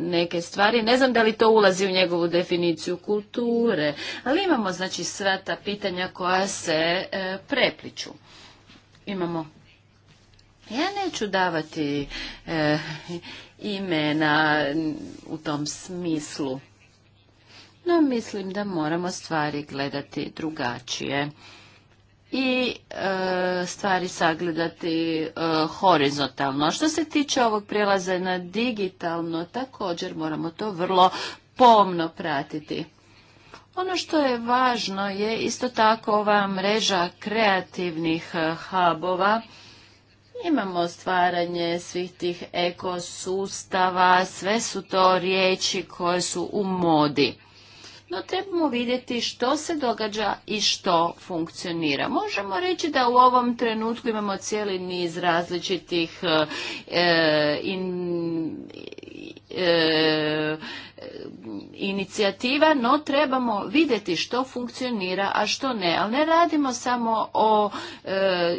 neke stvari. Ne znam da li to ulazi u njegovu definiciju kulture, ali imamo znači sva ta pitanja koja se e, prepliču. Imamo. Ja neću davati e, imena u tom smislu, no mislim da moramo stvari gledati drugačije i e, stvari sagledati e, horizontalno. Što se tiče ovog prijelaza na digitalno, također moramo to vrlo pomno pratiti. Ono što je važno je isto tako ova mreža kreativnih e, hubova. Imamo stvaranje svih tih ekosustava, sve su to riječi koje su u modi no trebamo vidjeti što se događa i što funkcionira. Možemo reći da u ovom trenutku imamo cijeli niz različitih e, e, e, inicijativa, no trebamo vidjeti što funkcionira, a što ne. Ali ne radimo samo o,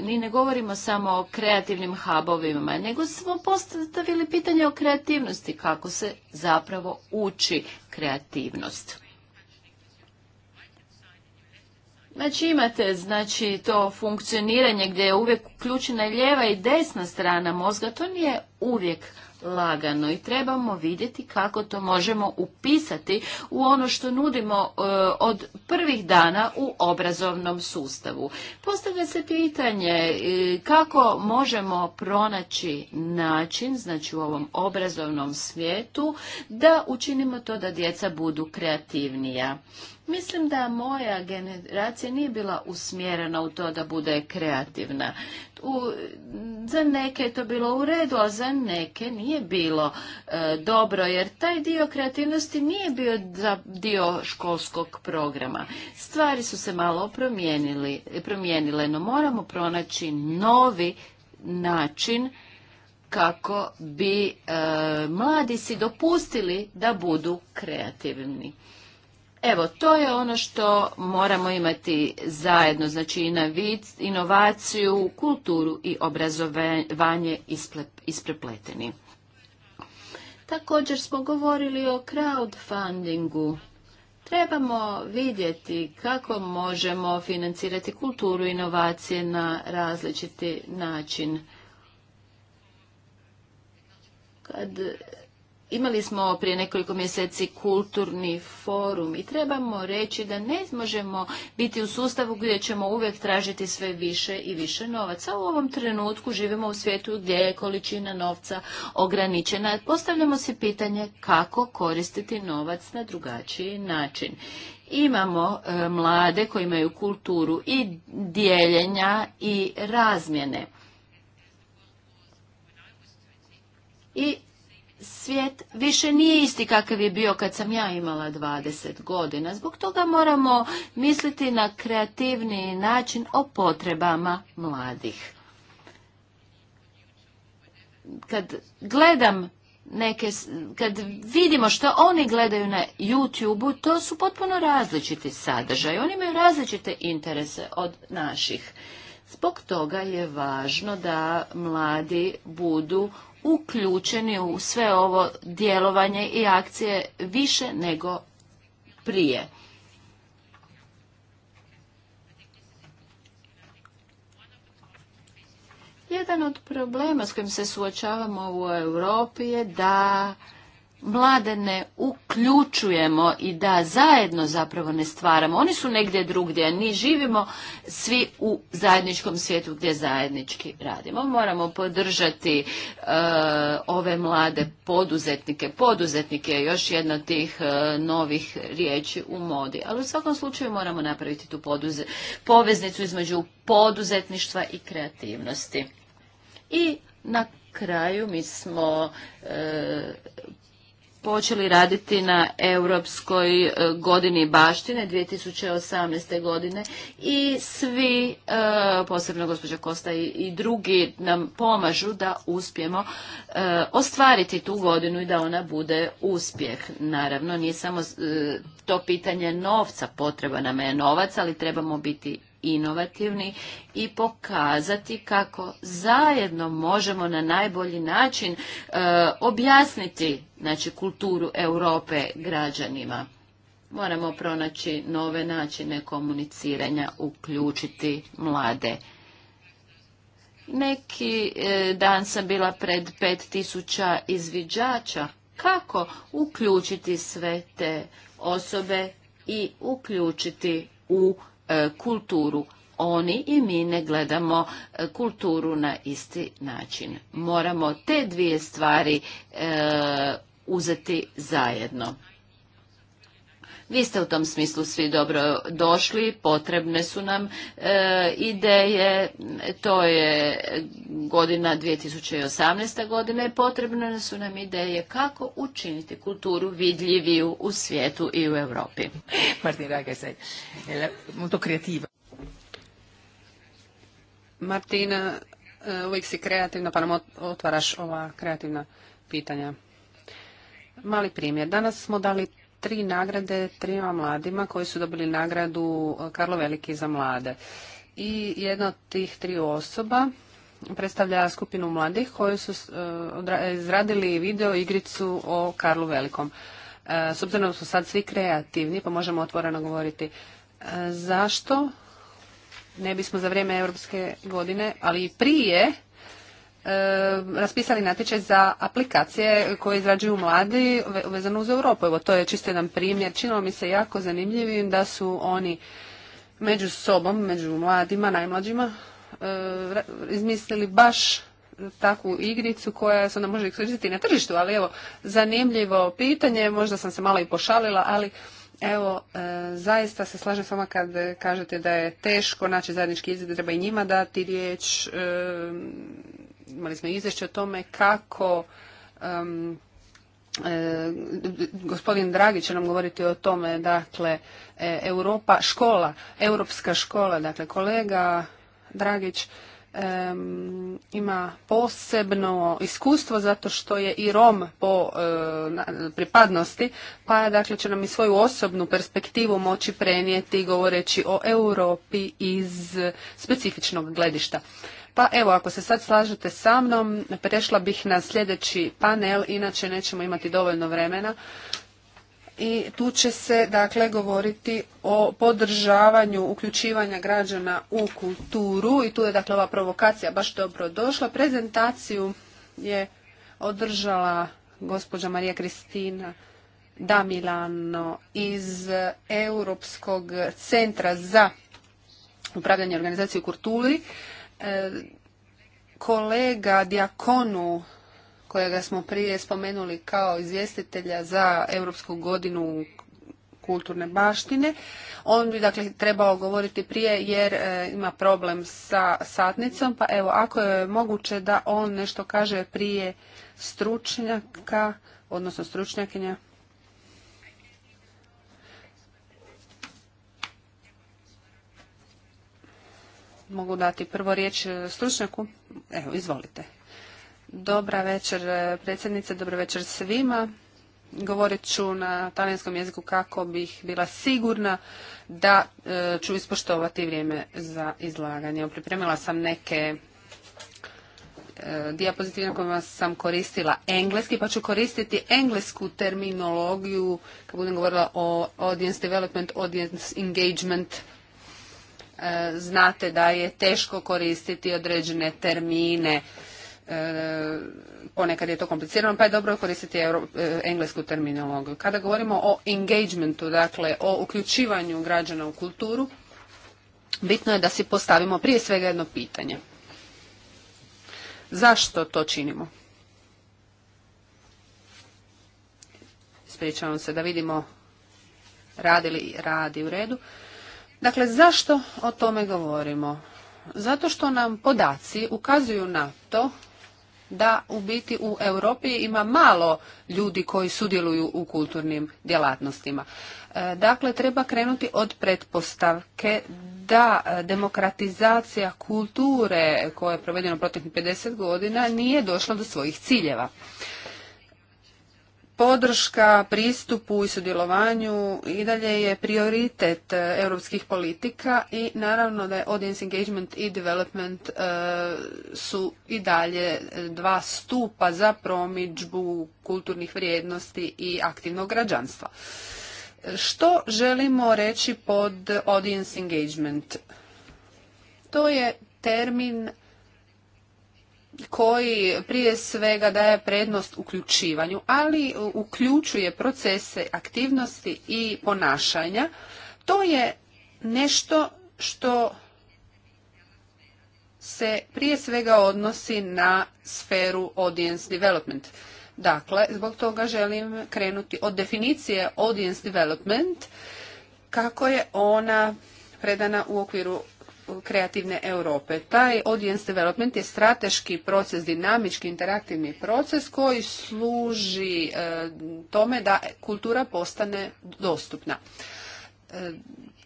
ni ne govorimo samo o kreativnim hubovima, nego smo postavili pitanje o kreativnosti, kako se zapravo uči kreativnost. Znači imate znači, to funkcioniranje gdje je uvijek uključena lijeva i desna strana mozga, to nije uvijek lagano i trebamo vidjeti kako to možemo upisati u ono što nudimo e, od prvih dana u obrazovnom sustavu. Postavlja se pitanje e, kako možemo pronaći način, znači u ovom obrazovnom svijetu, da učinimo to da djeca budu kreativnija. Mislim da moja generacija nije bila usmjerena u to da bude kreativna. U, za neke je to bilo u redu, a za neke nije bilo e, dobro, jer taj dio kreativnosti nije bio za dio školskog programa. Stvari su se malo promijenile, no moramo pronaći novi način kako bi e, mladi si dopustili da budu kreativni. Evo, to je ono što moramo imati zajedno, znači inovaciju, kulturu i obrazovanje isprepleteni. Također smo govorili o crowdfundingu. Trebamo vidjeti kako možemo financirati kulturu i inovacije na različiti način. Kad Imali smo prije nekoliko mjeseci kulturni forum i trebamo reći da ne možemo biti u sustavu gdje ćemo uvijek tražiti sve više i više novaca. U ovom trenutku živimo u svijetu gdje je količina novca ograničena. Postavljamo si pitanje kako koristiti novac na drugačiji način. Imamo e, mlade koji imaju kulturu i dijeljenja i razmjene. I svijet više nije isti kakav je bio kad sam ja imala 20 godina. Zbog toga moramo misliti na kreativni način o potrebama mladih. Kad gledam neke, kad vidimo što oni gledaju na YouTube-u, to su potpuno različiti sadržaj. Oni imaju različite interese od naših. Zbog toga je važno da mladi budu uključeni u sve ovo djelovanje i akcije više nego prije. Jedan od problema s kojim se suočavamo u Europi je da mlade ne uključujemo i da zajedno zapravo ne stvaramo. Oni su negdje drugdje, a mi živimo svi u zajedničkom svijetu gdje zajednički radimo. Moramo podržati e, ove mlade poduzetnike. Poduzetnike je još jedna od tih e, novih riječi u modi. Ali u svakom slučaju moramo napraviti tu poduze, poveznicu između poduzetništva i kreativnosti. I na kraju mi smo e, počeli raditi na Europskoj e, godini baštine 2018. godine i svi, e, posebno gospođa Kosta i drugi, nam pomažu da uspijemo e, ostvariti tu godinu i da ona bude uspjeh. Naravno, nije samo to pitanje novca, potreba nam je novac, ali trebamo biti inovativni i pokazati kako zajedno možemo na najbolji način e, objasniti znači kulturu Europe građanima. Moramo pronaći nove načine komuniciranja, uključiti mlade. Neki e, dan sam bila pred tisuća izviđača. Kako uključiti sve te osobe i uključiti u E, kulturu. Oni i mi ne gledamo e, kulturu na isti način. Moramo te dvije stvari e, uzeti zajedno. Vi ste u tom smislu svi dobro došli, potrebne su nam e, ideje, to je godina 2018. godine, potrebne su nam ideje kako učiniti kulturu vidljiviju u svijetu i u Europi. Martina, e, uvijek si kreativna pa nam otvaraš ova kreativna pitanja. Mali primjer. Danas smo dali tri nagrade trima mladima koji su dobili nagradu e, Karlo Veliki za mlade. I jedna od tih tri osoba predstavlja skupinu mladih koji su e, izradili video igricu o Karlu Velikom. E, s obzirom da su sad svi kreativni, pa možemo otvoreno govoriti zašto ne bismo za vrijeme Europske godine, ali i prije E, raspisali natječaj za aplikacije koje izrađuju mladi vezano uz Europu. Evo to je čisto jedan primjer. Činilo mi se jako zanimljivim da su oni među sobom, među mladima, najmlađima, e, izmislili baš takvu igricu koja se onda može i na tržištu, ali evo, zanimljivo pitanje, možda sam se malo i pošalila, ali evo, e, zaista se slažem s vama kad kažete da je teško naći zajednički jezik, treba i njima dati riječ, imali smo izvješće o tome kako e, gospodin Dragić će nam govoriti o tome, dakle, e, Europa, škola, europska škola, dakle, kolega Dragić ima posebno iskustvo zato što je i Rom po e, pripadnosti, pa dakle će nam i svoju osobnu perspektivu moći prenijeti govoreći o Europi iz specifičnog gledišta. Pa evo, ako se sad slažete sa mnom, prešla bih na sljedeći panel, inače nećemo imati dovoljno vremena. I tu će se dakle govoriti o podržavanju uključivanja građana u kulturu i tu je dakle ova provokacija baš dobro došla. Prezentaciju je održala gospođa Marija Kristina Damilano iz Europskog centra za upravljanje organizacije u kulturi E, kolega Diakonu kojega smo prije spomenuli kao izvjestitelja za Europsku godinu kulturne baštine. On bi dakle trebao govoriti prije jer e, ima problem sa satnicom, pa evo ako je moguće da on nešto kaže prije stručnjaka, odnosno stručnjakinja. mogu dati prvo riječ e, stručnjaku. Evo, izvolite. Dobra večer e, predsjednice, dobro večer svima. Govorit ću na talijanskom jeziku kako bih bila sigurna da e, ću ispoštovati vrijeme za izlaganje. Pripremila sam neke diapozitive kojima sam koristila engleski, pa ću koristiti englesku terminologiju kad budem govorila o audience development, audience engagement E, znate da je teško koristiti određene termine e, ponekad je to komplicirano, pa je dobro koristiti e, englesku terminologiju. Kada govorimo o engagementu, dakle o uključivanju građana u kulturu, bitno je da si postavimo prije svega jedno pitanje. Zašto to činimo? Ispričavam se da vidimo radi li radi u redu. Dakle, zašto o tome govorimo? Zato što nam podaci ukazuju na to da u biti u Europi ima malo ljudi koji sudjeluju u kulturnim djelatnostima. E, dakle, treba krenuti od pretpostavke da e, demokratizacija kulture koja je provedena proteklih 50 godina nije došla do svojih ciljeva podrška pristupu i sudjelovanju i dalje je prioritet e, europskih politika i naravno da je audience engagement i development e, su i dalje e, dva stupa za promidžbu kulturnih vrijednosti i aktivnog građanstva. Što želimo reći pod audience engagement? To je termin koji prije svega daje prednost uključivanju, ali uključuje procese aktivnosti i ponašanja. To je nešto što se prije svega odnosi na sferu audience development. Dakle, zbog toga želim krenuti od definicije audience development, kako je ona predana u okviru kreativne Europe. Taj audience development je strateški proces, dinamički, interaktivni proces koji služi e, tome da kultura postane dostupna. E,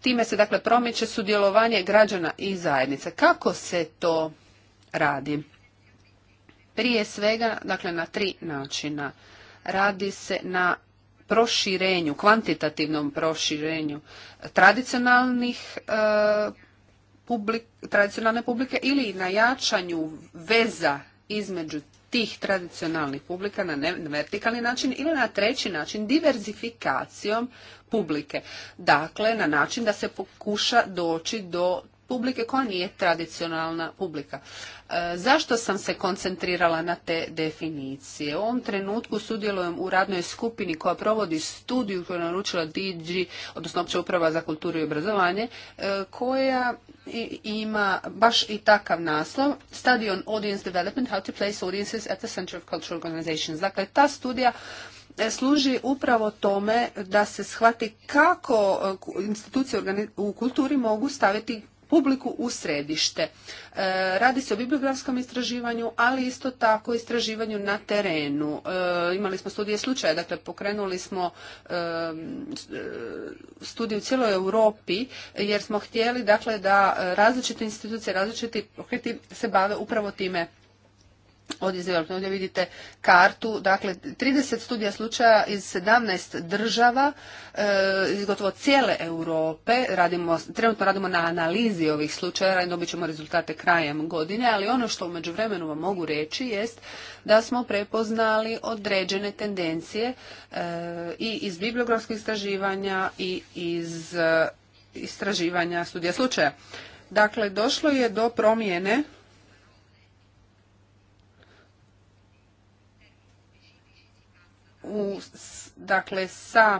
time se dakle promiče sudjelovanje građana i zajednice. Kako se to radi? Prije svega, dakle na tri načina. Radi se na proširenju, kvantitativnom proširenju tradicionalnih e, publik, tradicionalne publike ili na jačanju veza između tih tradicionalnih publika na, ne, na vertikalni način ili na treći način diverzifikacijom publike. Dakle, na način da se pokuša doći do publike koja nije tradicionalna publika. E, zašto sam se koncentrirala na te definicije? U ovom trenutku sudjelujem u radnoj skupini koja provodi studiju koju je naručila DG, odnosno opća uprava za kulturu i obrazovanje, e, koja ima baš i takav naslov Study on Audience Development, How to Place Audiences at the Center of Cultural Organizations. Dakle, ta studija e, služi upravo tome da se shvati kako institucije u kulturi mogu staviti publiku u središte. E, radi se o bibliografskom istraživanju, ali isto tako istraživanju na terenu. E, imali smo studije slučaja, dakle pokrenuli smo e, e, studiju u cijeloj Europi jer smo htjeli dakle da različite institucije, različiti projekti se bave upravo time ovdje Ovdje vidite kartu, dakle 30 studija slučaja iz 17 država, e, iz gotovo cijele Europe. Radimo, trenutno radimo na analizi ovih slučajeva i dobit ćemo rezultate krajem godine, ali ono što umeđu vremenu vam mogu reći jest da smo prepoznali određene tendencije e, i iz bibliografskih istraživanja i iz e, istraživanja studija slučaja. Dakle, došlo je do promjene u, dakle, sa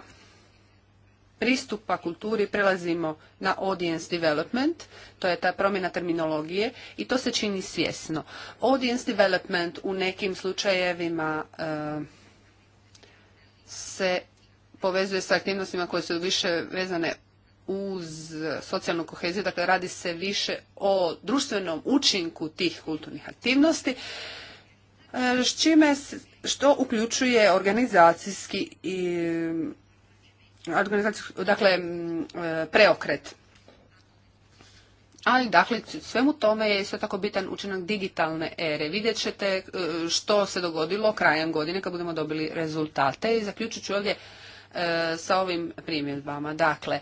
pristupa kulturi prelazimo na audience development, to je ta promjena terminologije i to se čini svjesno. Audience development u nekim slučajevima e, se povezuje sa aktivnostima koje su više vezane uz socijalnu koheziju, dakle radi se više o društvenom učinku tih kulturnih aktivnosti, e, s čime što uključuje organizacijski i mm, organizacijski, dakle mm, e, preokret. Ali dakle svemu tome je isto tako bitan učinak digitalne ere. Vidjet ćete e, što se dogodilo krajem godine kad budemo dobili rezultate i zaključit ću ovdje e, sa ovim primjedbama. Dakle,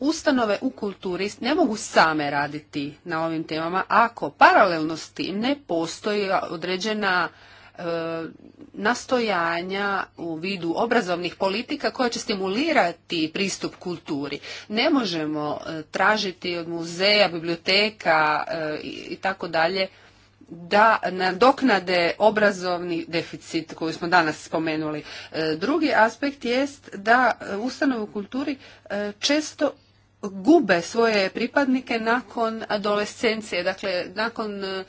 Ustanove u kulturi ne mogu same raditi na ovim temama ako paralelno s tim ne postoji određena e, nastojanja u vidu obrazovnih politika koja će stimulirati pristup kulturi. Ne možemo e, tražiti od muzeja, biblioteka e, i tako dalje da nadoknade obrazovni deficit koji smo danas spomenuli. Drugi aspekt jest da ustanove u kulturi često gube svoje pripadnike nakon adolescencije, dakle nakon e,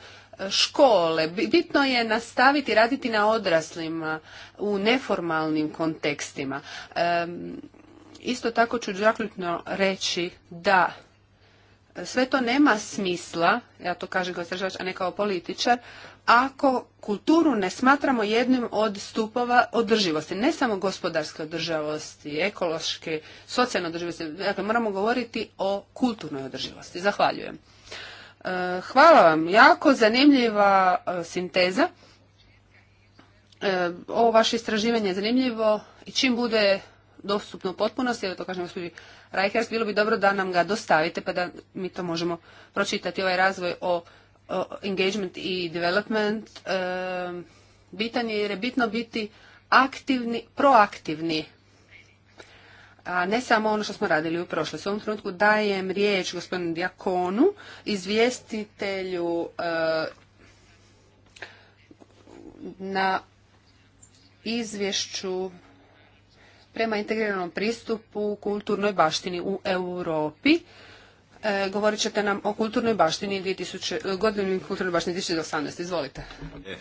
škole. Bitno je nastaviti raditi na odraslima u neformalnim kontekstima. E, isto tako ću zaključno reći da sve to nema smisla, ja to kažem kao sržavač, a ne kao političar, ako kulturu ne smatramo jednim od stupova održivosti, ne samo gospodarske održivosti, ekološke, socijalne održivosti, dakle moramo govoriti o kulturnoj održivosti. Zahvaljujem. E, hvala vam, jako zanimljiva e, sinteza. E, ovo vaše istraživanje je zanimljivo i čim bude dostupno u potpunosti, evo to kažem gospođi Rajkers, bilo bi dobro da nam ga dostavite pa da mi to možemo pročitati ovaj razvoj o engagement i development e, bitan je jer je bitno biti aktivni, proaktivni a ne samo ono što smo radili u prošlosti. U ovom trenutku dajem riječ gospodinu Diakonu, izvjestitelju e, na izvješću prema integriranom pristupu kulturnoj baštini u Europi. E, govorit ćete nam o kulturnoj baštini 2000, e, godini kulturnoj baštini 2018. Izvolite. E,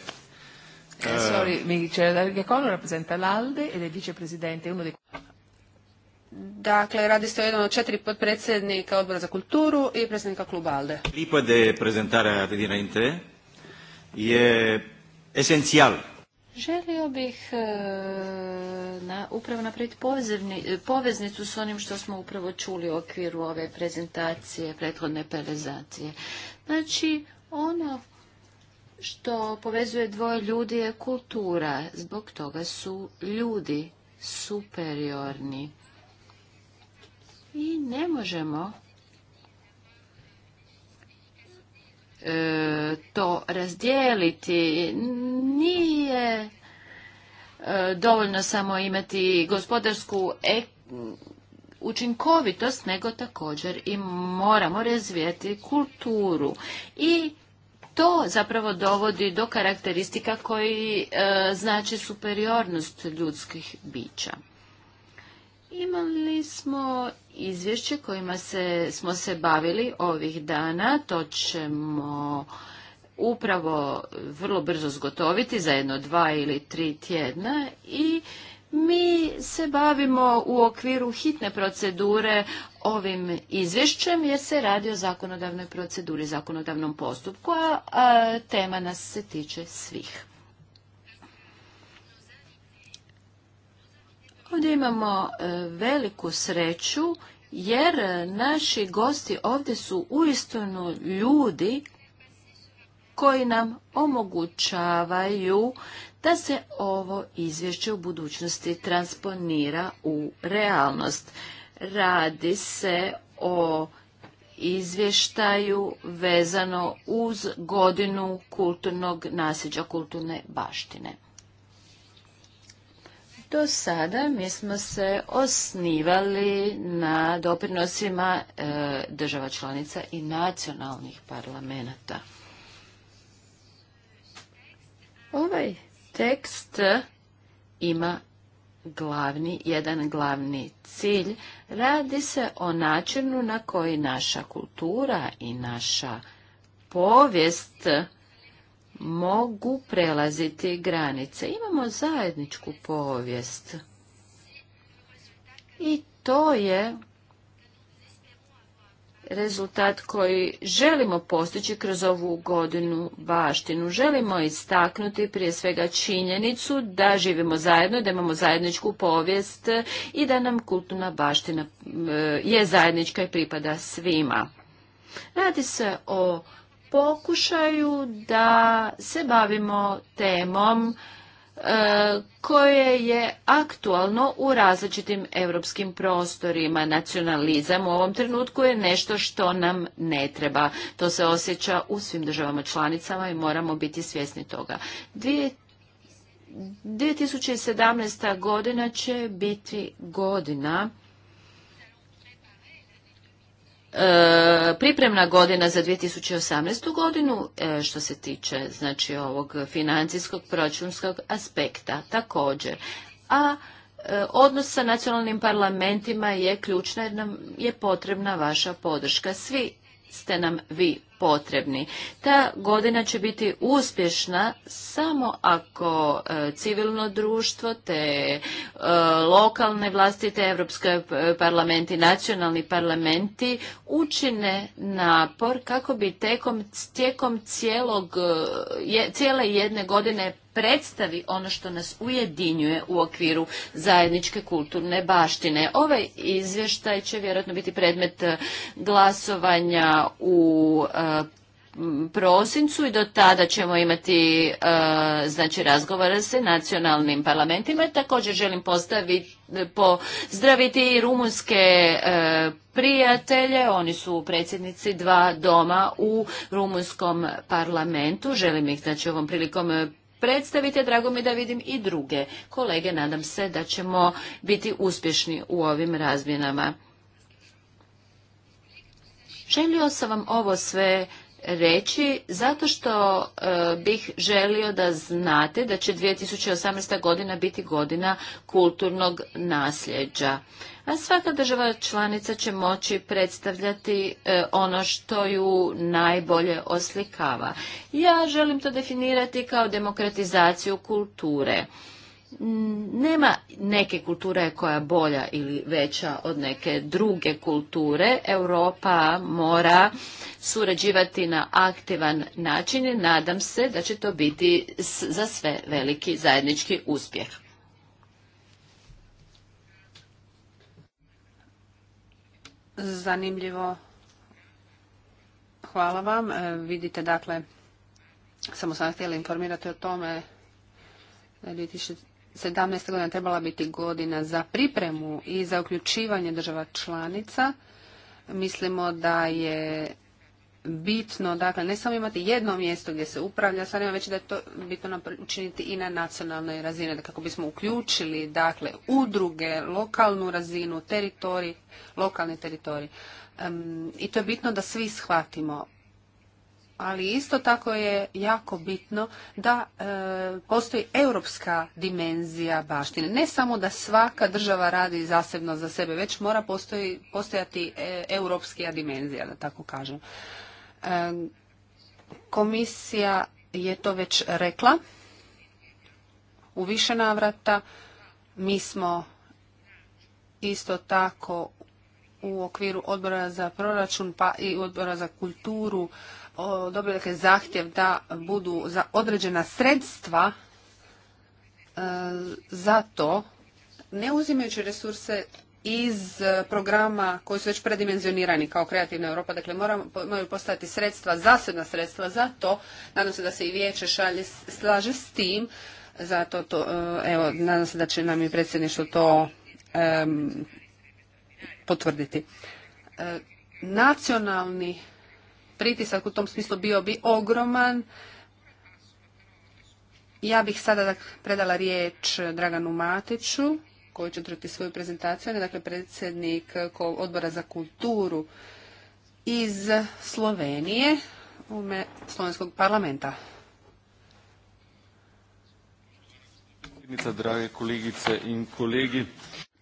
dakle, radi se o jednom od četiri potpredsjednika odbora za kulturu i predsjednika kluba ALDE. Lipo de prezentare a Vidinente je esencijalno. Želio bih e, na, upravo napraviti e, poveznicu s onim što smo upravo čuli u okviru ove prezentacije, prethodne prezentacije. Znači, ono što povezuje dvoje ljudi je kultura. Zbog toga su ljudi superiorni. I ne možemo E, to razdijeliti. Nije e, dovoljno samo imati gospodarsku e, učinkovitost, nego također i moramo razvijeti kulturu. I to zapravo dovodi do karakteristika koji znači superiornost ljudskih bića. Imali smo izvješće kojima se, smo se bavili ovih dana, to ćemo upravo vrlo brzo zgotoviti za jedno dva ili tri tjedna i mi se bavimo u okviru hitne procedure ovim izvješćem jer se radi o zakonodavnoj proceduri, zakonodavnom postupku, a tema nas se tiče svih. Ovdje imamo e, veliku sreću jer e, naši gosti ovdje su uistinu ljudi koji nam omogućavaju da se ovo izvješće u budućnosti transponira u realnost. Radi se o izvještaju vezano uz godinu kulturnog nasljeđa kulturne baštine. Do sada mi smo se osnivali na doprinosima e, država članica i nacionalnih parlamenta. Ovaj tekst ima glavni, jedan glavni cilj. Radi se o načinu na koji naša kultura i naša povijest mogu prelaziti granice. Imamo zajedničku povijest. I to je rezultat koji želimo postići kroz ovu godinu baštinu. Želimo istaknuti prije svega činjenicu da živimo zajedno, da imamo zajedničku povijest i da nam kulturna baština e, je zajednička i pripada svima. Radi se o pokušaju da se bavimo temom e, koje je aktualno u različitim europskim prostorima. Nacionalizam u ovom trenutku je nešto što nam ne treba. To se osjeća u svim državama članicama i moramo biti svjesni toga. 2017. godina će biti godina E, pripremna godina za 2018. godinu e, što se tiče znači ovog financijskog proračunskog aspekta također a e, odnos sa nacionalnim parlamentima je ključna jer nam je potrebna vaša podrška svi ste nam vi potrebni. Ta godina će biti uspješna samo ako e, civilno društvo te e, lokalne vlasti, te Evropske e, parlamenti, nacionalni parlamenti učine napor kako bi tijekom cijelog, cijele jedne godine predstavi ono što nas ujedinjuje u okviru zajedničke kulturne baštine. Ovaj izvještaj će vjerojatno biti predmet glasovanja u prosincu i do tada ćemo imati e, znači razgovore sa nacionalnim parlamentima. Također želim postaviti, e, pozdraviti i rumunske e, prijatelje, oni su predsjednici dva doma u rumunskom parlamentu. Želim ih znači ovom prilikom predstavite. Drago mi da vidim i druge kolege. Nadam se da ćemo biti uspješni u ovim razmjenama. Želio sam vam ovo sve reći zato što e, bih želio da znate da će 2018. godina biti godina kulturnog nasljeđa. A svaka država članica će moći predstavljati e, ono što ju najbolje oslikava. Ja želim to definirati kao demokratizaciju kulture. Mm, nema neke kulture koja je bolja ili veća od neke druge kulture. Europa mora surađivati na aktivan način i nadam se da će to biti za sve veliki zajednički uspjeh. Zanimljivo. Hvala vam. E, vidite, dakle, samo sam htjela informirati o tome da e, 2017. godina trebala biti godina za pripremu i za uključivanje država članica. Mislimo da je bitno, dakle, ne samo imati jedno mjesto gdje se upravlja stvarima, već da je to bitno nam učiniti i na nacionalnoj razini, da kako bismo uključili, dakle, udruge, lokalnu razinu, teritorij, lokalni teritorij. I to je bitno da svi shvatimo ali isto tako je jako bitno da e, postoji europska dimenzija baštine. Ne samo da svaka država radi zasebno za sebe, već mora postoji, postojati e, dimenzija, da tako kažem. E, komisija je to već rekla u više navrata. Mi smo isto tako u okviru odbora za proračun pa i odbora za kulturu dobili je zahtjev da budu za određena sredstva e, za to, ne uzimajući resurse iz e, programa koji su već predimenzionirani kao kreativna Europa. Dakle, moraju postati sredstva, zasebna sredstva za to. Nadam se da se i vijeće šalje, slaže s tim. Zato to, e, evo, nadam se da će nam i predsjedništvo to potvrditi. nacionalni pritisak u tom smislu bio bi ogroman. Ja bih sada predala riječ Draganu Matiću koji će održati svoju prezentaciju. On je dakle predsjednik eh, odbora za kulturu iz Slovenije u Slovenskog parlamenta. Drage kolegice i kolegi.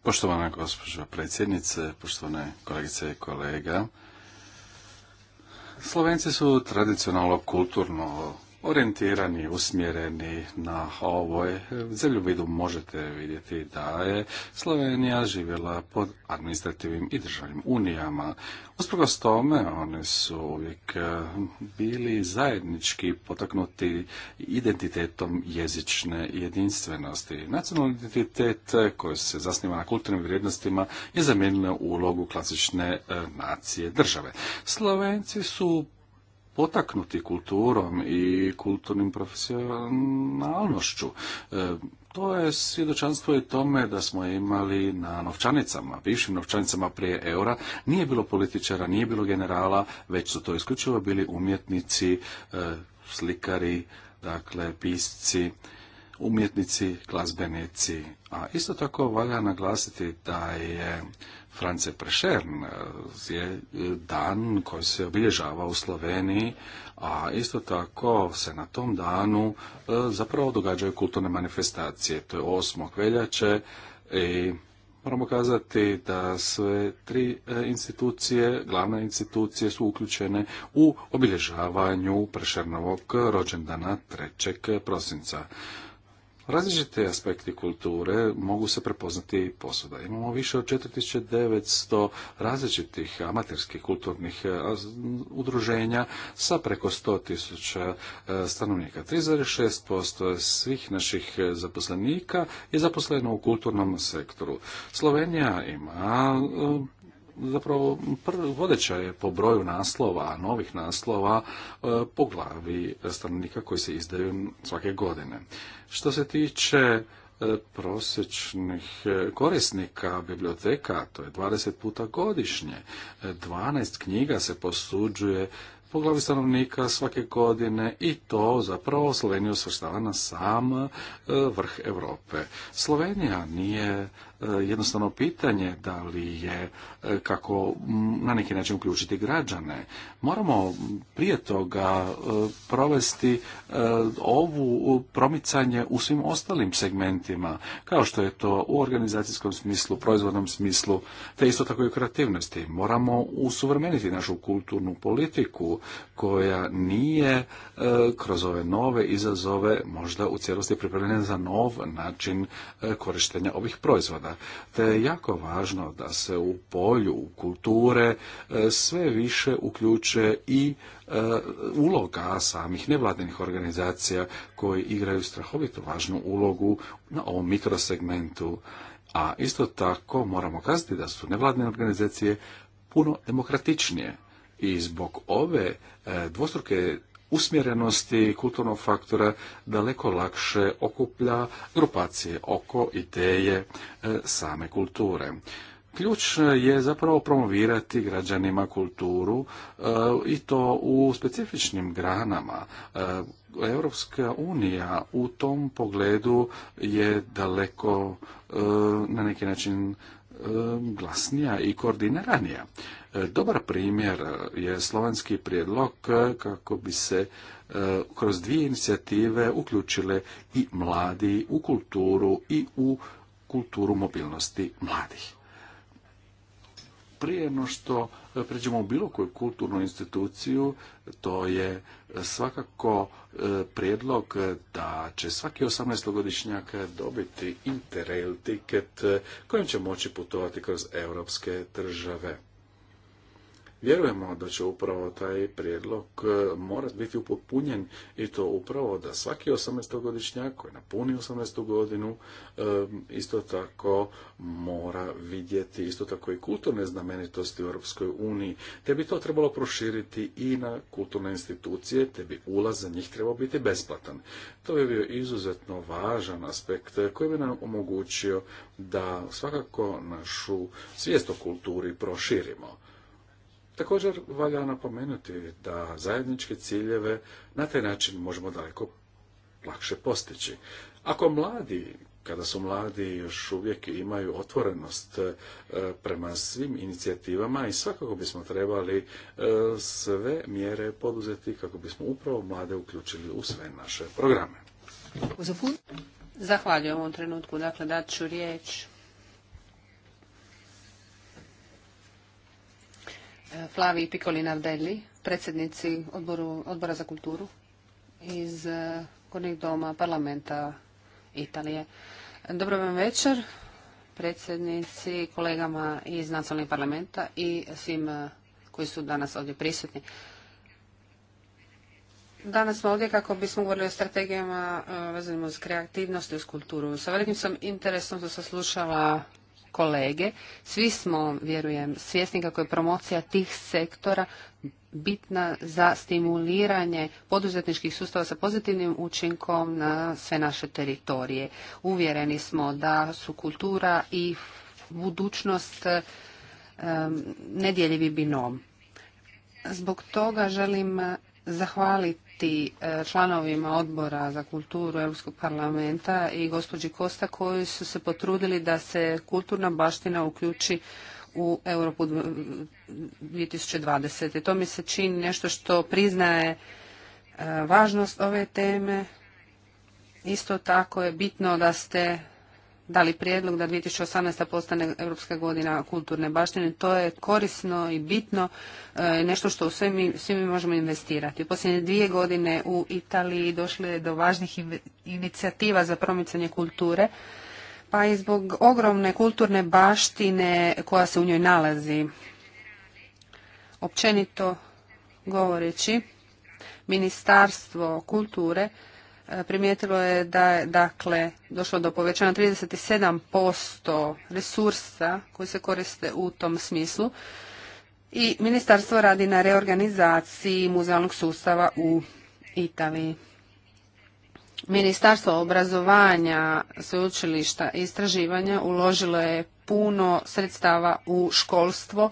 Poštovana gospođo predsjednice, poštovane kolegice i kolega, Slovenci su tradicionalno kulturno orijentirani, usmjereni na ovoj vidu možete vidjeti da je Slovenija živjela pod administrativnim i državnim unijama. s tome, one su uvijek eh, bili zajednički potaknuti identitetom jezične jedinstvenosti. Nacionalni identitet eh, koji se zasniva na kulturnim vrijednostima je zamijenio ulogu klasične eh, nacije države. Slovenci su potaknuti kulturom i kulturnim profesionalnošću. E, to je svjedočanstvo i tome da smo imali na novčanicama, bivšim novčanicama prije eura, nije bilo političara, nije bilo generala, već su to isključivo bili umjetnici, e, slikari, dakle pisci, umjetnici, glazbenici. A isto tako valja naglasiti da je France Prešern eh, je eh, dan koji se obilježava u Sloveniji, a isto tako se na tom danu eh, zapravo događaju kulturne manifestacije. To je 8. veljače i Moramo kazati da sve tri institucije, glavne institucije su uključene u obilježavanju Prešernovog rođendana 3. prosinca. Različite aspekti kulture mogu se prepoznati posuda. Imamo više od 4900 različitih amaterskih kulturnih e, udruženja sa preko 100.000 e, stanovnika. 3,6% svih naših e, zaposlenika je zaposleno u kulturnom sektoru. Slovenija ima zapravo vodeća je po broju naslova, novih naslova e, po glavi stanovnika koji se izdaju svake godine. Što se tiče e, prosječnih e, korisnika biblioteka, to je 20 puta godišnje, 12 knjiga se posuđuje po glavi stanovnika svake godine i to zapravo Sloveniju svrstava na sam vrh Europe. Slovenija nije E, jednostavno pitanje da li je e, kako na neki način uključiti građane. Moramo prije toga e, provesti ovu promicanje u svim ostalim segmentima, kao što je to u organizacijskom smislu, proizvodnom smislu, te isto tako i u kreativnosti. Moramo usuvremeniti našu kulturnu politiku koja nije kroz ove nove izazove možda u cijelosti pripremljena za nov način korištenja ovih proizvoda te je jako važno da se u polju kulture e, sve više uključe i e, uloga samih nevladinih organizacija koji igraju strahovito važnu ulogu na ovom mikrosegmentu. A isto tako moramo kazati da su nevladine organizacije puno demokratičnije i zbog ove e, dvostruke usmjerenosti kulturnog faktora daleko lakše okuplja grupacije oko ideje e, same kulture. Ključ je zapravo promovirati građanima kulturu e, i to u specifičnim granama. E, Europska unija u tom pogledu je daleko na neki način glasnija i koordiniranija. E, dobar primjer je slovenski prijedlog kako bi se e, kroz dvije inicijative uključile i mladi u kulturu i u kulturu mobilnosti mladih prije no što e, pređemo u bilo koju kulturnu instituciju, to je e, svakako e, prijedlog da će svaki 18-godišnjak dobiti Interrail tiket kojim će moći putovati kroz europske države. Vjerujemo da će upravo taj prijedlog e, morati biti upotpunjen i to upravo da svaki 18-godišnjak koji napuni 18. godinu e, isto tako mora vidjeti isto tako i kulturne znamenitosti u Europskoj uniji, te bi to trebalo proširiti i na kulturne institucije, te bi ulaz za njih trebao biti besplatan. To bi bio izuzetno važan aspekt koji bi nam omogućio da svakako našu svijest o kulturi proširimo. Također valja napomenuti da zajedničke ciljeve na taj način možemo daleko lakše postići. Ako mladi kada su mladi još uvijek imaju otvorenost e, prema svim inicijativama i svakako bismo trebali e, sve mjere poduzeti kako bismo upravo mlade uključili u sve naše programe. Zahvaljujem u ovom trenutku. Dakle, dat riječ Flavi Pikolina Vdeli, predsjednici odbora za kulturu iz eh, Gornjeg doma parlamenta Italije. Dobro vam večer predsjednici, kolegama iz nacionalnih parlamenta i svim eh, koji su danas ovdje prisutni. Danas smo ovdje kako bismo govorili o strategijama eh, vezanim uz kreativnost i uz kulturu. Sa velikim sam interesom sam saslušala kolege. Svi smo, vjerujem, svjesni kako je promocija tih sektora bitna za stimuliranje poduzetničkih sustava sa pozitivnim učinkom na sve naše teritorije. Uvjereni smo da su kultura i budućnost nedjeljivi binom. Zbog toga želim zahvaliti čestitati e, članovima odbora za kulturu Europskog parlamenta i gospođi Kosta koji su se potrudili da se kulturna baština uključi u Europu 2020. to mi se čini nešto što priznaje e, važnost ove teme. Isto tako je bitno da ste dali prijedlog da 2018. postane Europska godina kulturne baštine. To je korisno i bitno, e, nešto što u mi, svi mi možemo investirati. U posljednje dvije godine u Italiji došlo je do važnih inicijativa za promicanje kulture, pa i zbog ogromne kulturne baštine koja se u njoj nalazi. Općenito govoreći, Ministarstvo kulture primijetilo je da je dakle došlo do povećanja 37% resursa koji se koriste u tom smislu i ministarstvo radi na reorganizaciji muzealnog sustava u Italiji. Ministarstvo obrazovanja, sveučilišta i istraživanja uložilo je puno sredstava u školstvo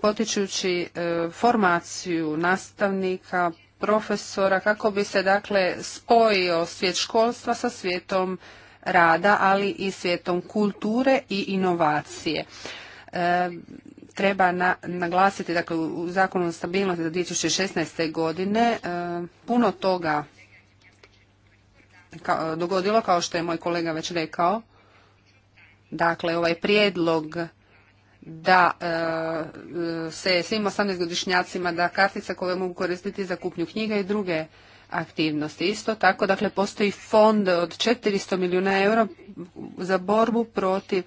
potičući e, formaciju nastavnika, profesora kako bi se dakle spojio svijet školstva sa svijetom rada, ali i svijetom kulture i inovacije. E, treba naglasiti, dakle, u zakonu o stabilnosti za 2016. godine e, puno toga dogodilo, kao što je moj kolega već rekao. Dakle, ovaj prijedlog da e, se svim 18-godišnjacima da kartica koje mogu koristiti za kupnju knjiga i druge aktivnosti. Isto tako, dakle, postoji fond od 400 milijuna eura za borbu protiv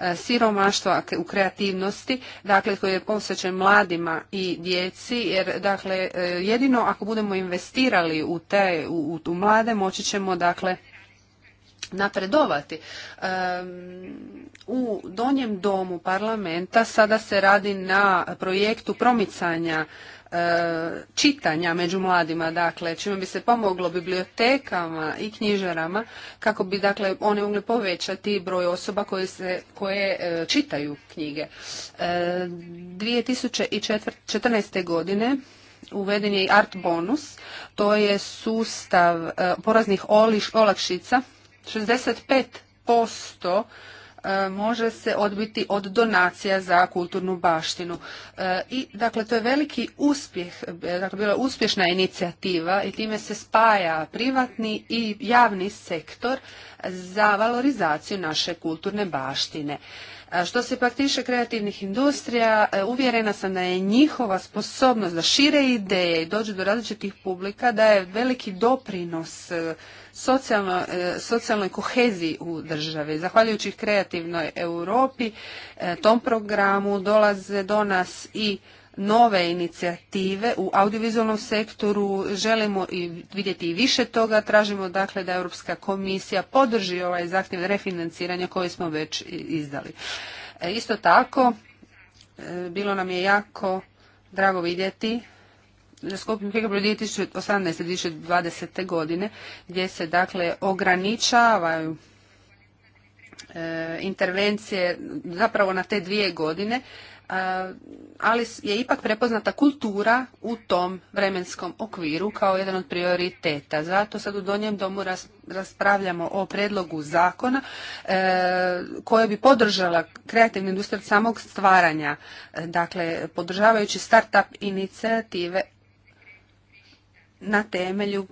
e, siromaštva u kreativnosti, dakle koji je posvećen mladima i djeci, jer dakle e, jedino ako budemo investirali u te, u, u mlade moći ćemo dakle napredovati. U donjem domu parlamenta sada se radi na projektu promicanja e, čitanja među mladima, dakle, čime bi se pomoglo bibliotekama i knjižarama kako bi, dakle, one mogli povećati broj osoba koje, se, koje e, čitaju knjige. 2014. E, godine uveden je i art bonus, to je sustav poraznih olakšica 65% e, može se odbiti od donacija za kulturnu baštinu. E, I dakle to je veliki uspjeh, e, dakle bila uspješna inicijativa i time se spaja privatni i javni sektor za valorizaciju naše kulturne baštine. Što se pak tiše kreativnih industrija, uvjerena sam da je njihova sposobnost da šire ideje i dođu do različitih publika, da je veliki doprinos E, socijalnoj koheziji u državi. Zahvaljujući kreativnoj Europi, e, tom programu dolaze do nas i nove inicijative u audiovizualnom sektoru, želimo i vidjeti i više toga, tražimo dakle da Europska komisija podrži ovaj zahtjev refinanciranja koji smo već izdali. E, isto tako, bilo nam je jako drago vidjeti skupim prije 2018. 2020. godine gdje se dakle ograničavaju e, intervencije zapravo na te dvije godine e, ali je ipak prepoznata kultura u tom vremenskom okviru kao jedan od prioriteta. Zato sad u Donjem domu raspravljamo o predlogu zakona e, koja bi podržala kreativnu industriju samog stvaranja, dakle podržavajući startup inicijative na temelju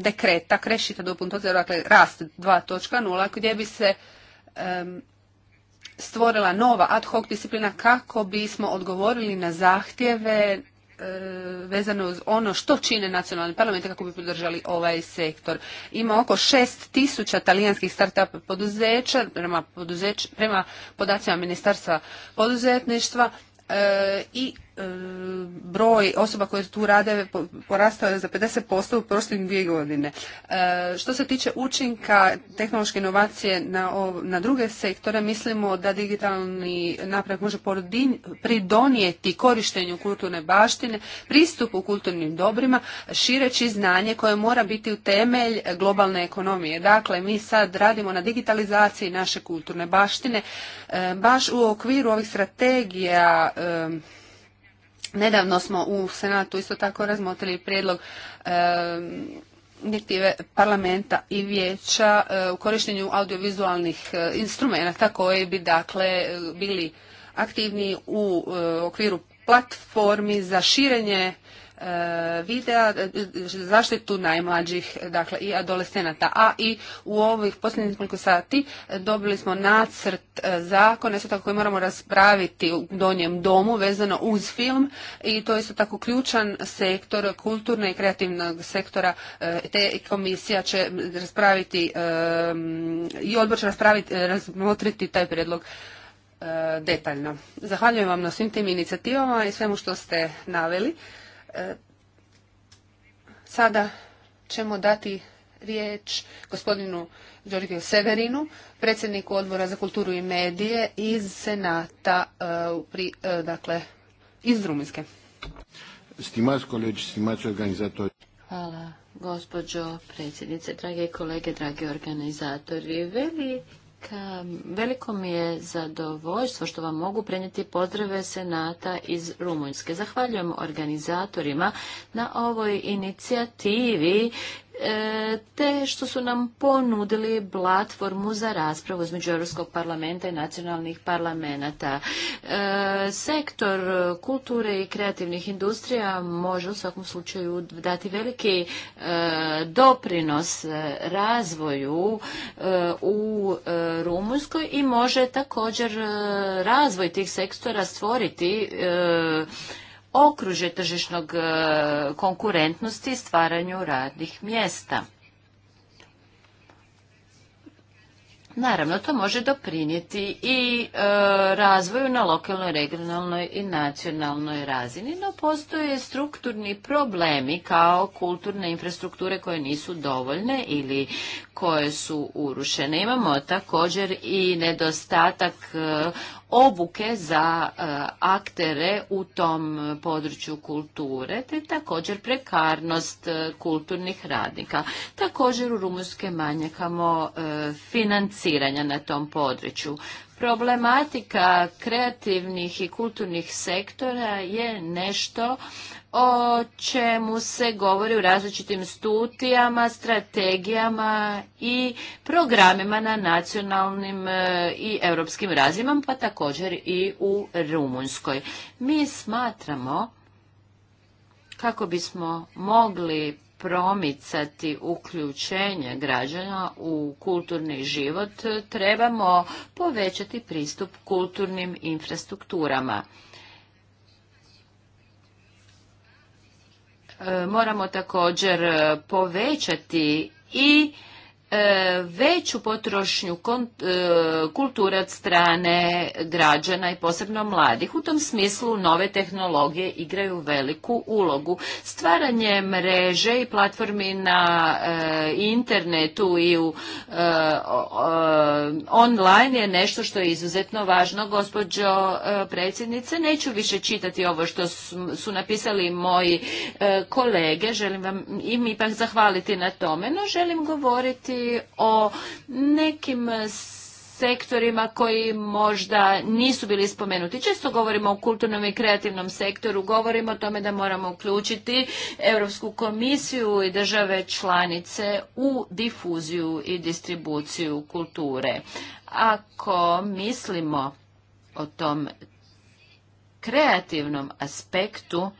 dekreta Krešita 2.0, dakle rast 2.0, gdje bi se stvorila nova ad hoc disciplina kako bismo odgovorili na zahtjeve eh, vezano uz ono što čine nacionalni parlamenti kako bi podržali ovaj sektor. Ima oko šest tisuća talijanskih start-up poduzeća prema, podacima Ministarstva poduzetništva eh, i E, broj osoba koje tu rade porastao je za 50% u prošlim dvije godine. E, što se tiče učinka tehnološke inovacije na, druge sektore, mislimo da digitalni napredak može pridonijeti korištenju kulturne baštine, pristupu kulturnim dobrima, šireći znanje koje mora biti u temelj globalne ekonomije. Dakle, mi sad radimo na digitalizaciji naše kulturne baštine, e, baš u okviru ovih strategija Nedavno smo u Senatu isto tako razmotrili prijedlog e, direktive parlamenta i vijeća e, u korištenju audiovizualnih e, instrumenata koji bi dakle bili aktivni u okviru platformi za širenje E, videa e, zaštitu najmlađih dakle i adolescenata a i u ovih posljednjih nekoliko sati dobili smo nacrt e, zakona isto tako koji moramo raspraviti u donjem domu vezano uz film i to je isto tako ključan sektor kulturne i kreativnog sektora te komisija će raspraviti i odbor će raspraviti razmotriti taj prijedlog detaljno. Zahvaljujem vam na svim tim inicijativama i svemu što ste naveli. E, sada ćemo dati riječ gospodinu Đorgiju Severinu, predsjedniku odbora za kulturu i medije iz Senata, e, e, dakle, iz Rumunjske. organizatori. Hvala, gospođo predsjednice, drage kolege, dragi organizatori. Veli Veliko mi je zadovoljstvo što vam mogu prenijeti pozdrave Senata iz Rumunjske. Zahvaljujem organizatorima na ovoj inicijativi E, te što su nam ponudili platformu za raspravu između Europskog parlamenta i nacionalnih parlamenta. E, sektor kulture i kreativnih industrija može u svakom slučaju dati veliki e, doprinos razvoju u Rumunjskoj i može također razvoj tih sektora stvoriti okružje tržišnog e, konkurentnosti i stvaranju radnih mjesta. Naravno, to može doprinijeti i e, razvoju na lokalnoj, regionalnoj i nacionalnoj razini, no postoje strukturni problemi kao kulturne infrastrukture koje nisu dovoljne ili koje su urušene. Imamo također i nedostatak e, obuke za e, aktere u tom području kulture, te također prekarnost kulturnih radnika. Također u Rumunjske manjakamo financiranje financiranja na tom području. Problematika kreativnih i kulturnih sektora je nešto o čemu se govori u različitim studijama, strategijama i programima na nacionalnim e, i europskim razinama pa također i u Rumunjskoj. Mi smatramo kako bismo mogli promicati uključenje građana u kulturni život, trebamo povećati pristup kulturnim infrastrukturama. E, moramo također povećati i E, veću potrošnju e, kultura od strane građana i posebno mladih. U tom smislu nove tehnologije igraju veliku ulogu. Stvaranje mreže i platformi na e, internetu i u online je nešto što je izuzetno važno. Gospođo predsjednice, neću više čitati ovo što su napisali moji kolege. Želim vam im ipak zahvaliti na tome, no želim govoriti o nekim sektorima koji možda nisu bili spomenuti. Često govorimo o kulturnom i kreativnom sektoru, govorimo o tome da moramo uključiti Europsku komisiju i države članice u difuziju i distribuciju kulture. Ako mislimo o tom kreativnom aspektu,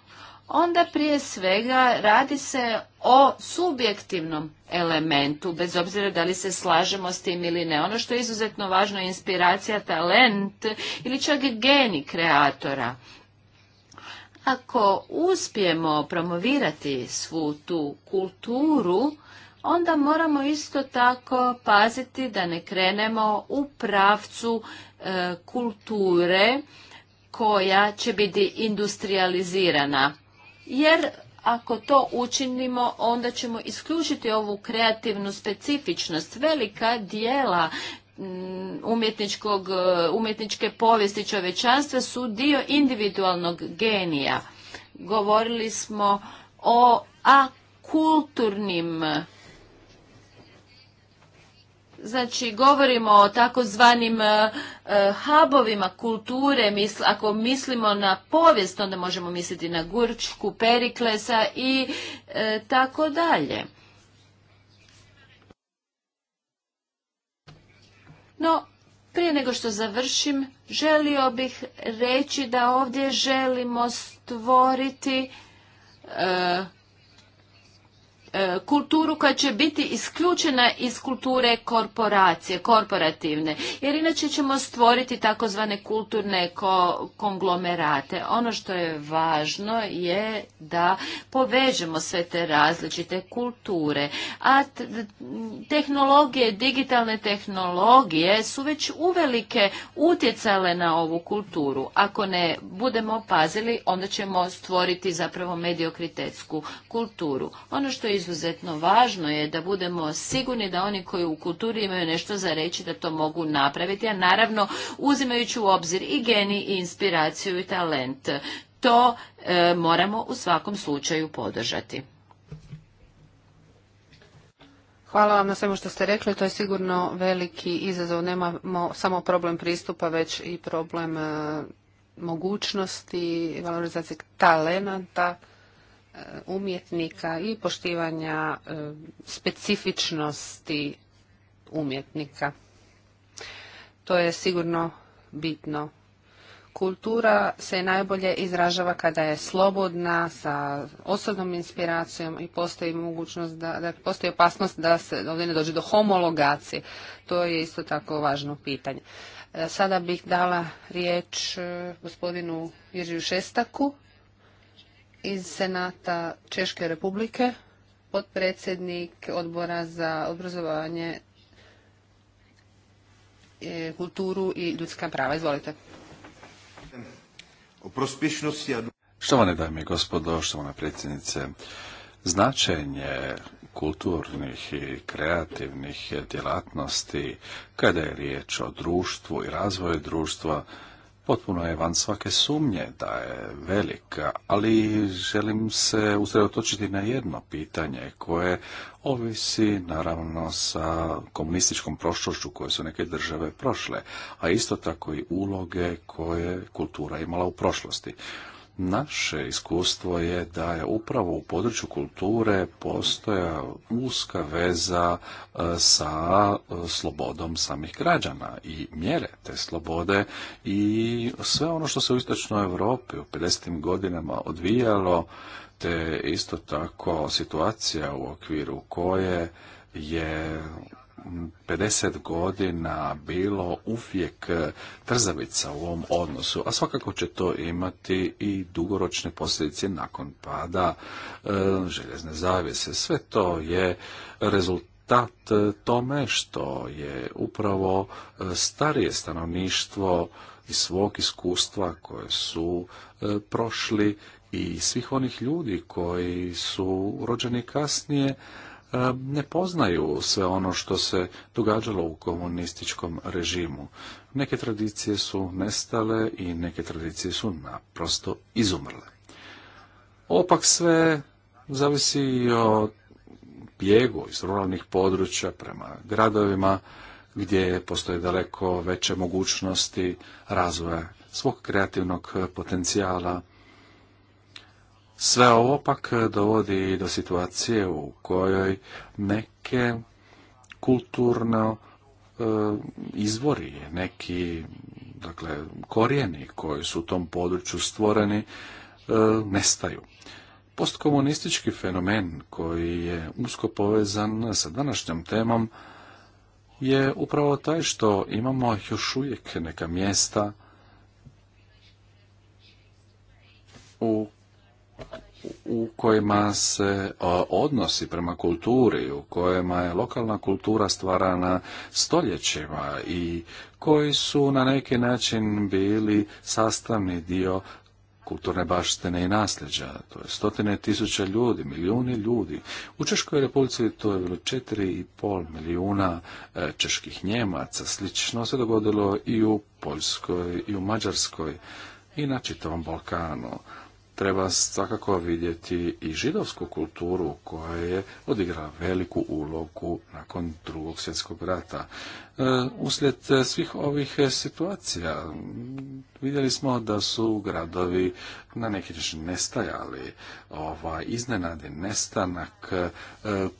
onda prije svega radi se o subjektivnom elementu, bez obzira da li se slažemo s tim ili ne. Ono što je izuzetno važno je inspiracija, talent ili čak i geni kreatora. Ako uspijemo promovirati svu tu kulturu, onda moramo isto tako paziti da ne krenemo u pravcu e, kulture koja će biti industrializirana. Jer ako to učinimo, onda ćemo isključiti ovu kreativnu specifičnost. Velika dijela mm, umjetničkog, e, umjetničke povijesti čovečanstva su dio individualnog genija. Govorili smo o akulturnim Znači, govorimo o takozvanim e, e, hubovima kulture, ako mislimo na povijest, onda možemo misliti na Gurčku, Periklesa i e, tako dalje. No, prije nego što završim, želio bih reći da ovdje želimo stvoriti E, kulturu koja će biti isključena iz kulture korporacije, korporativne. Jer inače ćemo stvoriti takozvane kulturne konglomerate. Ono što je važno je da povežemo sve te različite kulture. A tehnologije, digitalne tehnologije su već uvelike utjecale na ovu kulturu. Ako ne budemo pazili, onda ćemo stvoriti zapravo mediokritetsku kulturu. Ono što je izuzetno važno je da budemo sigurni da oni koji u kulturi imaju nešto za reći da to mogu napraviti, a naravno uzimajući u obzir i geni i inspiraciju i talent. To e, moramo u svakom slučaju podržati. Hvala vam na svemu što ste rekli. To je sigurno veliki izazov. Nemamo samo problem pristupa, već i problem e, mogućnosti, valorizacije talenta. E, umjetnika i poštivanja e, specifičnosti umjetnika. To je sigurno bitno. Kultura se najbolje izražava kada je slobodna, sa osobnom inspiracijom i postoji mogućnost da, da postoji opasnost da se ovdje ne dođe do homologacije. To je isto tako važno pitanje. E, sada bih dala riječ gospodinu Jiriju Šestaku iz Senata Češke republike, potpredsjednik odbora za obrazovanje, e, kulturu i ljudska prava. Izvolite. Štovane dame i gospodo, štovana predsjednice, značenje kulturnih i kreativnih djelatnosti kada je riječ o društvu i razvoju društva Potpuno je van svake sumnje da je velika, ali želim se usredotočiti na jedno pitanje koje ovisi naravno sa komunističkom prošlošću koje su neke države prošle, a isto tako i uloge koje kultura imala u prošlosti. Naše iskustvo je da je upravo u području kulture postoja uska veza e, sa e, slobodom samih građana i mjere te slobode i sve ono što se u istočnoj Europi u 50. godinama odvijalo, te isto tako situacija u okviru koje je 50 godina bilo uvijek trzavica u ovom odnosu, a svakako će to imati i dugoročne posljedice nakon pada e, željezne zavjese. Sve to je rezultat rezultat tome što je upravo e, starije stanovništvo iz svog iskustva koje su e, prošli i svih onih ljudi koji su rođeni kasnije ne poznaju sve ono što se događalo u komunističkom režimu. Neke tradicije su nestale i neke tradicije su naprosto izumrle. Opak sve zavisi i o bijegu iz ruralnih područja prema gradovima gdje postoje daleko veće mogućnosti razvoja svog kreativnog potencijala sve ovo pak e, dovodi do situacije u kojoj neke kulturno e, izvori, neki dakle, korijeni koji su u tom području stvoreni e, nestaju. Postkomunistički fenomen koji je usko povezan sa današnjom temom je upravo taj što imamo još uvijek neka mjesta u u kojima se odnosi prema kulturi, u kojima je lokalna kultura stvarana stoljećima i koji su na neki način bili sastavni dio kulturne baštine i nasljeđa. To je stotine tisuća ljudi, milijuni ljudi. U Češkoj republici to je bilo pol milijuna e, čeških njemaca. Slično se dogodilo i u Poljskoj i u Mađarskoj i na čitavom Balkanu treba svakako vidjeti i židovsku kulturu koja je odigrala veliku ulogu nakon drugog svjetskog rata. E, uslijed svih ovih situacija vidjeli smo da su gradovi na neki način nestajali, ova iznenadi nestanak e,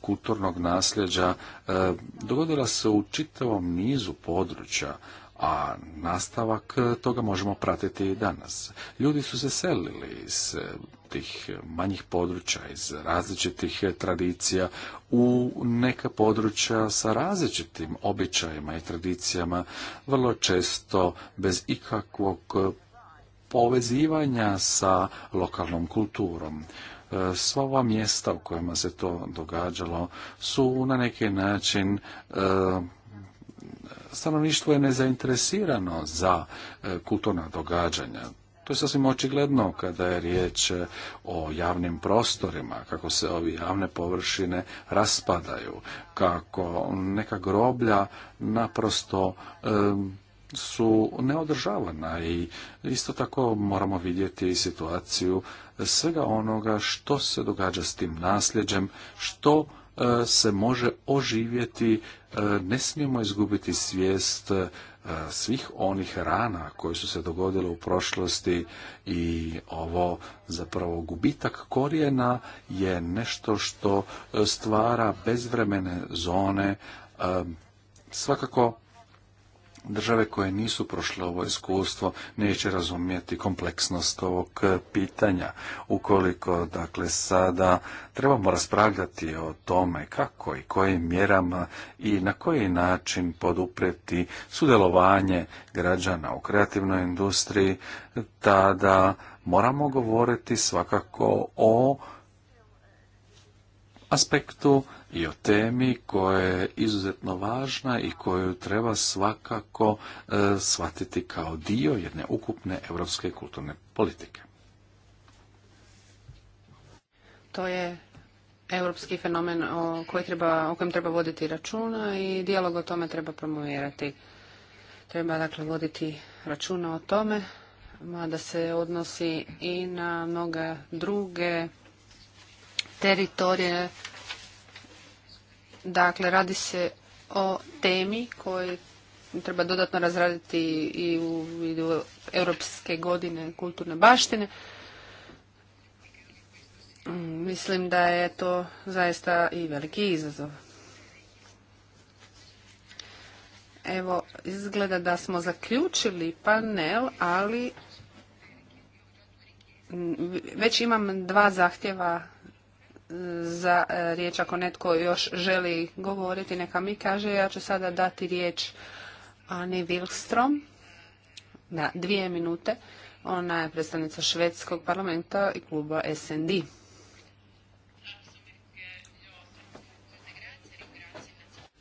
kulturnog nasljeđa e, dogodila se u čitavom nizu područja a nastavak e, toga možemo pratiti i danas. Ljudi su se selili iz e, tih manjih područja, iz različitih e, tradicija u neka područja sa različitim običajima i tradicijama, vrlo često bez ikakvog povezivanja sa lokalnom kulturom sva ova mjesta u kojima se to događalo su na neki način stanovništvo je nezainteresirano za e, kulturna događanja. To je sasvim očigledno kada je riječ e, o javnim prostorima, kako se ovi javne površine raspadaju, kako neka groblja naprosto e, su neodržavana i isto tako moramo vidjeti situaciju svega onoga što se događa s tim nasljeđem, što E, se može oživjeti, e, ne smijemo izgubiti svijest e, svih onih rana koji su se dogodile u prošlosti i ovo zapravo gubitak korijena je nešto što stvara bezvremene zone. Svakako države koje nisu prošle ovo iskustvo neće razumjeti kompleksnost ovog pitanja. Ukoliko dakle sada trebamo raspravljati o tome kako i kojim mjerama i na koji način podupreti sudjelovanje građana u kreativnoj industriji, tada moramo govoriti svakako o aspektu i o temi koja je izuzetno važna i koju treba svakako e, shvatiti kao dio jedne ukupne europske kulturne politike. To je europski fenomen o, treba, kojem treba voditi računa i dijalog o tome treba promovirati. Treba dakle voditi računa o tome, mada se odnosi i na mnoga druge teritorije Dakle, radi se o temi koju treba dodatno razraditi i u vidu Europske godine kulturne baštine. Mm, mislim da je to zaista i veliki izazov. Evo, izgleda da smo zaključili panel, ali već imam dva zahtjeva za e, riječ ako netko još želi govoriti, neka mi kaže. Ja ću sada dati riječ Ani Wilstrom na dvije minute. Ona je predstavnica Švedskog parlamenta i kluba SND.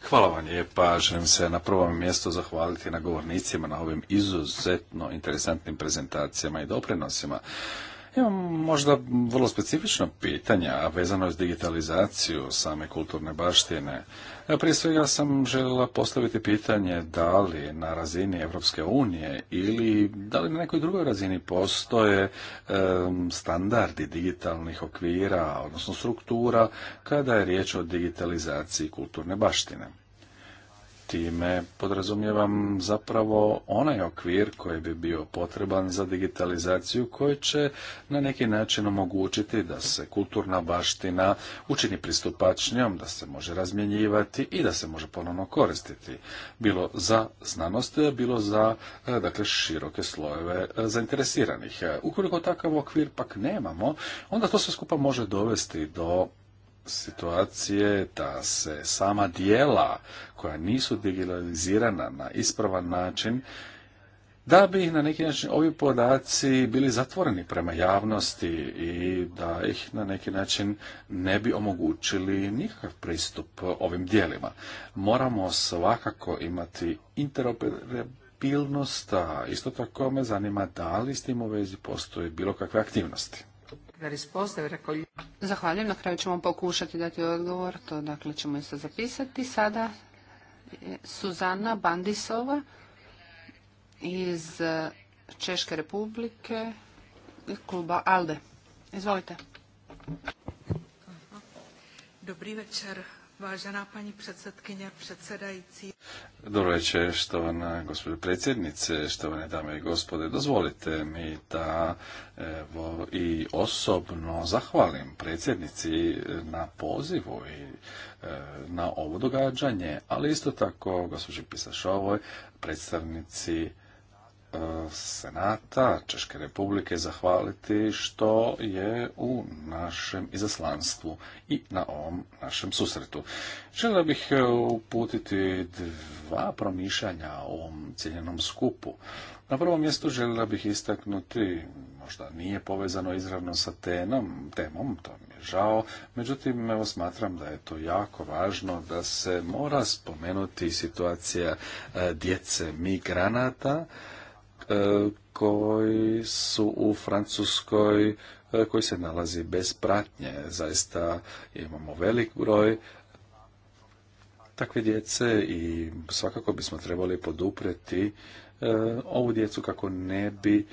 Hvala vam lijepa. Želim se na prvom mjestu zahvaliti na govornicima na ovim izuzetno interesantnim prezentacijama i doprinosima. Imam možda vrlo specifično pitanja, a vezano je s digitalizaciju same kulturne baštine. Prije svega sam željela postaviti pitanje da li na razini Europske unije ili da li na nekoj drugoj razini postoje standardi digitalnih okvira, odnosno struktura, kada je riječ o digitalizaciji kulturne baštine time podrazumijevam zapravo onaj okvir koji bi bio potreban za digitalizaciju koji će na neki način omogućiti da se kulturna baština učini pristupačnijom, da se može razmjenjivati i da se može ponovno koristiti. Bilo za znanost, bilo za e, dakle, široke slojeve e, zainteresiranih. E, ukoliko takav okvir pak nemamo, onda to se skupa može dovesti do situacije da se sama dijela koja nisu digitalizirana na ispravan način, da bi na neki način ovi podaci bili zatvoreni prema javnosti i da ih na neki način ne bi omogućili nikakav pristup ovim dijelima. Moramo svakako imati interoperabilnost, a isto tako me zanima da li s tim u vezi postoje bilo kakve aktivnosti. Zahvaljujem. Na kraju ćemo pokušati dati odgovor. To dakle ćemo se zapisati. Sada Suzana Bandisova iz Češke republike kluba ALDE. Izvolite. Dobri večer, Važena pani predsjedkinja, predsjedajci. Dobro večer, štovana gospođo predsjednice, štovane dame i gospode. Dozvolite mi da evo, i osobno zahvalim predsjednici na pozivu i e, na ovo događanje, ali isto tako gospođi Pisašovoj, predstavnici Senata Češke republike zahvaliti što je u našem izaslanstvu i na ovom našem susretu. Želio bih e, uputiti dva promišljanja o ovom cijenjenom skupu. Na prvom mjestu želio bih istaknuti, možda nije povezano izravno sa temom, to mi je žao, međutim evo smatram da je to jako važno da se mora spomenuti situacija e, djece migranata, E, koji su u Francuskoj e, koji se nalazi bez pratnje. Zaista imamo velik broj takve djece i svakako bismo trebali poduprijeti e, ovu djecu kako ne bi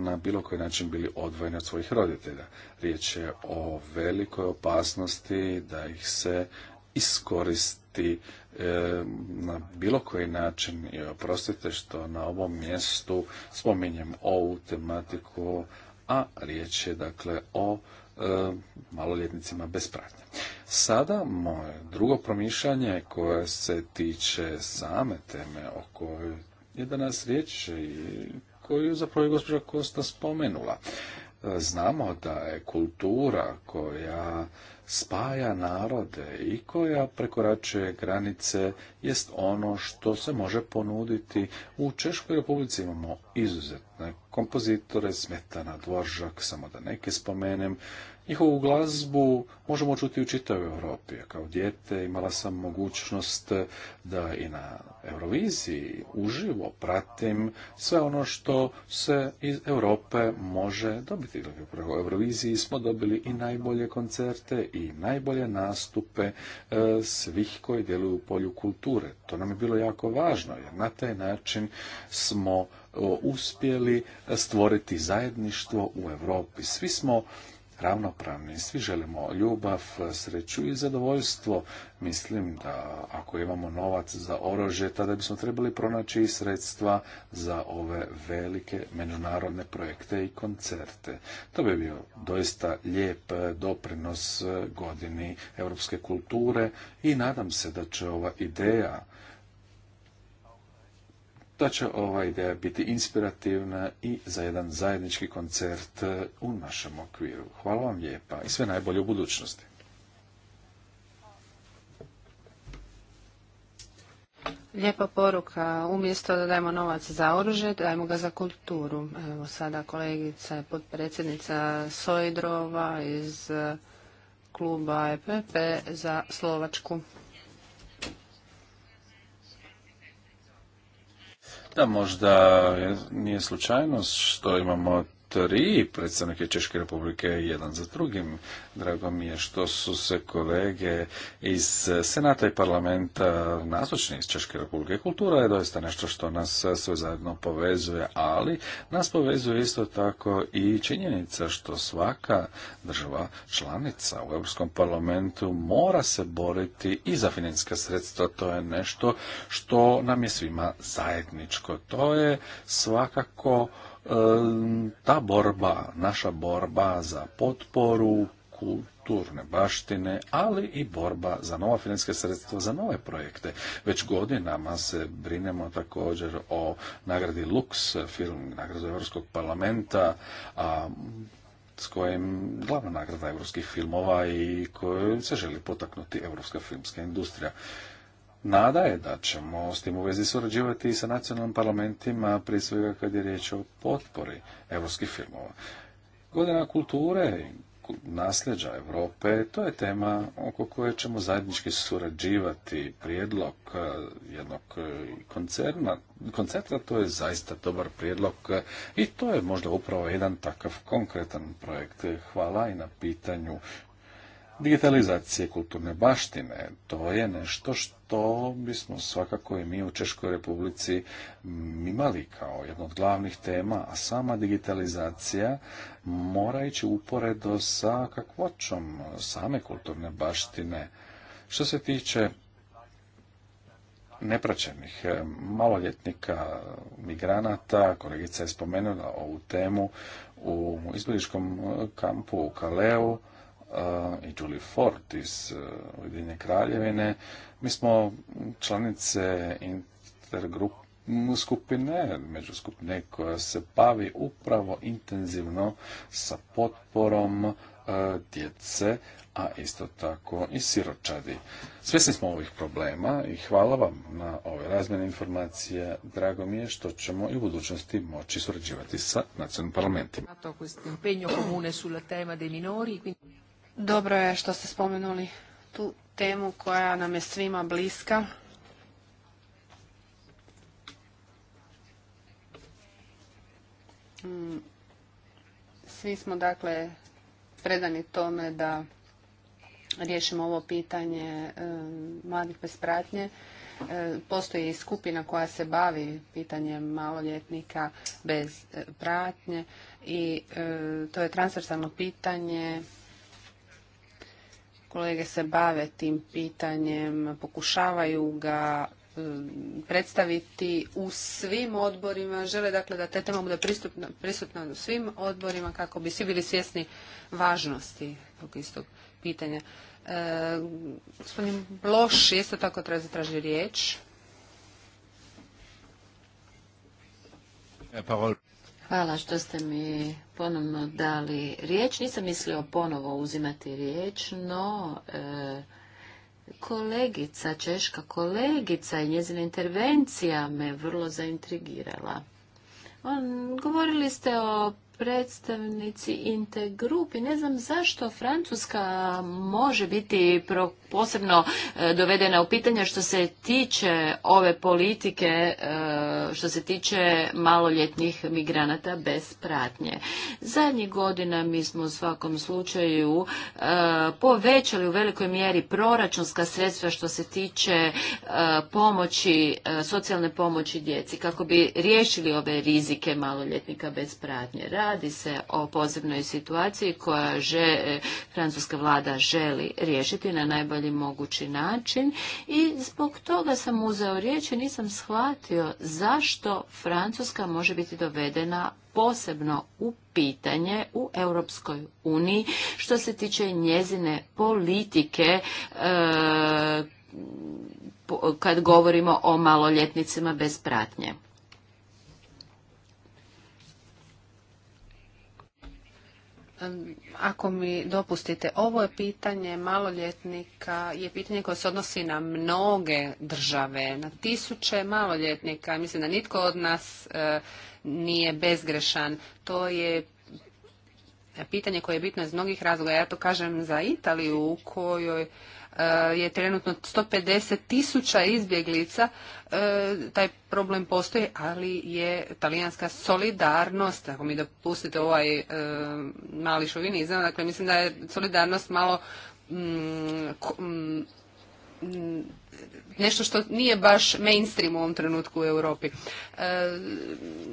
na bilo koji način bili odvojeni od svojih roditelja. Riječ je o velikoj opasnosti da ih se iskoristi E, na bilo koji način i oprostite što na ovom mjestu spominjem ovu tematiku, a riječ je dakle o e, maloljetnicima bez pratnje. Sada moje drugo promišljanje koje se tiče same teme o kojoj je danas riječ i koju zapravo je gospođa Kosta spomenula. Znamo da je kultura koja spaja narode i koja prekoračuje granice jest ono što se može ponuditi. U Češkoj republici imamo izuzetne kompozitore, Smetana, Dvoržak, samo da neke spomenem, Njihovu glazbu možemo čuti u čitavoj Europi. Kao dijete imala sam mogućnost da i na Euroviziji uživo pratim sve ono što se iz Europe može dobiti. Dakle, u Euroviziji smo dobili i najbolje koncerte i najbolje nastupe e, svih koji djeluju u polju kulture. To nam je bilo jako važno jer na taj način smo e, uspjeli stvoriti zajedništvo u Europi. Svi smo ravnopravni. Svi želimo ljubav, sreću i zadovoljstvo. Mislim da ako imamo novac za orože, tada bismo trebali pronaći i sredstva za ove velike međunarodne projekte i koncerte. To bi bio doista lijep doprinos eh, godini europske kulture i nadam se da će ova ideja da će ova ideja biti inspirativna i za jedan zajednički koncert e, u našem okviru. Hvala vam lijepa i sve najbolje u budućnosti. Lijepa poruka. Umjesto da dajemo novac za oružje, dajemo ga za kulturu. Evo sada kolegica je potpredsjednica Sojdrova iz e, kluba EPP za Slovačku. Da, možda nije slučajnost što imamo tri predstavnike Češke republike, jedan za drugim. Drago mi je što su se kolege iz Senata i parlamenta nazočni iz Češke republike. Kultura je doista nešto što nas sve zajedno povezuje, ali nas povezuje isto tako i činjenica što svaka država članica u Europskom parlamentu mora se boriti i za financijska sredstva. To je nešto što nam je svima zajedničko. To je svakako ta borba, naša borba za potporu kulturne baštine, ali i borba za nova financijska sredstva, za nove projekte. Već godinama se brinemo također o nagradi Lux, film nagradu Europskog parlamenta, a s kojim glavna nagrada europskih filmova i koju se želi potaknuti europska filmska industrija. Nada je da ćemo s tim u vezi surađivati i sa nacionalnim parlamentima, prije svega kad je riječ o potpori evropskih filmova. Godina kulture i nasljeđa Europe, to je tema oko koje ćemo zajednički surađivati. Prijedlog eh, jednog eh, koncerna, koncerta, to je zaista dobar prijedlog eh, i to je možda upravo jedan takav konkretan projekt. Hvala i na pitanju digitalizacije kulturne baštine. To je nešto što bismo svakako i mi u Češkoj republici imali kao jednu od glavnih tema, a sama digitalizacija mora ići uporedo sa kakvoćom same kulturne baštine. Što se tiče nepraćenih eh, maloljetnika, migranata, kolegica je spomenula ovu temu u izbjegličkom eh, kampu u Kaleu, i Julie Ford iz e, Ujedinje kraljevine. Mi smo članice intergrup skupine, međuskupine koja se bavi upravo intenzivno sa potporom e, djece, a isto tako i siročadi. Svjesni smo ovih problema i hvala vam na ove razmjene informacije. Drago mi je što ćemo i u budućnosti moći surađivati sa nacionalnim parlamentima. Dobro je što ste spomenuli tu temu koja nam je svima bliska. Mm, svi smo dakle predani tome da riješimo ovo pitanje mladih bez pratnje. E, postoji i skupina koja se bavi pitanjem maloljetnika bez e, pratnje i e, to je transversalno pitanje kolege se bave tim pitanjem, pokušavaju ga um, predstaviti u svim odborima, žele dakle da te tema bude prisutna, u svim odborima kako bi svi bili svjesni važnosti tog istog pitanja. E, gospodin Bloš isto tako treba zatraži riječ. E, Hvala što ste mi ponovno dali riječ. Nisam mislio ponovo uzimati riječ, no e, kolegica, češka kolegica i njezina intervencija me vrlo zaintrigirala. On, govorili ste o predstavnici Intergrupi. Ne znam zašto Francuska može biti posebno e, dovedena u pitanje što se tiče ove politike, e, što se tiče maloljetnih migranata bez pratnje. Zadnjih godina mi smo u svakom slučaju e, povećali u velikoj mjeri proračunska sredstva što se tiče pomoći, socijalne pomoći djeci kako bi riješili ove rizike maloljetnika bez pratnje Radi se o posebnoj situaciji koja e, francuska vlada želi riješiti na najbolji mogući način i zbog toga sam uzeo riječ i nisam shvatio zašto Francuska može biti dovedena posebno u pitanje u Europskoj uniji što se tiče njezine politike e, kad govorimo o maloljetnicima bez pratnje. Ako mi dopustite, ovo je pitanje maloljetnika, je pitanje koje se odnosi na mnoge države, na tisuće maloljetnika. Mislim da nitko od nas e, nije bezgrešan. To je pitanje koje je bitno iz mnogih razloga. Ja to kažem za Italiju u kojoj Eh, je trenutno 150 tisuća izbjeglica, eh, taj problem postoji, ali je talijanska solidarnost, ako mi dopustite ovaj eh, mali šovinizam, dakle mislim da je solidarnost malo mm, mm, Mm, nešto što nije baš mainstream u ovom trenutku u Europi. E,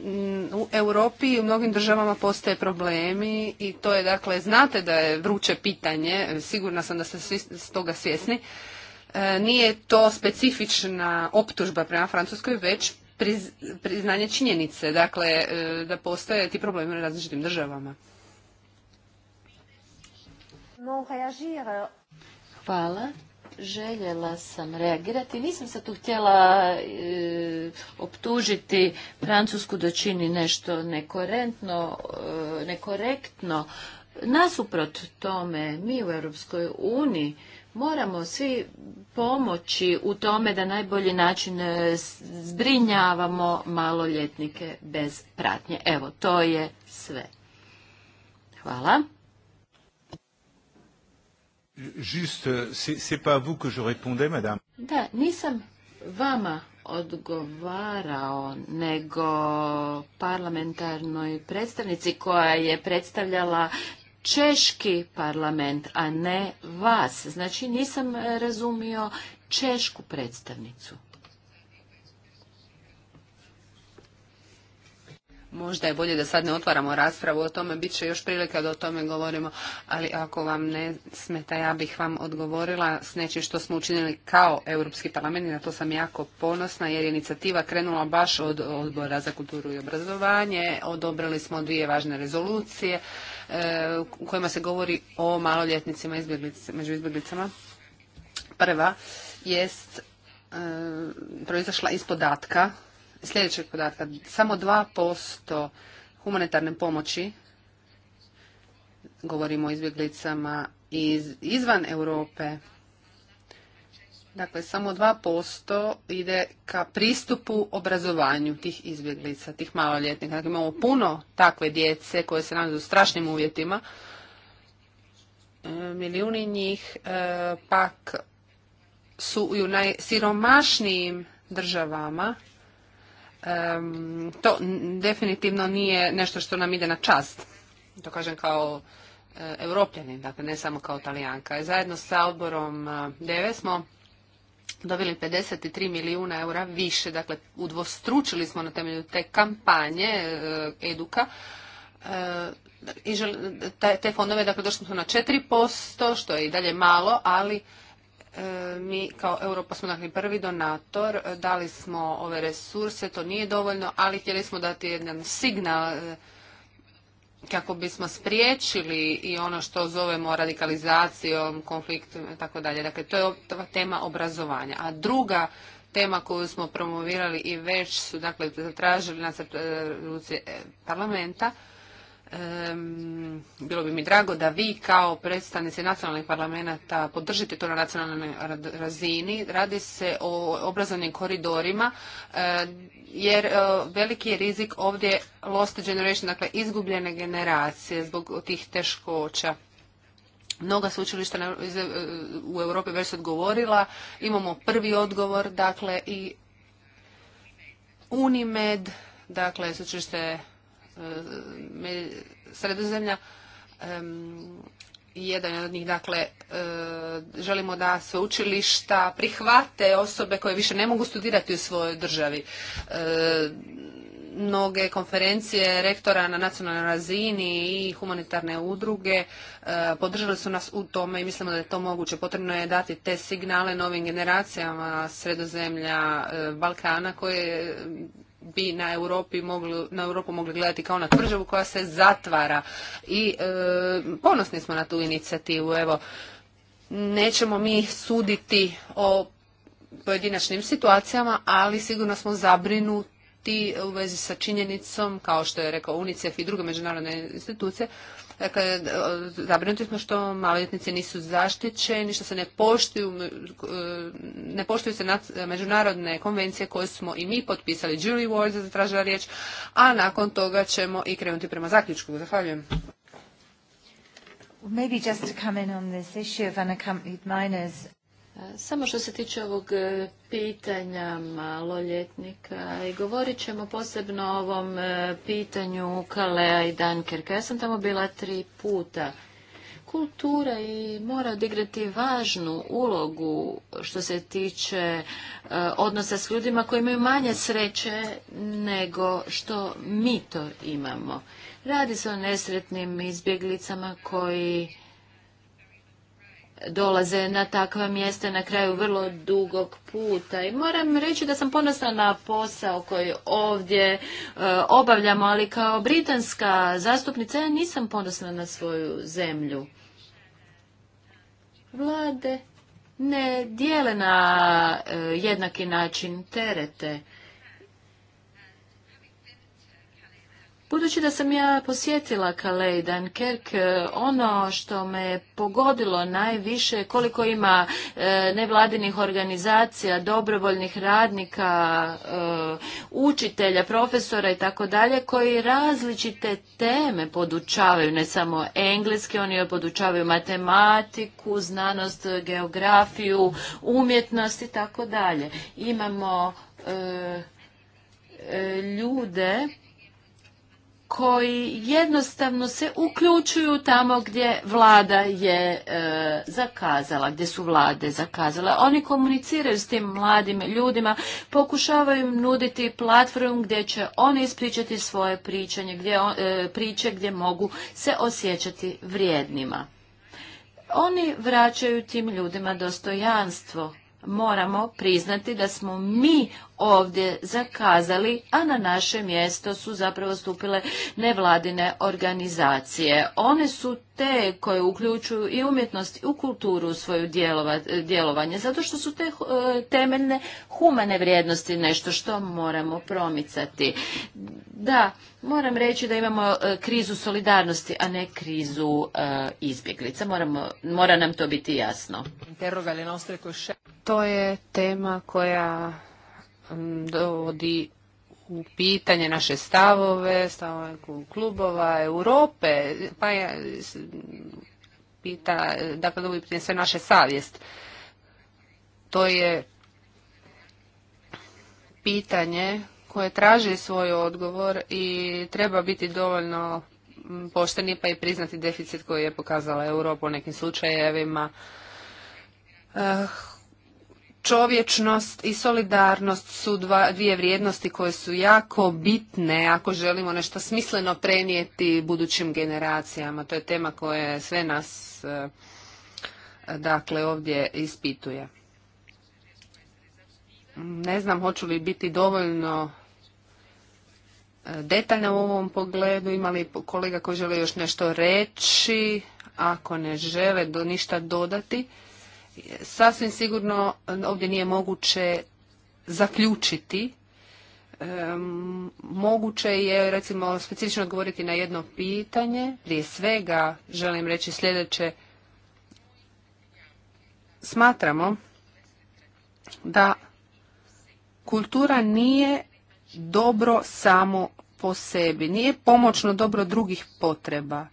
mm, u Europi i u mnogim državama postoje problemi i to je dakle, znate da je vruće pitanje, sigurna sam da ste svi toga svjesni, e, nije to specifična optužba prema Francuskoj, već priznanje činjenice, dakle e, da postoje ti problemi u različitim državama. Hvala željela sam reagirati. Nisam se tu htjela e, optužiti Francusku da čini nešto e, nekorektno. Nasuprot tome, mi u Europskoj uniji moramo svi pomoći u tome da najbolji način e, zbrinjavamo maloljetnike bez pratnje. Evo, to je sve. Hvala c'est Da, nisam vama odgovarao, nego parlamentarnoj predstavnici koja je predstavljala Češki parlament, a ne vas. Znači nisam razumio Češku predstavnicu. Možda je bolje da sad ne otvaramo raspravu o tome, bit će još prilika da o tome govorimo, ali ako vam ne smeta, ja bih vam odgovorila s nečim što smo učinili kao Europski parlament i na to sam jako ponosna jer je inicijativa krenula baš od odbora za kulturu i obrazovanje. Odobrili smo dvije važne rezolucije e, u kojima se govori o maloljetnicima među izbjeglicama. Prva jest e, proizašla iz podatka sljedećeg podatka. Samo 2% humanitarne pomoći, govorimo o izbjeglicama iz, izvan Europe, Dakle, samo 2% ide ka pristupu obrazovanju tih izbjeglica, tih maloljetnika. Dakle, imamo puno takve djece koje se nalaze u strašnim uvjetima. E, milijuni njih e, pak su i u najsiromašnijim državama to definitivno nije nešto što nam ide na čast. To kažem kao e, europljanin, dakle ne samo kao talijanka. Zajedno sa odborom e, DEVE smo dobili 53 milijuna eura više, dakle udvostručili smo na temelju te kampanje e, Eduka i te fondove, dakle došli smo na 4%, što je i dalje malo, ali E, mi kao Europa smo dakle prvi donator, e, dali smo ove resurse, to nije dovoljno, ali htjeli smo dati jedan signal e, kako bismo spriječili i ono što zovemo radikalizacijom, konfliktom i tako dalje. Dakle, to je tema obrazovanja. A druga tema koju smo promovirali i već su, dakle, zatražili nas parlamenta, bilo bi mi drago da vi kao predstavnici nacionalnih parlamenta podržite to na nacionalnoj razini. Radi se o obrazovnim koridorima e, jer e, veliki je rizik ovdje lost generation, dakle izgubljene generacije zbog tih teškoća. Mnoga sveučilišta e, u Europi već su odgovorila. Imamo prvi odgovor, dakle i Unimed, dakle sveučilište sredozemlja. Jedan od njih, dakle, e, želimo da se učilišta prihvate osobe koje više ne mogu studirati u svojoj državi. E, mnoge konferencije rektora na nacionalnoj razini i humanitarne udruge e, podržali su nas u tome i mislimo da je to moguće. Potrebno je dati te signale novim generacijama sredozemlja Balkana koje bi na Europi mogli, na Europu mogli gledati kao na tvrđavu koja se zatvara i e, ponosni smo na tu inicijativu. Evo, nećemo mi suditi o pojedinačnim situacijama, ali sigurno smo zabrinuti u vezi sa činjenicom, kao što je rekao UNICEF i druge međunarodne institucije, Dakle, zabrinuti smo što maloljetnici nisu zaštićeni, što se ne poštuju, e, ne poštuju se međunarodne konvencije koje smo i mi potpisali. Julie Ward je zatražila riječ, a nakon toga ćemo i krenuti prema zaključku. Zahvaljujem. Maybe just to come in on this issue of unaccompanied minors. Samo što se tiče ovog e, pitanja maloljetnika i govorit ćemo posebno o ovom e, pitanju Kalea i Dankerka. Ja sam tamo bila tri puta. Kultura i mora odigrati važnu ulogu što se tiče e, odnosa s ljudima koji imaju manje sreće nego što mi to imamo. Radi se o nesretnim izbjeglicama koji dolaze na takva mjesta na kraju vrlo dugog puta. I moram reći da sam ponosna na posao koji ovdje e, obavljamo, ali kao britanska zastupnica ja nisam ponosna na svoju zemlju. Vlade ne dijele na e, jednaki način terete. Budući da sam ja posjetila Kalej Dunkirk, e, ono što me pogodilo najviše koliko ima e, nevladinih organizacija, dobrovoljnih radnika, e, učitelja, profesora i tako dalje koji različite teme podučavaju, ne samo engleski, oni podučavaju matematiku, znanost, geografiju, umjetnost i tako dalje. Imamo ljude koji jednostavno se uključuju tamo gdje vlada je e, zakazala, gdje su vlade zakazale. Oni komuniciraju s tim mladim ljudima, pokušavaju im nuditi platformu gdje će oni ispričati svoje pričanje, gdje, e, priče gdje mogu se osjećati vrijednima. Oni vraćaju tim ljudima dostojanstvo moramo priznati da smo mi ovdje zakazali, a na naše mjesto su zapravo stupile nevladine organizacije. One su te koje uključuju i umjetnost i kulturu u svoju djelovanje, zato što su te e, temeljne humane vrijednosti nešto što moramo promicati. Da, moram reći da imamo e, krizu solidarnosti, a ne krizu e, izbjeglica. mora nam to biti jasno. To je tema koja mm, dovodi u pitanje naše stavove, stavove klubova Europe, pa je, pita, dakle, dovodi pitanje sve naše savjest. To je pitanje koje traži svoj odgovor i treba biti dovoljno mm, pošteni pa i priznati deficit koji je pokazala Europa u nekim slučajevima. Eh, čovječnost i solidarnost su dva, dvije vrijednosti koje su jako bitne ako želimo nešto smisleno prenijeti budućim generacijama. To je tema koja sve nas eh, dakle ovdje ispituje. Ne znam hoću li biti dovoljno eh, detaljna u ovom pogledu. Ima li kolega koji žele još nešto reći? Ako ne žele do, ništa dodati, Sasvim sigurno ovdje nije moguće zaključiti. E, moguće je recimo specifično odgovoriti na jedno pitanje. Prije svega želim reći sljedeće. Smatramo da kultura nije dobro samo po sebi, nije pomoćno dobro drugih potreba.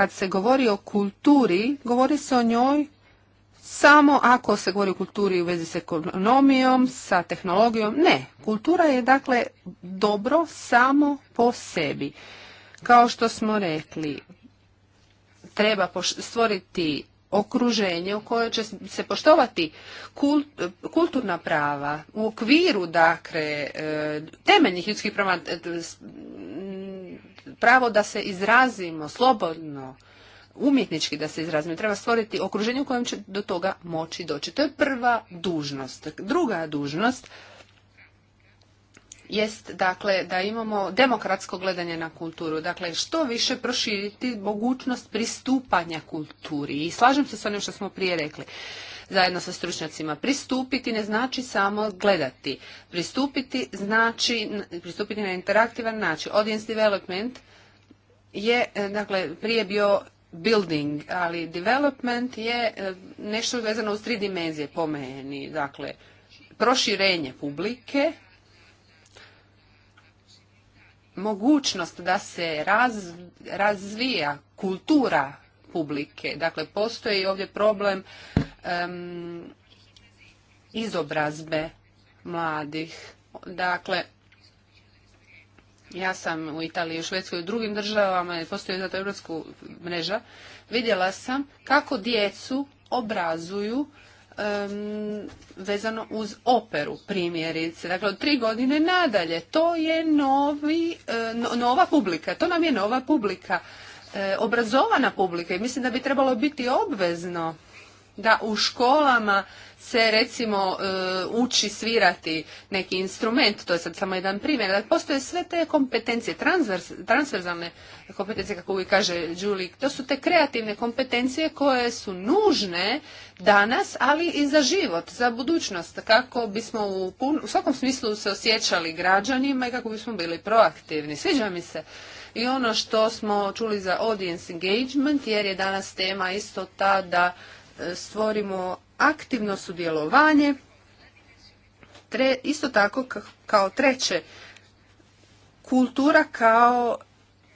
Kad se govori o kulturi, govori se o njoj samo ako se govori o kulturi u vezi s ekonomijom, sa tehnologijom. Ne, kultura je dakle dobro samo po sebi. Kao što smo rekli, treba stvoriti okruženje u kojoj će se poštovati kulturna prava u okviru dakle e, temeljnih ljudskih prava e, pravo da se izrazimo slobodno, umjetnički da se izrazimo. Treba stvoriti okruženje u kojem će do toga moći doći. To je prva dužnost. Druga dužnost jest dakle da imamo demokratsko gledanje na kulturu, dakle što više proširiti mogućnost pristupanja kulturi. I slažem se s onim što smo prije rekli zajedno sa stručnjacima. Pristupiti ne znači samo gledati. Pristupiti znači, pristupiti na interaktivan način. Audience development je, e, dakle, prije bio building, ali development je e, nešto vezano uz tri dimenzije po meni. Dakle, proširenje publike, mogućnost da se razvija kultura publike. Dakle, postoji ovdje problem izobrazbe mladih. Dakle, ja sam u Italiji, u Švedskoj, u drugim državama, postoji zato evropsku mreža, vidjela sam kako djecu obrazuju vezano uz operu primjerice. Dakle, od tri godine nadalje. To je novi, e, nova publika. To nam je nova publika. E, obrazovana publika i mislim da bi trebalo biti obvezno da u školama se recimo e, uči svirati neki instrument, to je sad samo jedan primjer, da postoje sve te kompetencije, transverzalne kompetencije, kako uvijek kaže Julie, to su te kreativne kompetencije koje su nužne danas, ali i za život, za budućnost, kako bismo u, u svakom smislu se osjećali građanima i kako bismo bili proaktivni. Sviđa mi se i ono što smo čuli za audience engagement, jer je danas tema isto ta da stvorimo aktivno sudjelovanje. isto tako kao treće, kultura kao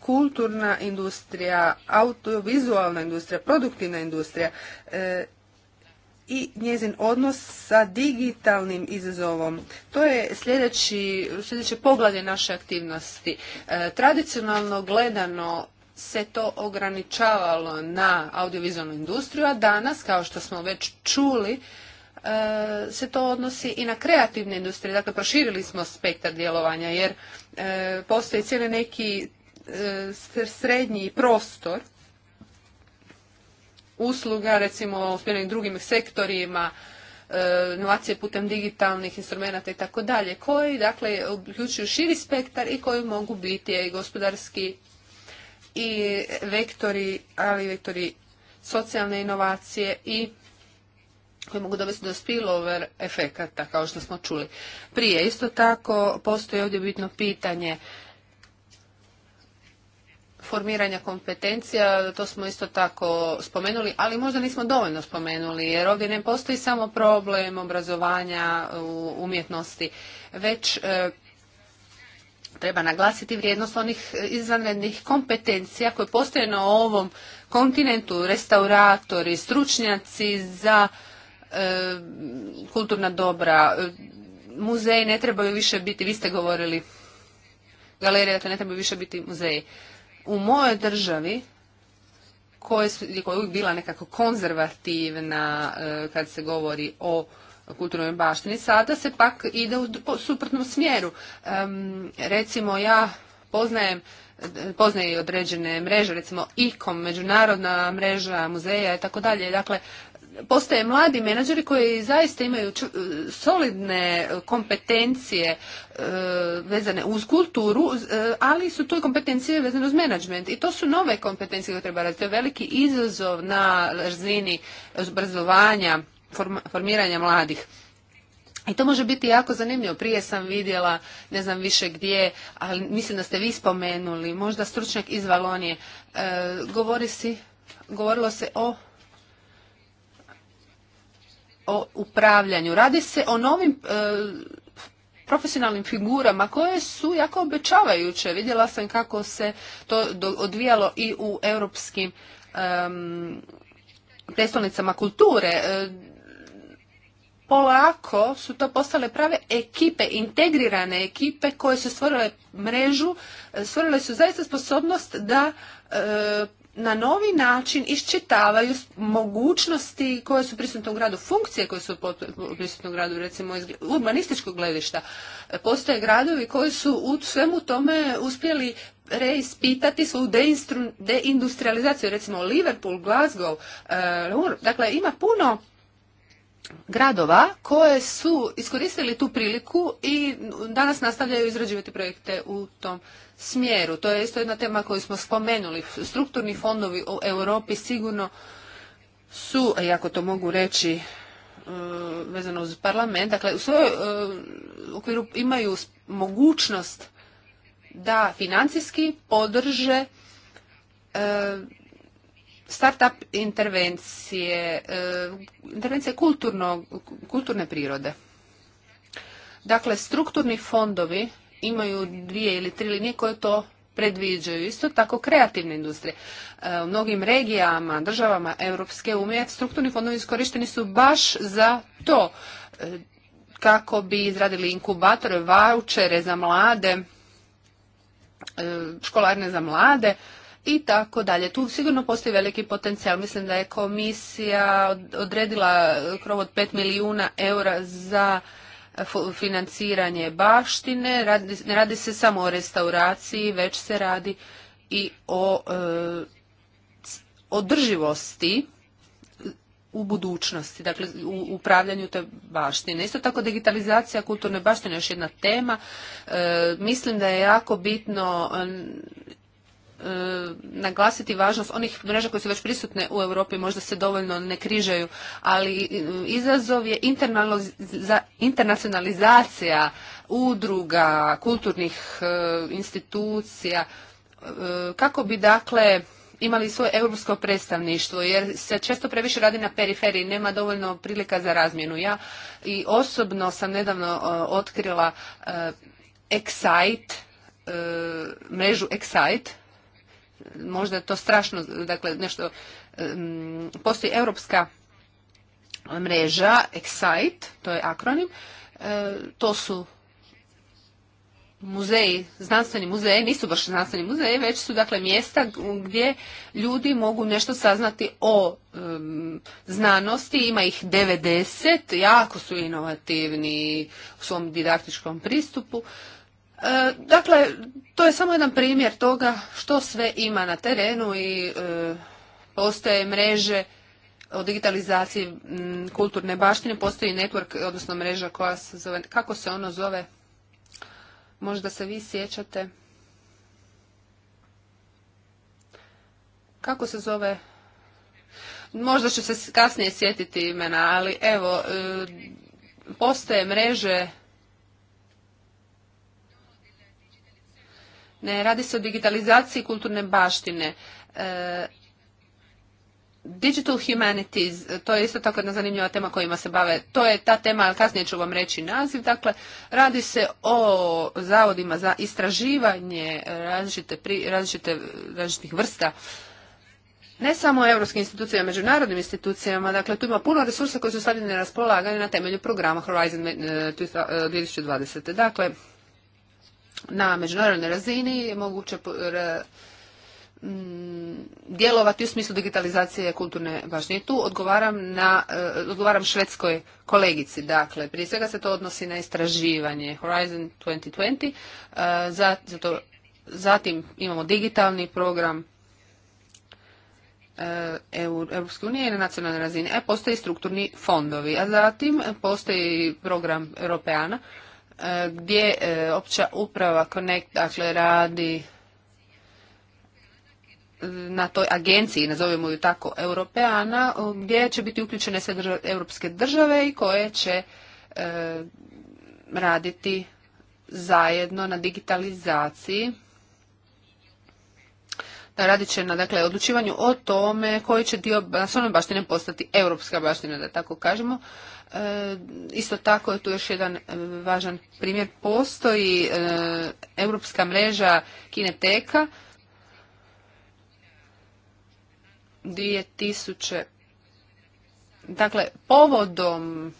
kulturna industrija, audiovizualna industrija, produktivna industrija e, i njezin odnos sa digitalnim izazovom. To je sljedeći, sljedeće poglavlje naše aktivnosti. E, tradicionalno gledano se to ograničavalo na audiovizualnu industriju, a danas, kao što smo već čuli, e, se to odnosi i na kreativne industrije. Dakle, proširili smo spektar djelovanja jer e, postoji cijeli neki e, srednji prostor usluga, recimo drugim sektorima, inovacije putem digitalnih instrumenta i tako dalje, koji dakle uključuju širi spektar i koji mogu biti i gospodarski i vektori, ali vektori socijalne inovacije i koji mogu dovesti do spillover efekata, kao što smo čuli. Prije, isto tako, postoji ovdje bitno pitanje formiranja kompetencija, to smo isto tako spomenuli, ali možda nismo dovoljno spomenuli, jer ovdje ne postoji samo problem obrazovanja u umjetnosti, već e, treba naglasiti vrijednost onih e, izvanrednih kompetencija koje postoje na ovom kontinentu, restauratori, stručnjaci za e, kulturna dobra. E, muzeji ne trebaju više biti, vi ste govorili, galerija, dakle, to ne trebaju više biti muzeji. U mojoj državi, koja je uvijek bila nekako konzervativna kad se govori o kulturnoj baštini. Sada se pak ide u suprotnom smjeru. recimo ja poznajem poznaje i određene mreže, recimo ICOM, međunarodna mreža muzeja i tako dalje. Dakle, postoje mladi menadžeri koji zaista imaju solidne kompetencije e, vezane uz kulturu, e, ali su to i kompetencije vezane uz menadžment. I to su nove kompetencije koje treba raditi. To je veliki izazov na razini obrazovanja formiranja mladih. I to može biti jako zanimljivo. Prije sam vidjela, ne znam više gdje, ali mislim da ste vi spomenuli, možda stručnjak iz Valonije. E, govori govorilo se o o upravljanju. Radi se o novim e, profesionalnim figurama koje su jako obećavajuće. Vidjela sam kako se to odvijalo i u europskim e, kulture polako su to postale prave ekipe, integrirane ekipe koje su stvorile mrežu, e, stvorile su zaista sposobnost da e, na novi način iščitavaju mogućnosti koje su prisutne u gradu, funkcije koje su prisutne u gradu, recimo iz urbanističkog gledišta. E, postoje gradovi koji su u svemu tome uspjeli reispitati svoju deindustrializaciju, recimo Liverpool, Glasgow, dakle ima puno gradova koje su iskoristili tu priliku i danas nastavljaju izrađivati projekte u tom smjeru. To je isto jedna tema koju smo spomenuli. Strukturni fondovi u Europi sigurno su, iako to mogu reći e, vezano uz parlament, dakle u svojoj e, okviru imaju mogućnost da financijski podrže e, Startup intervencije, e, intervencije kulturno, kulturne prirode. Dakle, strukturni fondovi imaju dvije ili tri linije koje to predviđaju. Isto tako kreativne industrije. E, u mnogim regijama, državama Europske unije strukturni fondovi iskorišteni su baš za to e, kako bi izradili inkubatore, vaučere za mlade, školarne za mlade, i tako dalje. Tu sigurno postoji veliki potencijal. Mislim da je komisija odredila krov od 5 milijuna eura za e, financiranje baštine. ne radi se samo o restauraciji, već se radi i o e, održivosti u budućnosti, dakle u upravljanju te baštine. Isto tako digitalizacija kulturne baštine je još jedna tema. E, mislim da je jako bitno E, naglasiti važnost onih mreža koje su već prisutne u Europi, možda se dovoljno ne križaju, ali e, izazov je internacionalizacija udruga, kulturnih e, institucija, kako bi dakle imali svoje europsko predstavništvo, jer se često previše radi na periferiji, nema dovoljno prilika za razmjenu. Ja i osobno sam nedavno otkrila Excite, mrežu Excite, možda to strašno, dakle nešto, postoji europska mreža Excite, to je akronim, e, to su muzeji, znanstveni muzeji, nisu baš znanstveni muzeji, već su dakle mjesta gdje ljudi mogu nešto saznati o znanosti, ima ih 90, jako su inovativni u svom didaktičkom pristupu. E, dakle, to je samo jedan primjer toga što sve ima na terenu i e, postoje mreže o digitalizaciji kulturne baštine, postoji network, odnosno mreža koja se zove, kako se ono zove, možda se vi sjećate. Kako se zove? Možda ću se kasnije sjetiti imena, ali evo, e, postoje mreže Ne radi se o digitalizaciji kulturne baštine. E, digital Humanities, to je isto tako jedna zanimljiva tema kojima se bave. To je ta tema, ali kasnije ću vam reći naziv. Dakle, radi se o zavodima za istraživanje različite, različite različitih vrsta ne samo europskim institucijama, međunarodnim institucijama, dakle tu ima puno resursa koji su stavljeni na raspolaganje na temelju programa Horizon 2020. Eh, dakle, na međunarodnoj razini moguće mm, djelovati u smislu digitalizacije kulturne baštine. Tu odgovaram, na, e, odgovaram švedskoj kolegici. Dakle, prije svega se to odnosi na istraživanje Horizon 2020, e, zato, zatim imamo digitalni program e, Europske unije na nacionalnoj razini, a postoji strukturni fondovi, a zatim postoji program Europeana E, gdje e, opća uprava Connect dakle, radi na toj agenciji, nazovimo ju tako, Europeana, gdje će biti uključene sve europske države i koje će e, raditi zajedno na digitalizaciji. Da radit će na dakle, odlučivanju o tome koji će dio nacionalne baštine postati europska baština, da tako kažemo. E, isto tako je tu još jedan e, važan primjer. Postoji e, europska mreža kineteka 2000. Dakle, povodom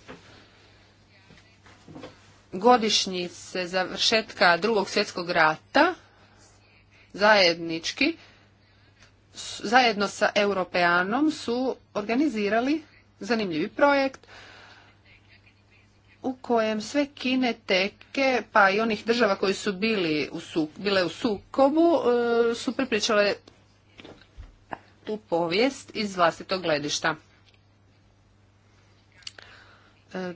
godišnjice završetka drugog svjetskog rata zajednički zajedno sa Europeanom su organizirali zanimljivi projekt u kojem sve teke, pa i onih država koji su bili u su, bile u sukobu, e, su prepričale tu povijest iz vlastitog gledišta. E,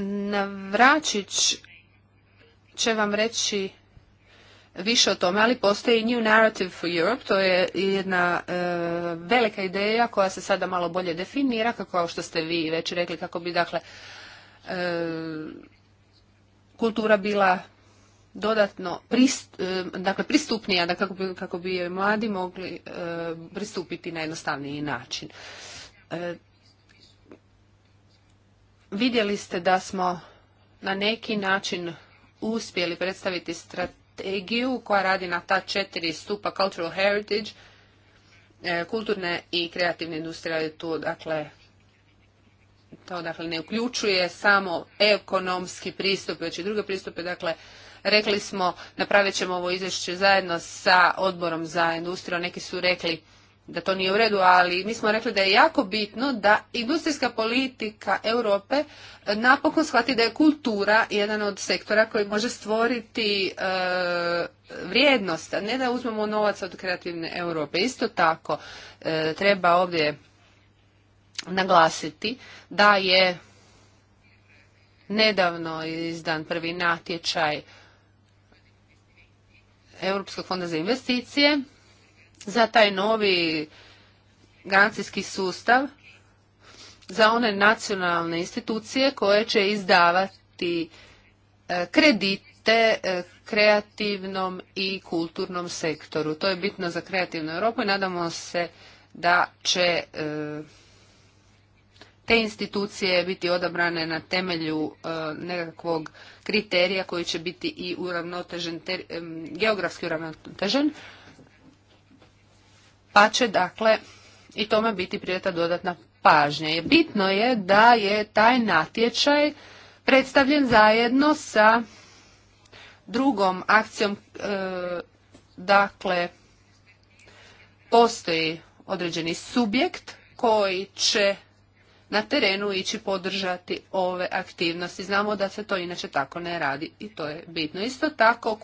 Navračić će vam reći više o tome, ali postoji New Narrative for Europe, to je jedna e, velika ideja koja se sada malo bolje definira, kao što ste vi već rekli, kako bi dakle e, kultura bila dodatno e, dakle, pristupnija, da kako bi, kako bi mladi mogli pristupiti na jednostavniji način. Vidjeli ste da smo na neki način uspjeli predstaviti strategiju strategiju koja radi na ta četiri stupa cultural heritage, e, kulturne i kreativne industrije ali tu, dakle, to dakle ne uključuje samo ekonomski pristup, već i druge pristupe, dakle, rekli smo, napravit ćemo ovo izvješće zajedno sa odborom za industriju, neki su rekli da to nije u redu, ali mi smo rekli da je jako bitno da industrijska politika Europe e, napokon shvati da je kultura jedan od sektora koji može stvoriti e, vrijednost, a ne da uzmemo novac od kreativne Europe. Isto tako e, treba ovdje naglasiti da je nedavno izdan prvi natječaj Europskog fonda za investicije za taj novi garancijski sustav za one nacionalne institucije koje će izdavati e, kredite e, kreativnom i kulturnom sektoru. To je bitno za kreativnu Europu i nadamo se da će e, te institucije biti odabrane na temelju nekakvog kriterija koji će biti i uravnotežen, geografski uravnotežen, pa će dakle i tome biti prijeta dodatna pažnja. Je bitno je da je taj natječaj predstavljen zajedno sa drugom akcijom, e, dakle, postoji određeni subjekt koji će na terenu ići podržati ove aktivnosti. Znamo da se to inače tako ne radi i to je bitno. Isto tako,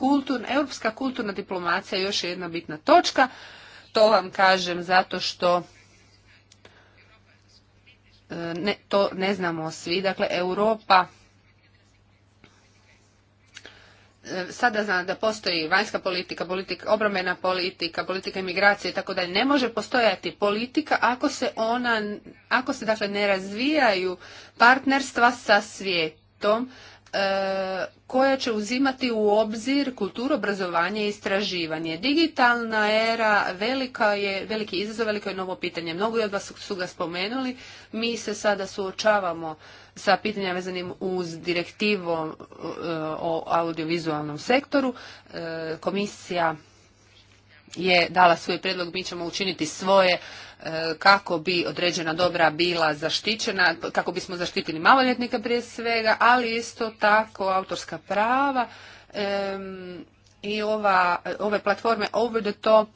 europska kulturna diplomacija je još jedna bitna točka to vam kažem zato što e, ne, to ne znamo svi. Dakle, Europa e, sada zna da postoji vanjska politika, politika obrambena politika, politika imigracije i tako dalje. Ne može postojati politika ako se ona, ako se dakle ne razvijaju partnerstva sa svijetom, E, koja će uzimati u obzir kulturu, obrazovanje i istraživanje. Digitalna era velika je, veliki izazov, veliko je novo pitanje. Mnogo od vas su ga spomenuli. Mi se sada suočavamo sa pitanjem vezanim uz direktivu e, o audiovizualnom sektoru. E, komisija je dala svoj predlog, mi ćemo učiniti svoje kako bi određena dobra bila zaštićena, kako bismo zaštitili maloljetnika prije svega, ali isto tako autorska prava i ova, ove platforme over the top,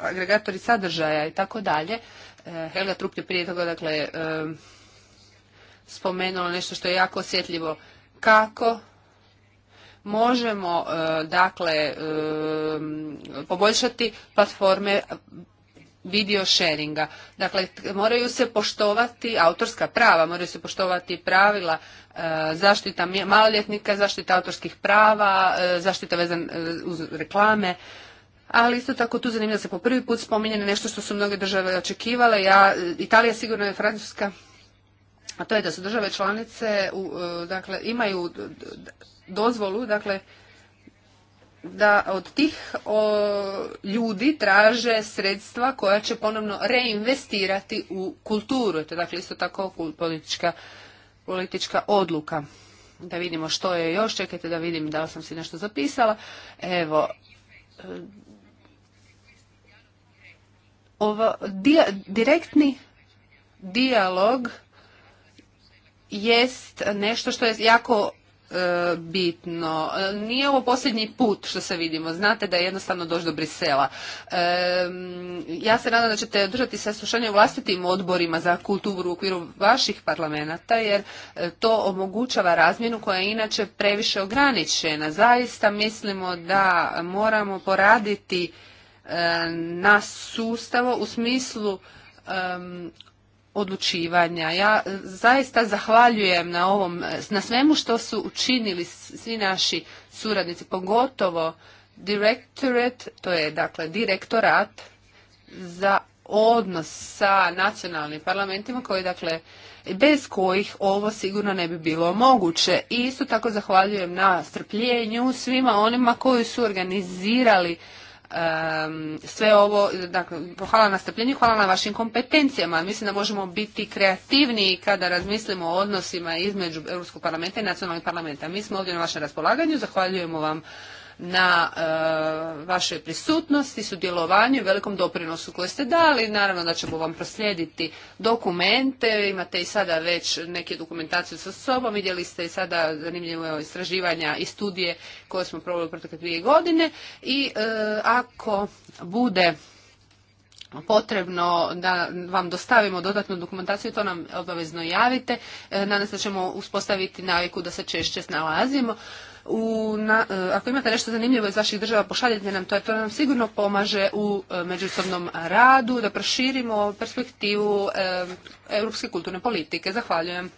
agregatori sadržaja i tako dalje. E, Helga Trup je prije toga dakle, spomenula nešto što je jako osjetljivo. Kako možemo e, dakle e, poboljšati platforme video sharinga. Dakle, moraju se poštovati autorska prava, moraju se poštovati pravila e, zaštita maloljetnika, zaštita autorskih prava, zaštita vezan uz reklame. Ali isto tako tu zanimljivo se po prvi put spominje nešto što su mnoge države očekivale. Ja, Italija sigurno je Francuska, a to je da su države članice, dakle, imaju dozvolu, dakle, da od tih ljudi traže sredstva koja će ponovno reinvestirati u kulturu. To je dakle isto tako politička, politička odluka. Da vidimo što je još. Čekajte da vidim da li sam si nešto zapisala. Evo, direktni dijalog jest nešto što je jako E, bitno. E, nije ovo posljednji put što se vidimo. Znate da je jednostavno doći do Brisela. E, ja se nadam da ćete održati saslušanje u vlastitim odborima za kulturu u okviru vaših parlamenta, jer to omogućava razmjenu koja je inače previše ograničena. Zaista mislimo da moramo poraditi na sustavo u smislu odlučivanja. Ja e, zaista zahvaljujem na ovom, e, na svemu što su učinili svi naši suradnici, pogotovo direktorat, to je dakle direktorat za odnos sa nacionalnim parlamentima koji dakle bez kojih ovo sigurno ne bi bilo moguće. I isto tako zahvaljujem na strpljenju svima onima koji su organizirali sve ovo, dakle, hvala na strpljenju, hvala na vašim kompetencijama. Mislim da možemo biti kreativniji kada razmislimo o odnosima između Europskog parlamenta i nacionalnog parlamenta. Mi smo ovdje na vašem raspolaganju, zahvaljujemo vam na e, vašoj prisutnosti, sudjelovanju i velikom doprinosu koje ste dali. Naravno da ćemo vam proslijediti dokumente, imate i sada već neke dokumentacije sa sobom, vidjeli ste i sada zanimljivo istraživanja i studije koje smo proveli u protekle dvije godine i e, ako bude potrebno da vam dostavimo dodatnu dokumentaciju, to nam obavezno javite. E, nadam se da ćemo uspostaviti naviku da se češće snalazimo u e, ako imate nešto zanimljivo iz vaših država, pošaljite nam to, to nam sigurno pomaže u e, međusobnom radu, da proširimo perspektivu e, europske kulturne politike. Zahvaljujem.